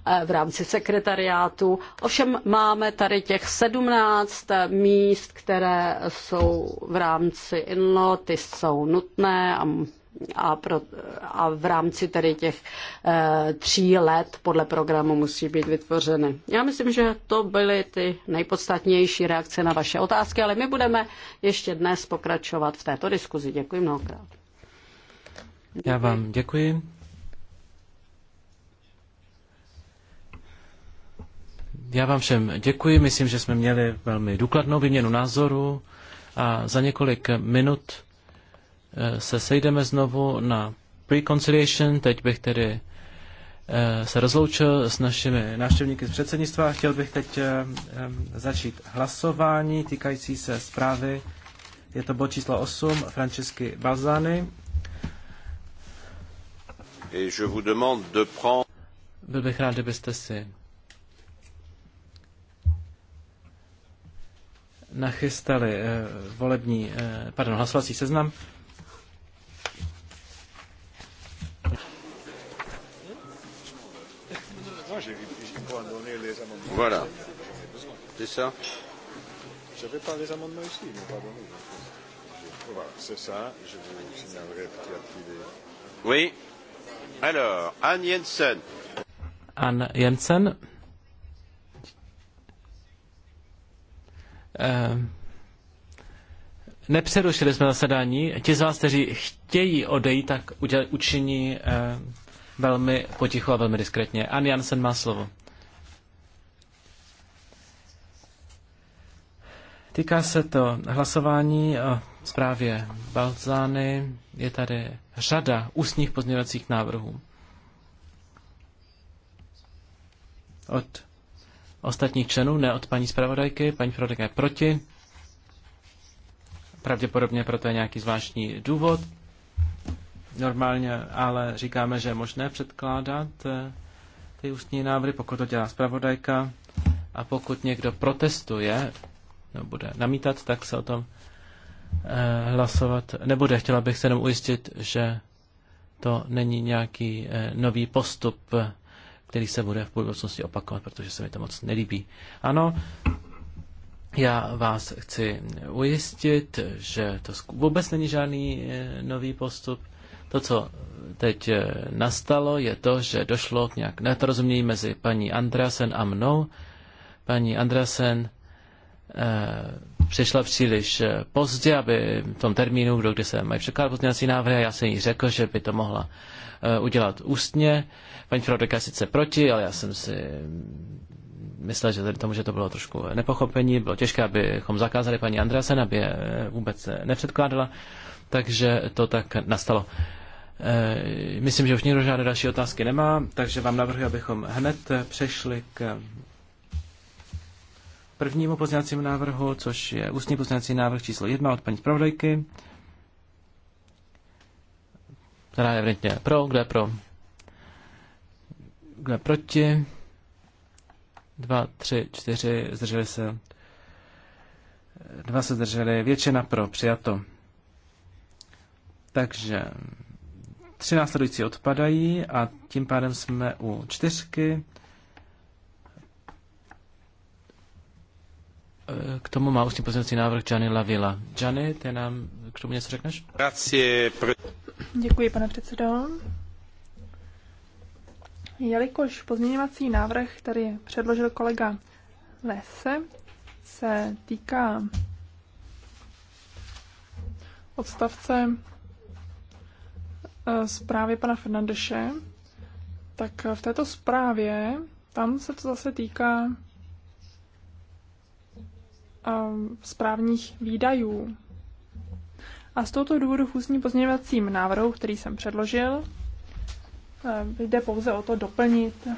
eh, v rámci sekretariátu. Ovšem máme tady těch 17 míst, které jsou v rámci INLO, ty jsou nutné a a, pro, a v rámci tedy těch e, tří let podle programu musí být vytvořeny. Já myslím, že to byly ty nejpodstatnější reakce na vaše otázky, ale my budeme ještě dnes pokračovat v této diskuzi. Děkuji mnohokrát. Děkuji. Já vám děkuji. Já vám všem děkuji. Myslím, že jsme měli velmi důkladnou výměnu názoru a za několik minut Eh, se sejdeme znovu na pre-conciliation. Teď bych tedy eh, se rozloučil s našimi návštěvníky z předsednictva a chtěl bych teď eh, začít hlasování týkající se zprávy. Je to bod číslo 8 Francesky Balzány. Byl bych rád, kdybyste si nachystali volební, pardon, hlasovací seznam. Voilà. C'est ça J'avais pas les amendements ici, ils m'ont pas donné. Voilà, c'est ça. Je vous signalerai petit à petit les... Oui. Alors, Anne Jensen. Anne Jensen. Ehm, nepřerušili jsme zasedání. Ti z vás, kteří chtějí odejít, tak učiní ehm, velmi potichu a velmi diskrétně. Ann Jansen má slovo. Týká se to hlasování o zprávě Balzány. Je tady řada ústních pozměňovacích návrhů. Od ostatních členů, ne od paní zpravodajky. Paní zpravodajka je proti. Pravděpodobně proto je nějaký zvláštní důvod. Normálně ale říkáme, že je možné předkládat eh, ty ústní návrhy, pokud to dělá zpravodajka. A pokud někdo protestuje nebo bude namítat, tak se o tom eh, hlasovat nebude. Chtěla bych se jenom ujistit, že to není nějaký eh, nový postup, který se bude v budoucnosti opakovat, protože se mi to moc nelíbí. Ano, já vás chci ujistit, že to vůbec není žádný eh, nový postup. To, co teď nastalo, je to, že došlo k nějak netrozumění mezi paní Andreasen a mnou. Paní Andrasen Eh, přišla příliš eh, pozdě, aby v tom termínu, do kdy se mají překládat pozměňovací návrhy, já jsem jí řekl, že by to mohla eh, udělat ústně. Paní Fraudeka je sice proti, ale já jsem si myslel, že tady tomu, že to bylo trošku nepochopení, bylo těžké, abychom zakázali paní Andrasen, aby je vůbec nepředkládala, takže to tak nastalo. Myslím, že už nikdo žádné další otázky nemá, takže vám navrhuji, abychom hned přešli k prvnímu pozměňovacímu návrhu, což je ústní pozměňovací návrh číslo 1 od paní zpravodajky, která je vrátně pro, kde pro, kde proti, Dva, tři, čtyři zdrželi se, dva se zdrželi, většina pro, přijato. Takže tři následující odpadají a tím pádem jsme u čtyřky, K tomu má ústní pozměňovací návrh Gianni Lavila. Gianni, ty nám k tomu něco řekneš? Děkuji, pane předsedo. Jelikož pozměňovací návrh, který předložil kolega Lese, se týká odstavce eh, zprávy pana Fernandeše, tak v této zprávě tam se to zase týká Um, správních výdajů. A z tohoto důvodu v ústním pozměňovacím návrhu, který jsem předložil, um, jde pouze o to doplnit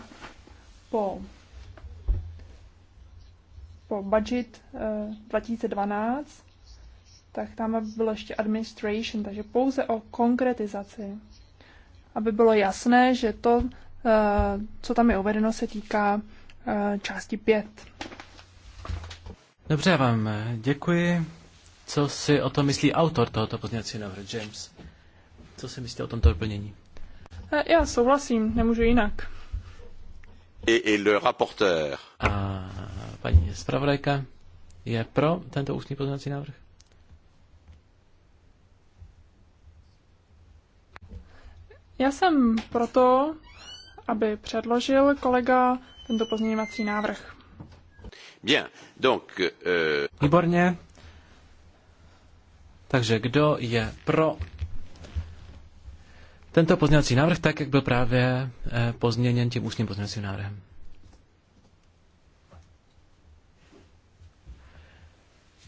po, po budget 2012, uh, tak tam bylo ještě administration, takže pouze o konkretizaci, aby bylo jasné, že to, uh, co tam je uvedeno, se týká uh, části 5. Dobře, já vám eh, děkuji. Co si o tom myslí autor tohoto pozměňovacího návrhu, James? Co si myslíte o tomto doplnění? Eh, já souhlasím, nemůžu jinak. Et, et le rapporteur. A paní zpravodajka je pro tento ústní pozměňovací návrh? Já jsem proto, aby předložil kolega tento pozměňovací návrh. Euh, Výborně. Takže kdo je pro tento pozměňovací návrh, tak jak byl právě eh, pozměněn tím ústním pozměňovacím návrhem?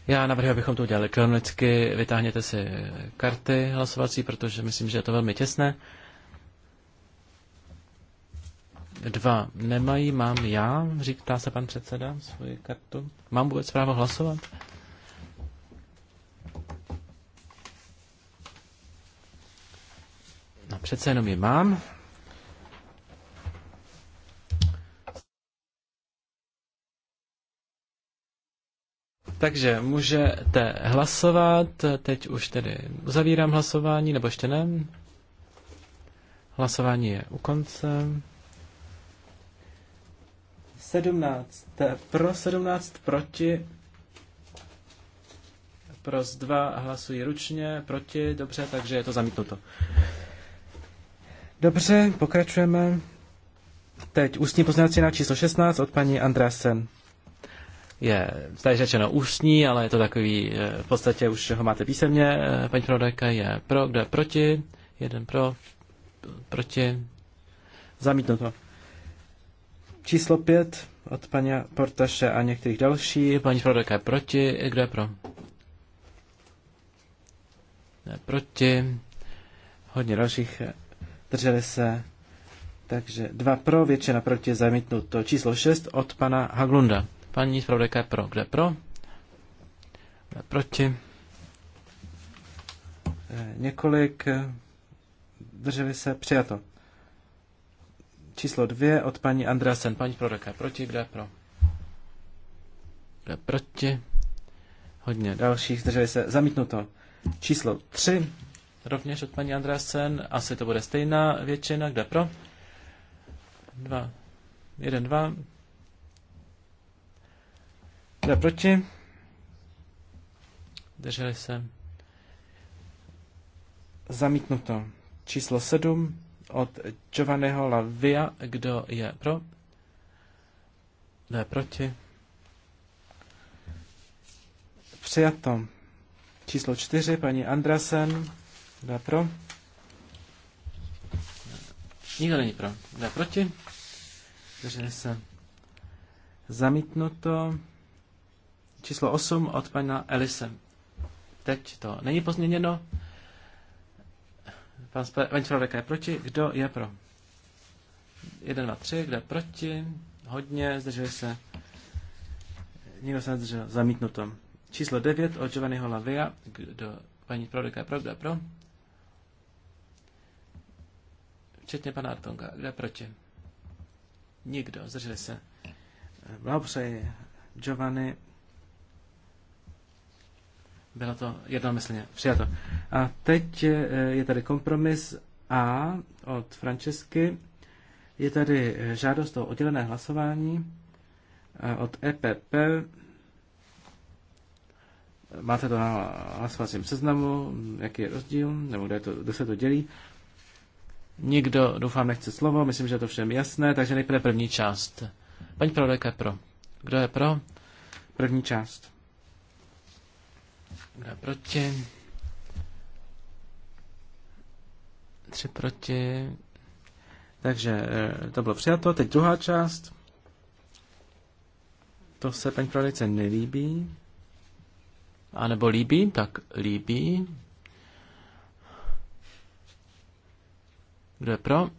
Já navrhuji, abychom to udělali elektronicky. Vytáhněte si karty hlasovací, protože myslím, že je to velmi těsné dva nemají, mám já, říká se pan předseda svoji kartu. Mám vůbec právo hlasovat? No přece jenom ji mám. Takže můžete hlasovat, teď už tedy uzavírám hlasování, nebo ještě ne. Hlasování je u konce. 17. Pro 17, proti. Pro z 2 hlasují ručně, proti, dobře, takže je to zamítnuto. Dobře, pokračujeme. Teď ústní poznávací na číslo 16 od paní Andrasen. Je tady řečeno ústní, ale je to takový, eh, v podstatě už ho máte písemně. Eh, paní Prodeka. je pro, kdo je proti, jeden pro, proti, zamítnuto. Číslo 5 od paní Portaše a některých dalších. Paní zpravodajka je proti. Kdo je pro? Ne, proti. Hodně dalších eh, drželi se. Takže dva pro, většina proti, zamítnuto. Číslo 6 od pana Haglunda. Paní zpravodajka je pro. Kdo je pro? Ne, proti. Eh, několik eh, drželi se přijato. Číslo dvě od paní Andrasen. Paní proroka, proti, kde pro? Kde proti? Hodně dalších, zdrželi se. Zamítnuto. Číslo tři rovněž od paní Andrasen. Asi to bude stejná většina. Kde pro? Dva. Jeden, dva. Kde proti? Zdrželi se. Zamítnuto. Číslo sedm od Giovanniho Lavia. Kdo je pro? Kdo je proti? Přijato. Číslo čtyři, paní Andrasen. Kdo je pro? Nikdo není pro. Kdo je proti? Takže se. Zamítnuto. Číslo 8 od pana Elise. Teď to není pozměněno. Pan Vaňcrovek je proti. Kdo je pro? 1, 2, 3. Kdo je proti? Hodně. Zdrželi se. Nikdo se nezdržel. Zamítnuto. Číslo 9 od Giovanniho Lavia. Kdo, paní Prodeka je pro? Kdo je pro? Včetně pana Artonga. Kdo je proti? Nikdo. Zdrželi se. Blahopřeji Giovanni. Bylo to jednomyslně přijato. A teď eh, je tady kompromis A od Francesky. Je tady eh, žádost o oddělené hlasování eh, od EPP. Máte to na hlasovacím seznamu, jaký je rozdíl, nebo kde, to, kde se to dělí. Nikdo, doufám, nechce slovo, myslím, že je to všem jasné, takže nejprve první část. Paní Prodeka pro. Kdo je pro? První část. Kdo je proti? Tři proti. Takže eh, to bylo přijato. Teď druhá část. To se paní pravice nelíbí. A nebo líbí, tak líbí. Kdo je pro?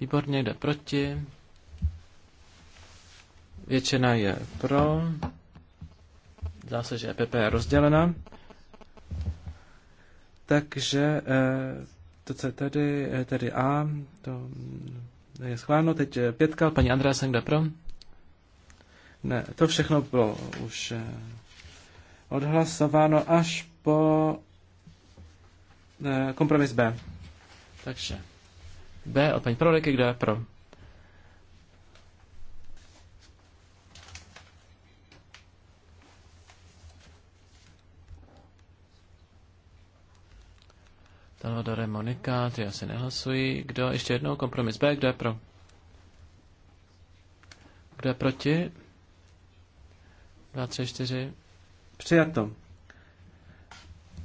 Výborně, kdo je proti? Většina je pro. Zdá se, že EPP je rozdělena. Takže eh, to, co je tady, eh, tady A, to je schváleno. Teď eh, pětka, paní Andrá kde pro? Ne, to všechno bylo už odhlasováno až po kompromis B. Takže B od paní Prodeky, kde pro? Salvadore, Monika, ty asi nehlasují. Kdo? Ještě jednou kompromis B, kdo je pro? Kdo je proti? 2, 3, 4. Přijato.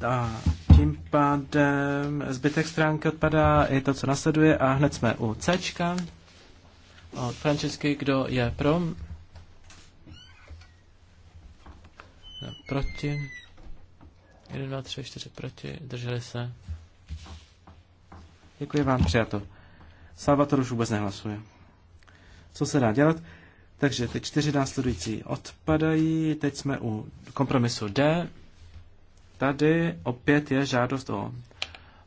A tím pádem zbytek stránky odpadá i to, co nasleduje a hned jsme u C. Od Francesky, kdo je pro? Proti. 1, 2, 3, 4 proti, drželi se. Děkuji vám, přijato. Salvator už vůbec nehlasuje. Co se dá dělat? Takže ty čtyři následující odpadají, teď jsme u kompromisu D. Tady opět je žádost o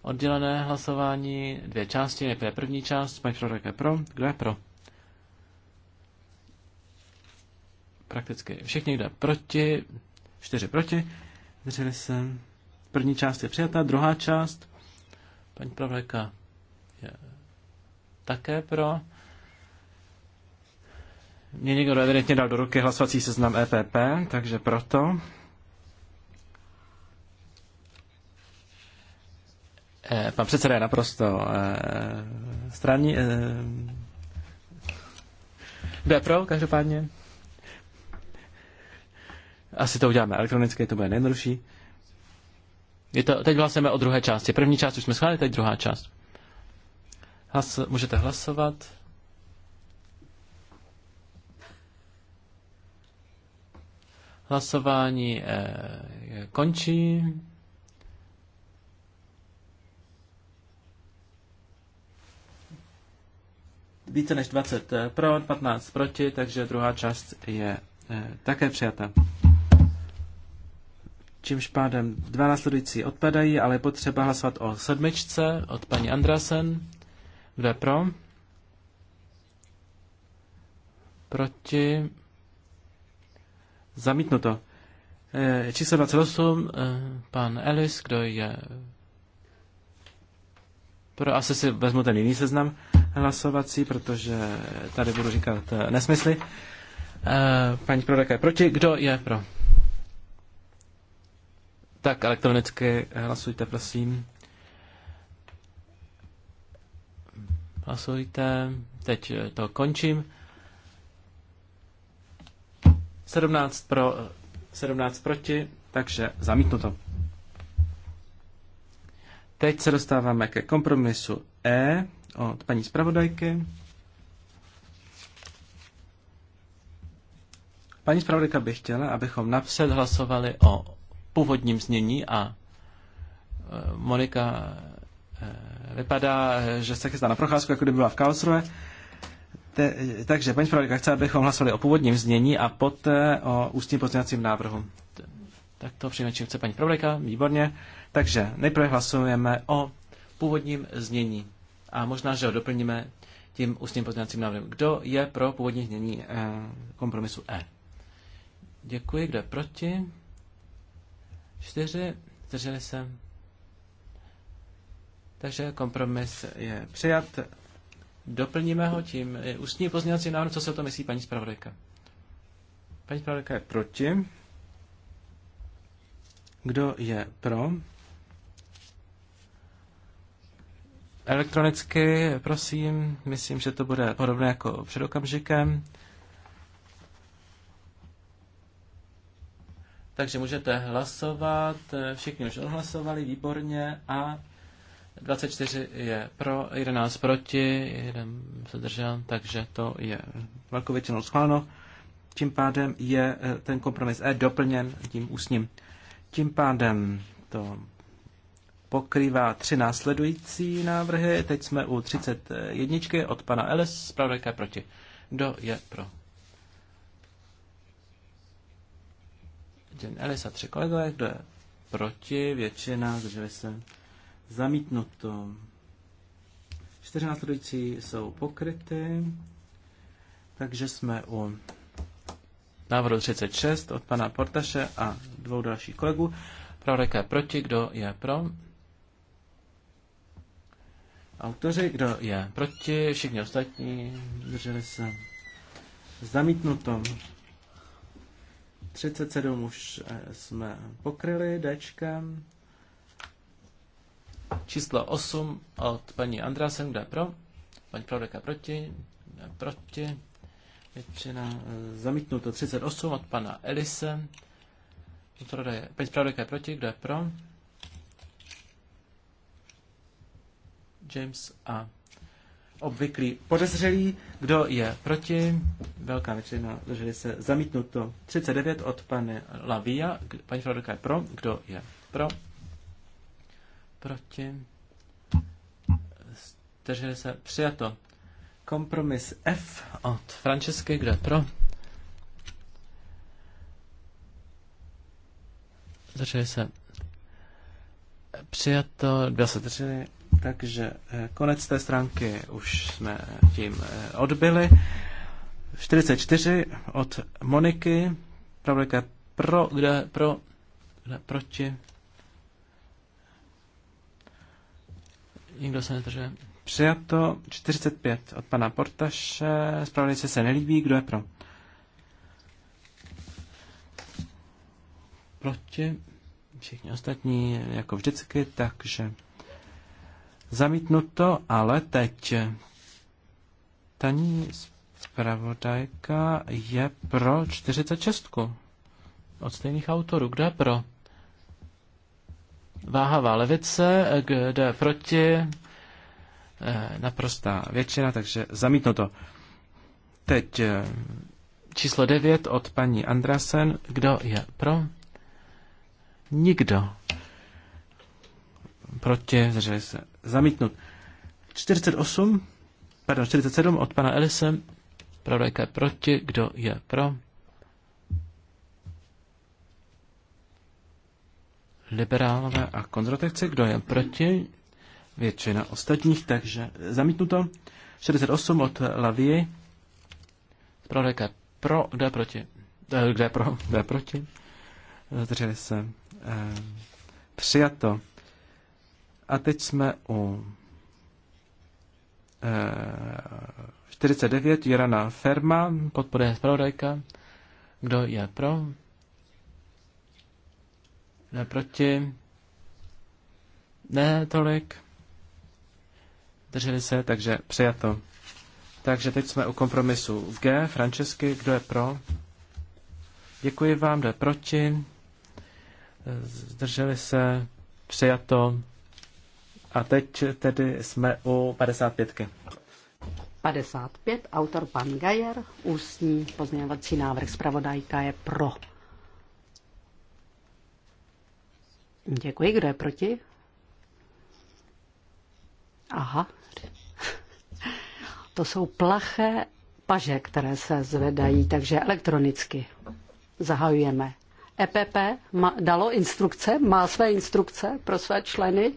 oddělené hlasování, dvě části, nejprve první část, paní pro, je pro, kdo je pro? Prakticky všichni, kdo je proti, čtyři proti, drželi se. První část je přijata, druhá část, Paní Pravleka je také pro. Mě někdo evidentně dal do ruky hlasovací seznam EPP, takže proto. E, pan předseda je naprosto e, straní. Eh, jde pro, každopádně. Asi to uděláme elektronicky, to bude nejjednodušší. Je to, teď hlasujeme o druhé části. První část už jsme schválili, teď druhá část. Hlas, můžete hlasovat. Hlasování eh, končí. Více než 20 eh, pro, 15 proti, takže druhá část je eh, také přijata. Čímž pádem dva následující odpadají, ale je potřeba hlasovat o sedmičce od paní Andrasen. Kdo je pro? Proti? Zamítnuto. E, číslo 28, e, pan Ellis, kdo je pro, asi si vezmu ten jiný seznam hlasovací, protože tady budu říkat e, nesmysly. E, paní Prodeka je proti, kdo je pro? Tak elektronicky eh, hlasujte, prosím. Hlasujte. Teď eh, to končím. 17 pro, 17 eh, proti, takže zamítnuto. Teď se dostáváme ke kompromisu E od paní zpravodajky. Paní zpravodajka by chtěla, abychom napřed hlasovali o původním znění a e, Monika e, vypadá, že se chystá na procházku, jako kdyby byla v Karlsruhe. Te, takže paní zpravodajka chce, abychom hlasovali o původním znění a poté o ústním pozměňovacím návrhu. Tak to přijme, čím chce paní zpravodajka, výborně. Takže nejprve hlasujeme o původním znění a možná, že ho doplníme tím ústním pozměňovacím návrhem. Kdo je pro původní znění e, kompromisu E? Děkuji, kdo je proti? čtyři, drželi se. Takže kompromis je přijat. Doplníme ho tím ústní pozměňovací návrh. Co se o to myslí paní zpravodajka? Paní zpravodajka je proti. Kdo je pro? Elektronicky, prosím, myslím, že to bude podobné jako před okamžikem. Takže můžete hlasovat, všichni už odhlasovali, výborně, a 24 je pro, 11 proti, 1 se držel, takže to je velkou většinou schváleno. Tím pádem je eh, ten kompromis E doplněn tím ústním. Tím pádem to pokrývá tři následující návrhy. Teď jsme u 31 od pana Ellis, zpravodajka proti. Kdo je pro? Jen Elisa, tři kolegové, kdo je proti, většina, zdrželi se zamítnuto. Čtyři následující jsou pokryty, takže jsme u návrhu 36 od pana Portaše a dvou dalších kolegů. Pravodajka je proti, kdo je pro? Autoři, kdo je proti, všichni ostatní, drželi se zamítnuto. 37 už eh, jsme pokryli Dčkem. Číslo 8 od paní Andrasen, kde pro? Paní Pravdeka proti, kde proti. Většina eh, zamítnuto 38 od pana Elise. Paní Pravdeka proti, kde pro? James a obvyklý podezřelý. Kdo je proti? Velká většina drželi se zamítnuto. 39 od pane Lavia. Paní Fradorka je pro. Kdo je pro? Proti? Drželi se přijato. Kompromis F od Francesky. Kdo je pro? Drželi se přijato. Dva se drželi. Takže eh, konec té stránky už jsme tím eh, odbyli. 44 od Moniky, pravděka pro, kde pro, kde proti. Nikdo se nedrže. Přijato 45 od pana Portaše. Spravodajce se nelíbí, kdo je pro? Proti. Všichni ostatní, jako vždycky, takže Zamítnuto, ale teď. Paní zpravodajka je pro 46. Od stejných autorů. Kdo je pro? Váhavá levice, kde proti eh, naprostá většina, takže zamítnuto. Teď eh, číslo 9 od paní Andrasen. Kdo je pro? Nikdo. Proti, zdrželi se zamítnut. 48, pardon, 47 od pana Elise. Pravdajka je proti, kdo je pro? Liberálové a konzervativci, kdo je proti? Většina ostatních, takže zamítnuto. 68 od Lavie. Pravdajka je pro, kdo je proti? Eh, kdo je pro, kdo je proti? Zdrželi se. Eh, přijato. A teď jsme u 49 eh, Jirana Ferma, podporuje zpravodajka. Kdo je pro? Ne proti? Ne tolik. Drželi se, takže přijato. Takže teď jsme u kompromisu G. Francesky, kdo je pro? Děkuji vám, kdo je proti? Zdrželi se, přijato. A teď tedy jsme u 55. 55, autor pan Gajer, ústní pozměňovací návrh zpravodajka je pro. Děkuji, kdo je proti? Aha. To jsou plaché paže, které se zvedají, takže elektronicky zahajujeme. EPP dalo instrukce, má své instrukce pro své členy.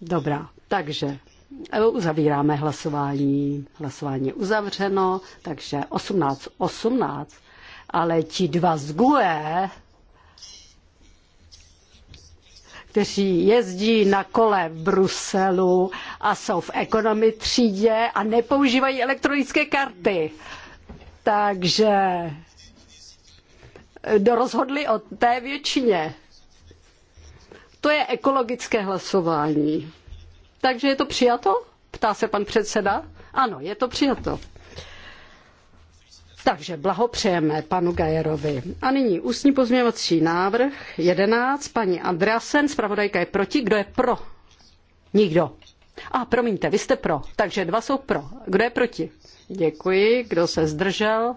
Dobrá, takže eh, uzavíráme hlasování. Hlasování je uzavřeno, takže 18, 18. Ale ti dva z GUE, kteří jezdí na kole v Bruselu a jsou v ekonomi třídě a nepoužívají elektronické karty. Takže eh, dorozhodli o té většině. To je ekologické hlasování. Takže je to přijato? Ptá se pan předseda. Ano, je to přijato. Takže blahopřejeme panu Gajerovi. A nyní ústní pozměňovací návrh 11, paní Andreasen, zpravodajka je proti, kdo je pro? Nikdo. A promiňte, vy jste pro, takže dva jsou pro. Kdo je proti? Děkuji, kdo se zdržel?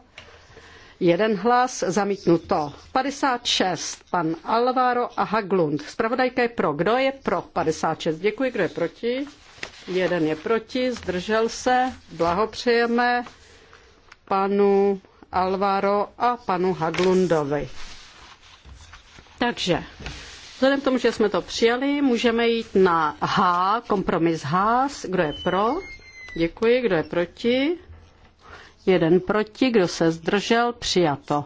Jeden hlas zamítnuto. 56. Pan Alvaro a Haglund. Spravodajka je pro. Kdo je pro 56? Děkuji. Kdo je proti? Jeden je proti, zdržel se. Blahopřejeme panu Alvaro a panu Haglundovi. Takže Vzhledem k tomu, že jsme to přijali, můžeme jít na H, kompromis H. Kdo je pro? Děkuji. Kdo je proti? jeden proti, kdo se zdržel, přijato.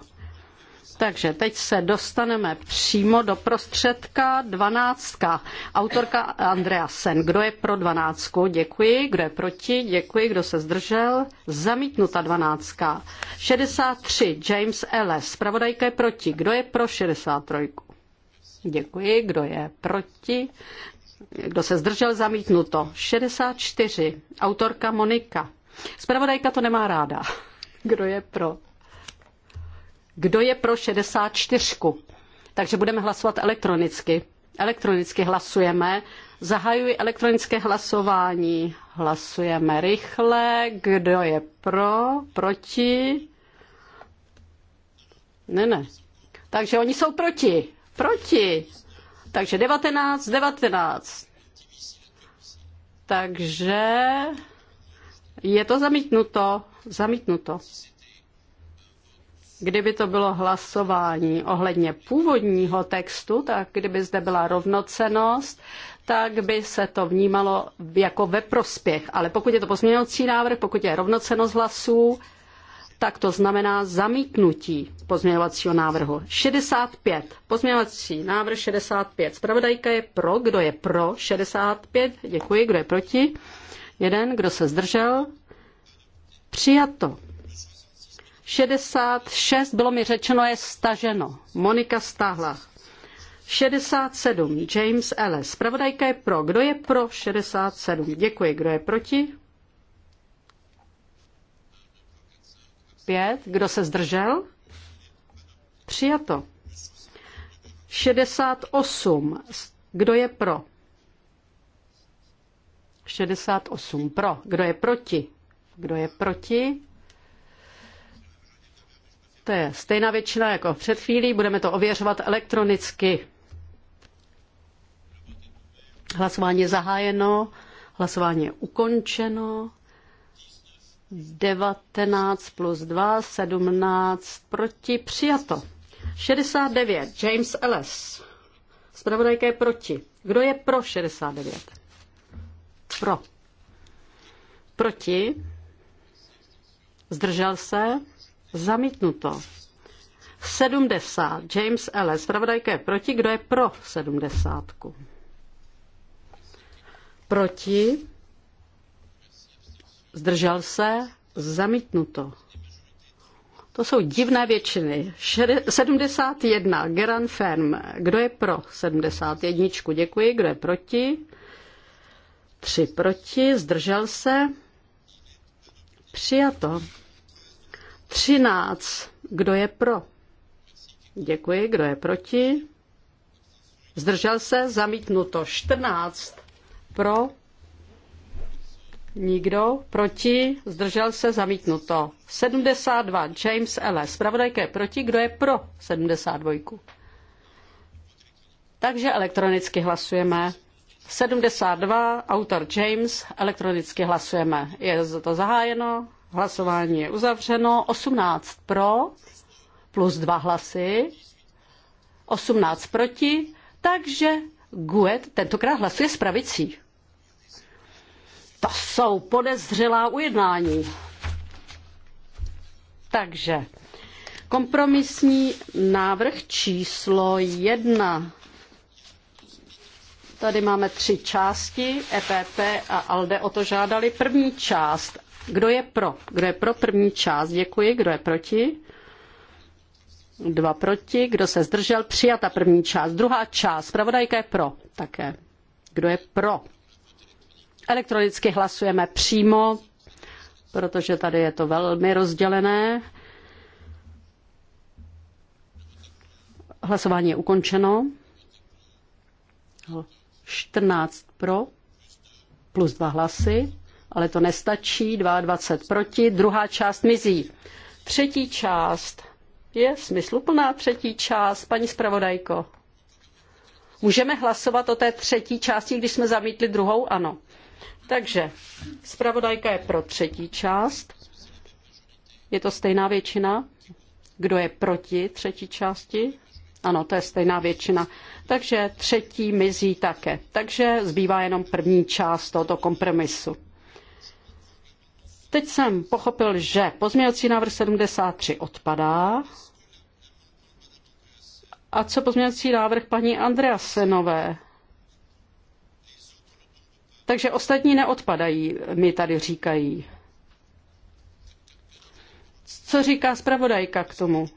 Takže teď se dostaneme přímo do prostředka dvanáctka. Autorka Andrea Sen, Kdo je pro dvanáctku? Děkuji. Kdo je proti? Děkuji. Kdo se zdržel? Zamítnuta dvanáctka. 63. James Ellis. Spravodajka je proti. Kdo je pro 63? Děkuji. Kdo je proti? Kdo se zdržel? Zamítnuto. 64. Autorka Monika. Spravodajka to nemá ráda. Kdo je pro? Kdo je pro 64? Takže budeme hlasovat elektronicky. Elektronicky hlasujeme. Zahajuji elektronické hlasování. Hlasujeme rychle. Kdo je pro? Proti? Ne, ne. Takže oni jsou proti. Proti. Takže 19, 19. Takže je to zamítnuto? Zamítnuto. Kdyby to bylo hlasování ohledně původního textu, tak kdyby zde byla rovnocenost, tak by se to vnímalo jako ve prospěch. Ale pokud je to pozměňovací návrh, pokud je rovnocenost hlasů, tak to znamená zamítnutí pozměňovacího návrhu. 65. Pozměňovací návrh 65. Spravodajka je pro. Kdo je pro 65? Děkuji. Kdo je proti? Jeden, kdo se zdržel? Přijato. 66, bylo mi řečeno, je staženo. Monika stáhla. 67, James Ellis. Spravodajka je pro. Kdo je pro 67? Děkuji. Kdo je proti? 5. Kdo se zdržel? Přijato. 68. Kdo je pro? 68 pro. Kdo je proti? Kdo je proti? To je stejná většina jako před chvílí. Budeme to ověřovat elektronicky. Hlasování je zahájeno, hlasování je ukončeno. 19 plus 2, 17 proti, přijato. 69, James Ellis. Spravodajka je proti. Kdo je pro 69? Pro. Proti. Zdržel se. Zamítnuto. 70. James L. Spravodajka je proti. Kdo je pro 70? Proti. Zdržel se. Zamítnuto. To jsou divné většiny. 71. Geran Ferm. Kdo je pro 71? Děkuji. Kdo je proti? 3 proti, zdržel se. Přijato. 13. Kdo je pro? Děkuji. Kdo je proti? Zdržel se? Zamítnuto. 14. Pro? Nikdo. Proti? Zdržel se? Zamítnuto. 72. James L. Spravodajka je proti. Kdo je pro 72? Takže elektronicky hlasujeme. 72, autor James, elektronicky hlasujeme. Je to zahájeno, hlasování je uzavřeno, 18 pro, plus dva hlasy, 18 proti, takže Guet tentokrát hlasuje s pravicí. To jsou podezřelá ujednání. Takže kompromisní návrh číslo jedna Tady máme tři části, EPP a ALDE o to žádali. První část, kdo je pro? Kdo je pro první část? Děkuji. Kdo je proti? Dva proti. Kdo se zdržel? Přijata první část. Druhá část. Pravodajka je pro také. Kdo je pro? Elektronicky hlasujeme přímo, protože tady je to velmi rozdělené. Hlasování je ukončeno. 14 pro, plus dva hlasy, ale to nestačí, 22 proti, druhá část mizí. Třetí část, je smysluplná třetí část, paní zpravodajko. Můžeme hlasovat o té třetí části, když jsme zamítli druhou? Ano. Takže zpravodajka je pro třetí část. Je to stejná většina? Kdo je proti třetí části? Ano, to je stejná většina takže třetí mizí také. Takže zbývá jenom první část tohoto kompromisu. Teď jsem pochopil, že pozměňovací návrh 73 odpadá. A co pozměňovací návrh paní Senové? Takže ostatní neodpadají, mi tady říkají. Co říká zpravodajka k tomu?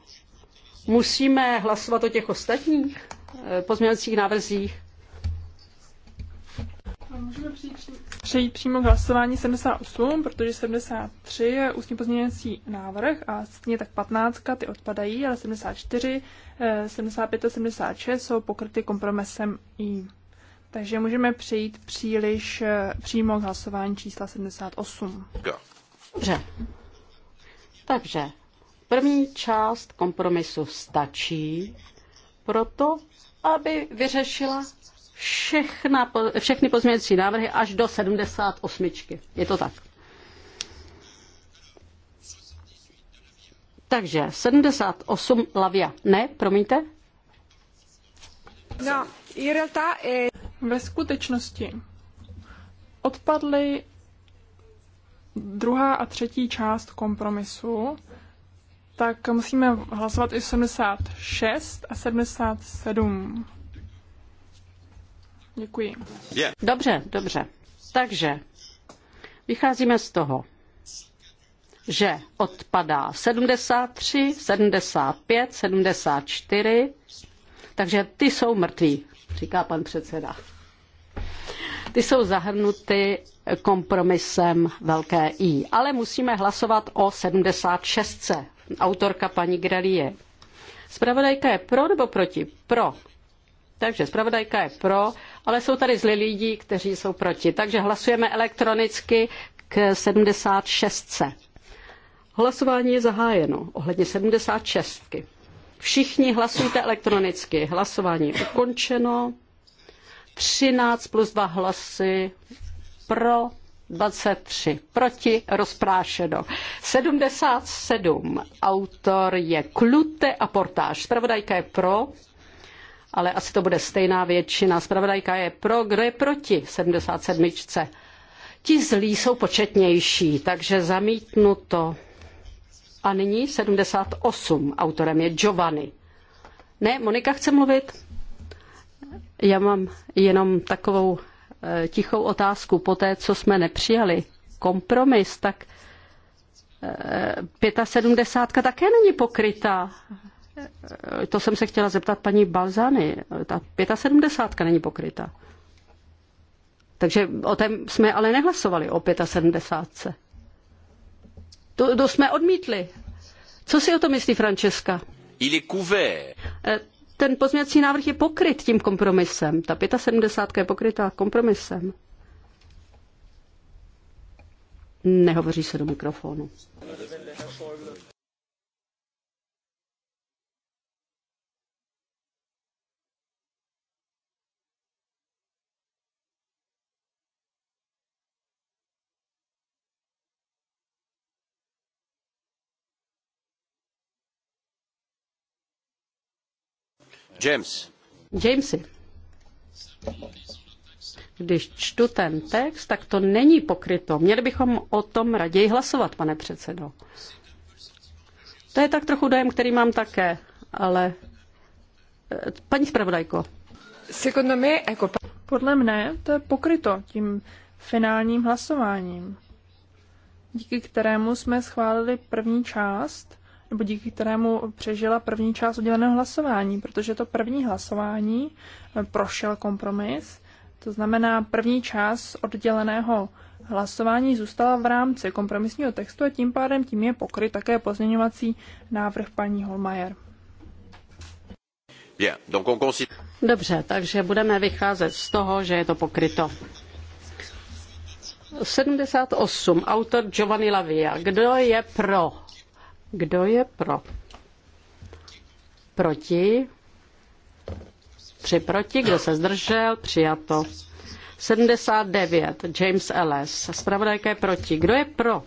Musíme hlasovat o těch ostatních? Eh, pozměňovacích návrzích. Můžeme přijít, přejít přímo k hlasování 78, protože 73 je ústní pozměňovací návrh a stejně tak 15, ty odpadají, ale 74, 75 eh, a 76 jsou pokryty kompromisem I. Takže můžeme přejít příliš eh, přímo k hlasování čísla 78. Dobře. Takže první část kompromisu stačí, proto aby vyřešila všechna, všechny pozměňující návrhy až do 78. Je to tak. Takže 78 lavia. Ne, promiňte? No, je... realtà è... Ve skutečnosti odpadly druhá a třetí část kompromisu tak musíme hlasovat i 76 a 77. Děkuji. Yeah. Dobře, dobře. Takže vycházíme z toho, že odpadá 73, 75, 74, takže ty jsou mrtví, říká pan předseda. Ty jsou zahrnuty kompromisem velké I, ale musíme hlasovat o 76 autorka paní Gralie. Spravodajka je pro nebo proti? Pro. Takže spravodajka je pro, ale jsou tady zlí lidi, kteří jsou proti. Takže hlasujeme elektronicky k 76. Hlasování je zahájeno ohledně 76. Všichni hlasujte elektronicky. Hlasování je ukončeno. 13 plus 2 hlasy pro 23 proti, rozprášeno. 77, autor je Klute a Portáž. Spravodajka je pro, ale asi to bude stejná většina. Spravodajka je pro, kdo je proti 77. Ti zlí jsou početnější, takže zamítnu to. A nyní 78, autorem je Giovanni. Ne, Monika chce mluvit? Já mám jenom takovou Eh, tichou otázku po té, co jsme nepřijali kompromis, tak 75 eh, také není pokrytá. Eh, to jsem se chtěla zeptat paní Balzany. Ta 75 není pokrytá. Takže o tom jsme ale nehlasovali, o 75. To, to jsme odmítli. Co si o to myslí Francesca? Il est couvert ten pozměňovací návrh je pokryt tím kompromisem. Ta 75 je pokrytá kompromisem. Nehovoří se do mikrofonu. James. Jamesy. Když čtu ten text, tak to není pokryto. Měli bychom o tom raději hlasovat, pane předsedo. To je tak trochu dojem, který mám také, ale... Eh, paní zpravodajko. Podle mne to je pokryto tím finálním hlasováním, díky kterému jsme schválili první část nebo díky kterému přežila první část uděleného hlasování, protože to první hlasování eh, prošel kompromis. To znamená, první část odděleného hlasování zůstala v rámci kompromisního textu a tím pádem tím je pokryt také pozměňovací návrh paní Holmajer. Dobře, takže budeme vycházet z toho, že je to pokryto. 78. Autor Giovanni Lavia. Kdo je pro kdo je pro? Proti? Při proti, kdo se zdržel? Přijato. 79, James Ellis. Spravodajka je proti. Kdo je pro?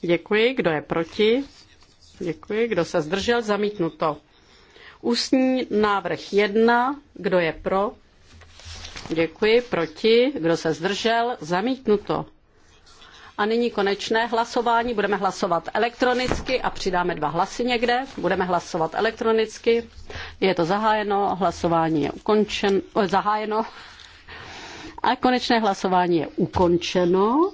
Děkuji. Kdo je proti? Děkuji. Kdo se zdržel? Zamítnuto. Ústní návrh 1. Kdo je pro? Děkuji. Proti? Kdo se zdržel? Zamítnuto. A nyní konečné hlasování. Budeme hlasovat elektronicky a přidáme dva hlasy někde. Budeme hlasovat elektronicky. Je to zahájeno, hlasování je ukončeno, zahájeno. A konečné hlasování je ukončeno.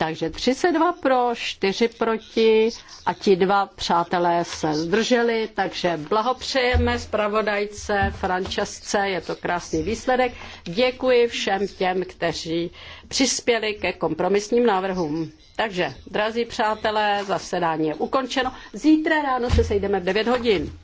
Takže 32 pro, 4 proti a ti dva přátelé se zdrželi, takže blahopřejeme zpravodajce Frančesce, je to krásný výsledek. Děkuji všem těm, kteří přispěli ke kompromisním návrhům. Takže, drazí přátelé, zasedání je ukončeno. Zítra ráno se sejdeme v 9 hodin.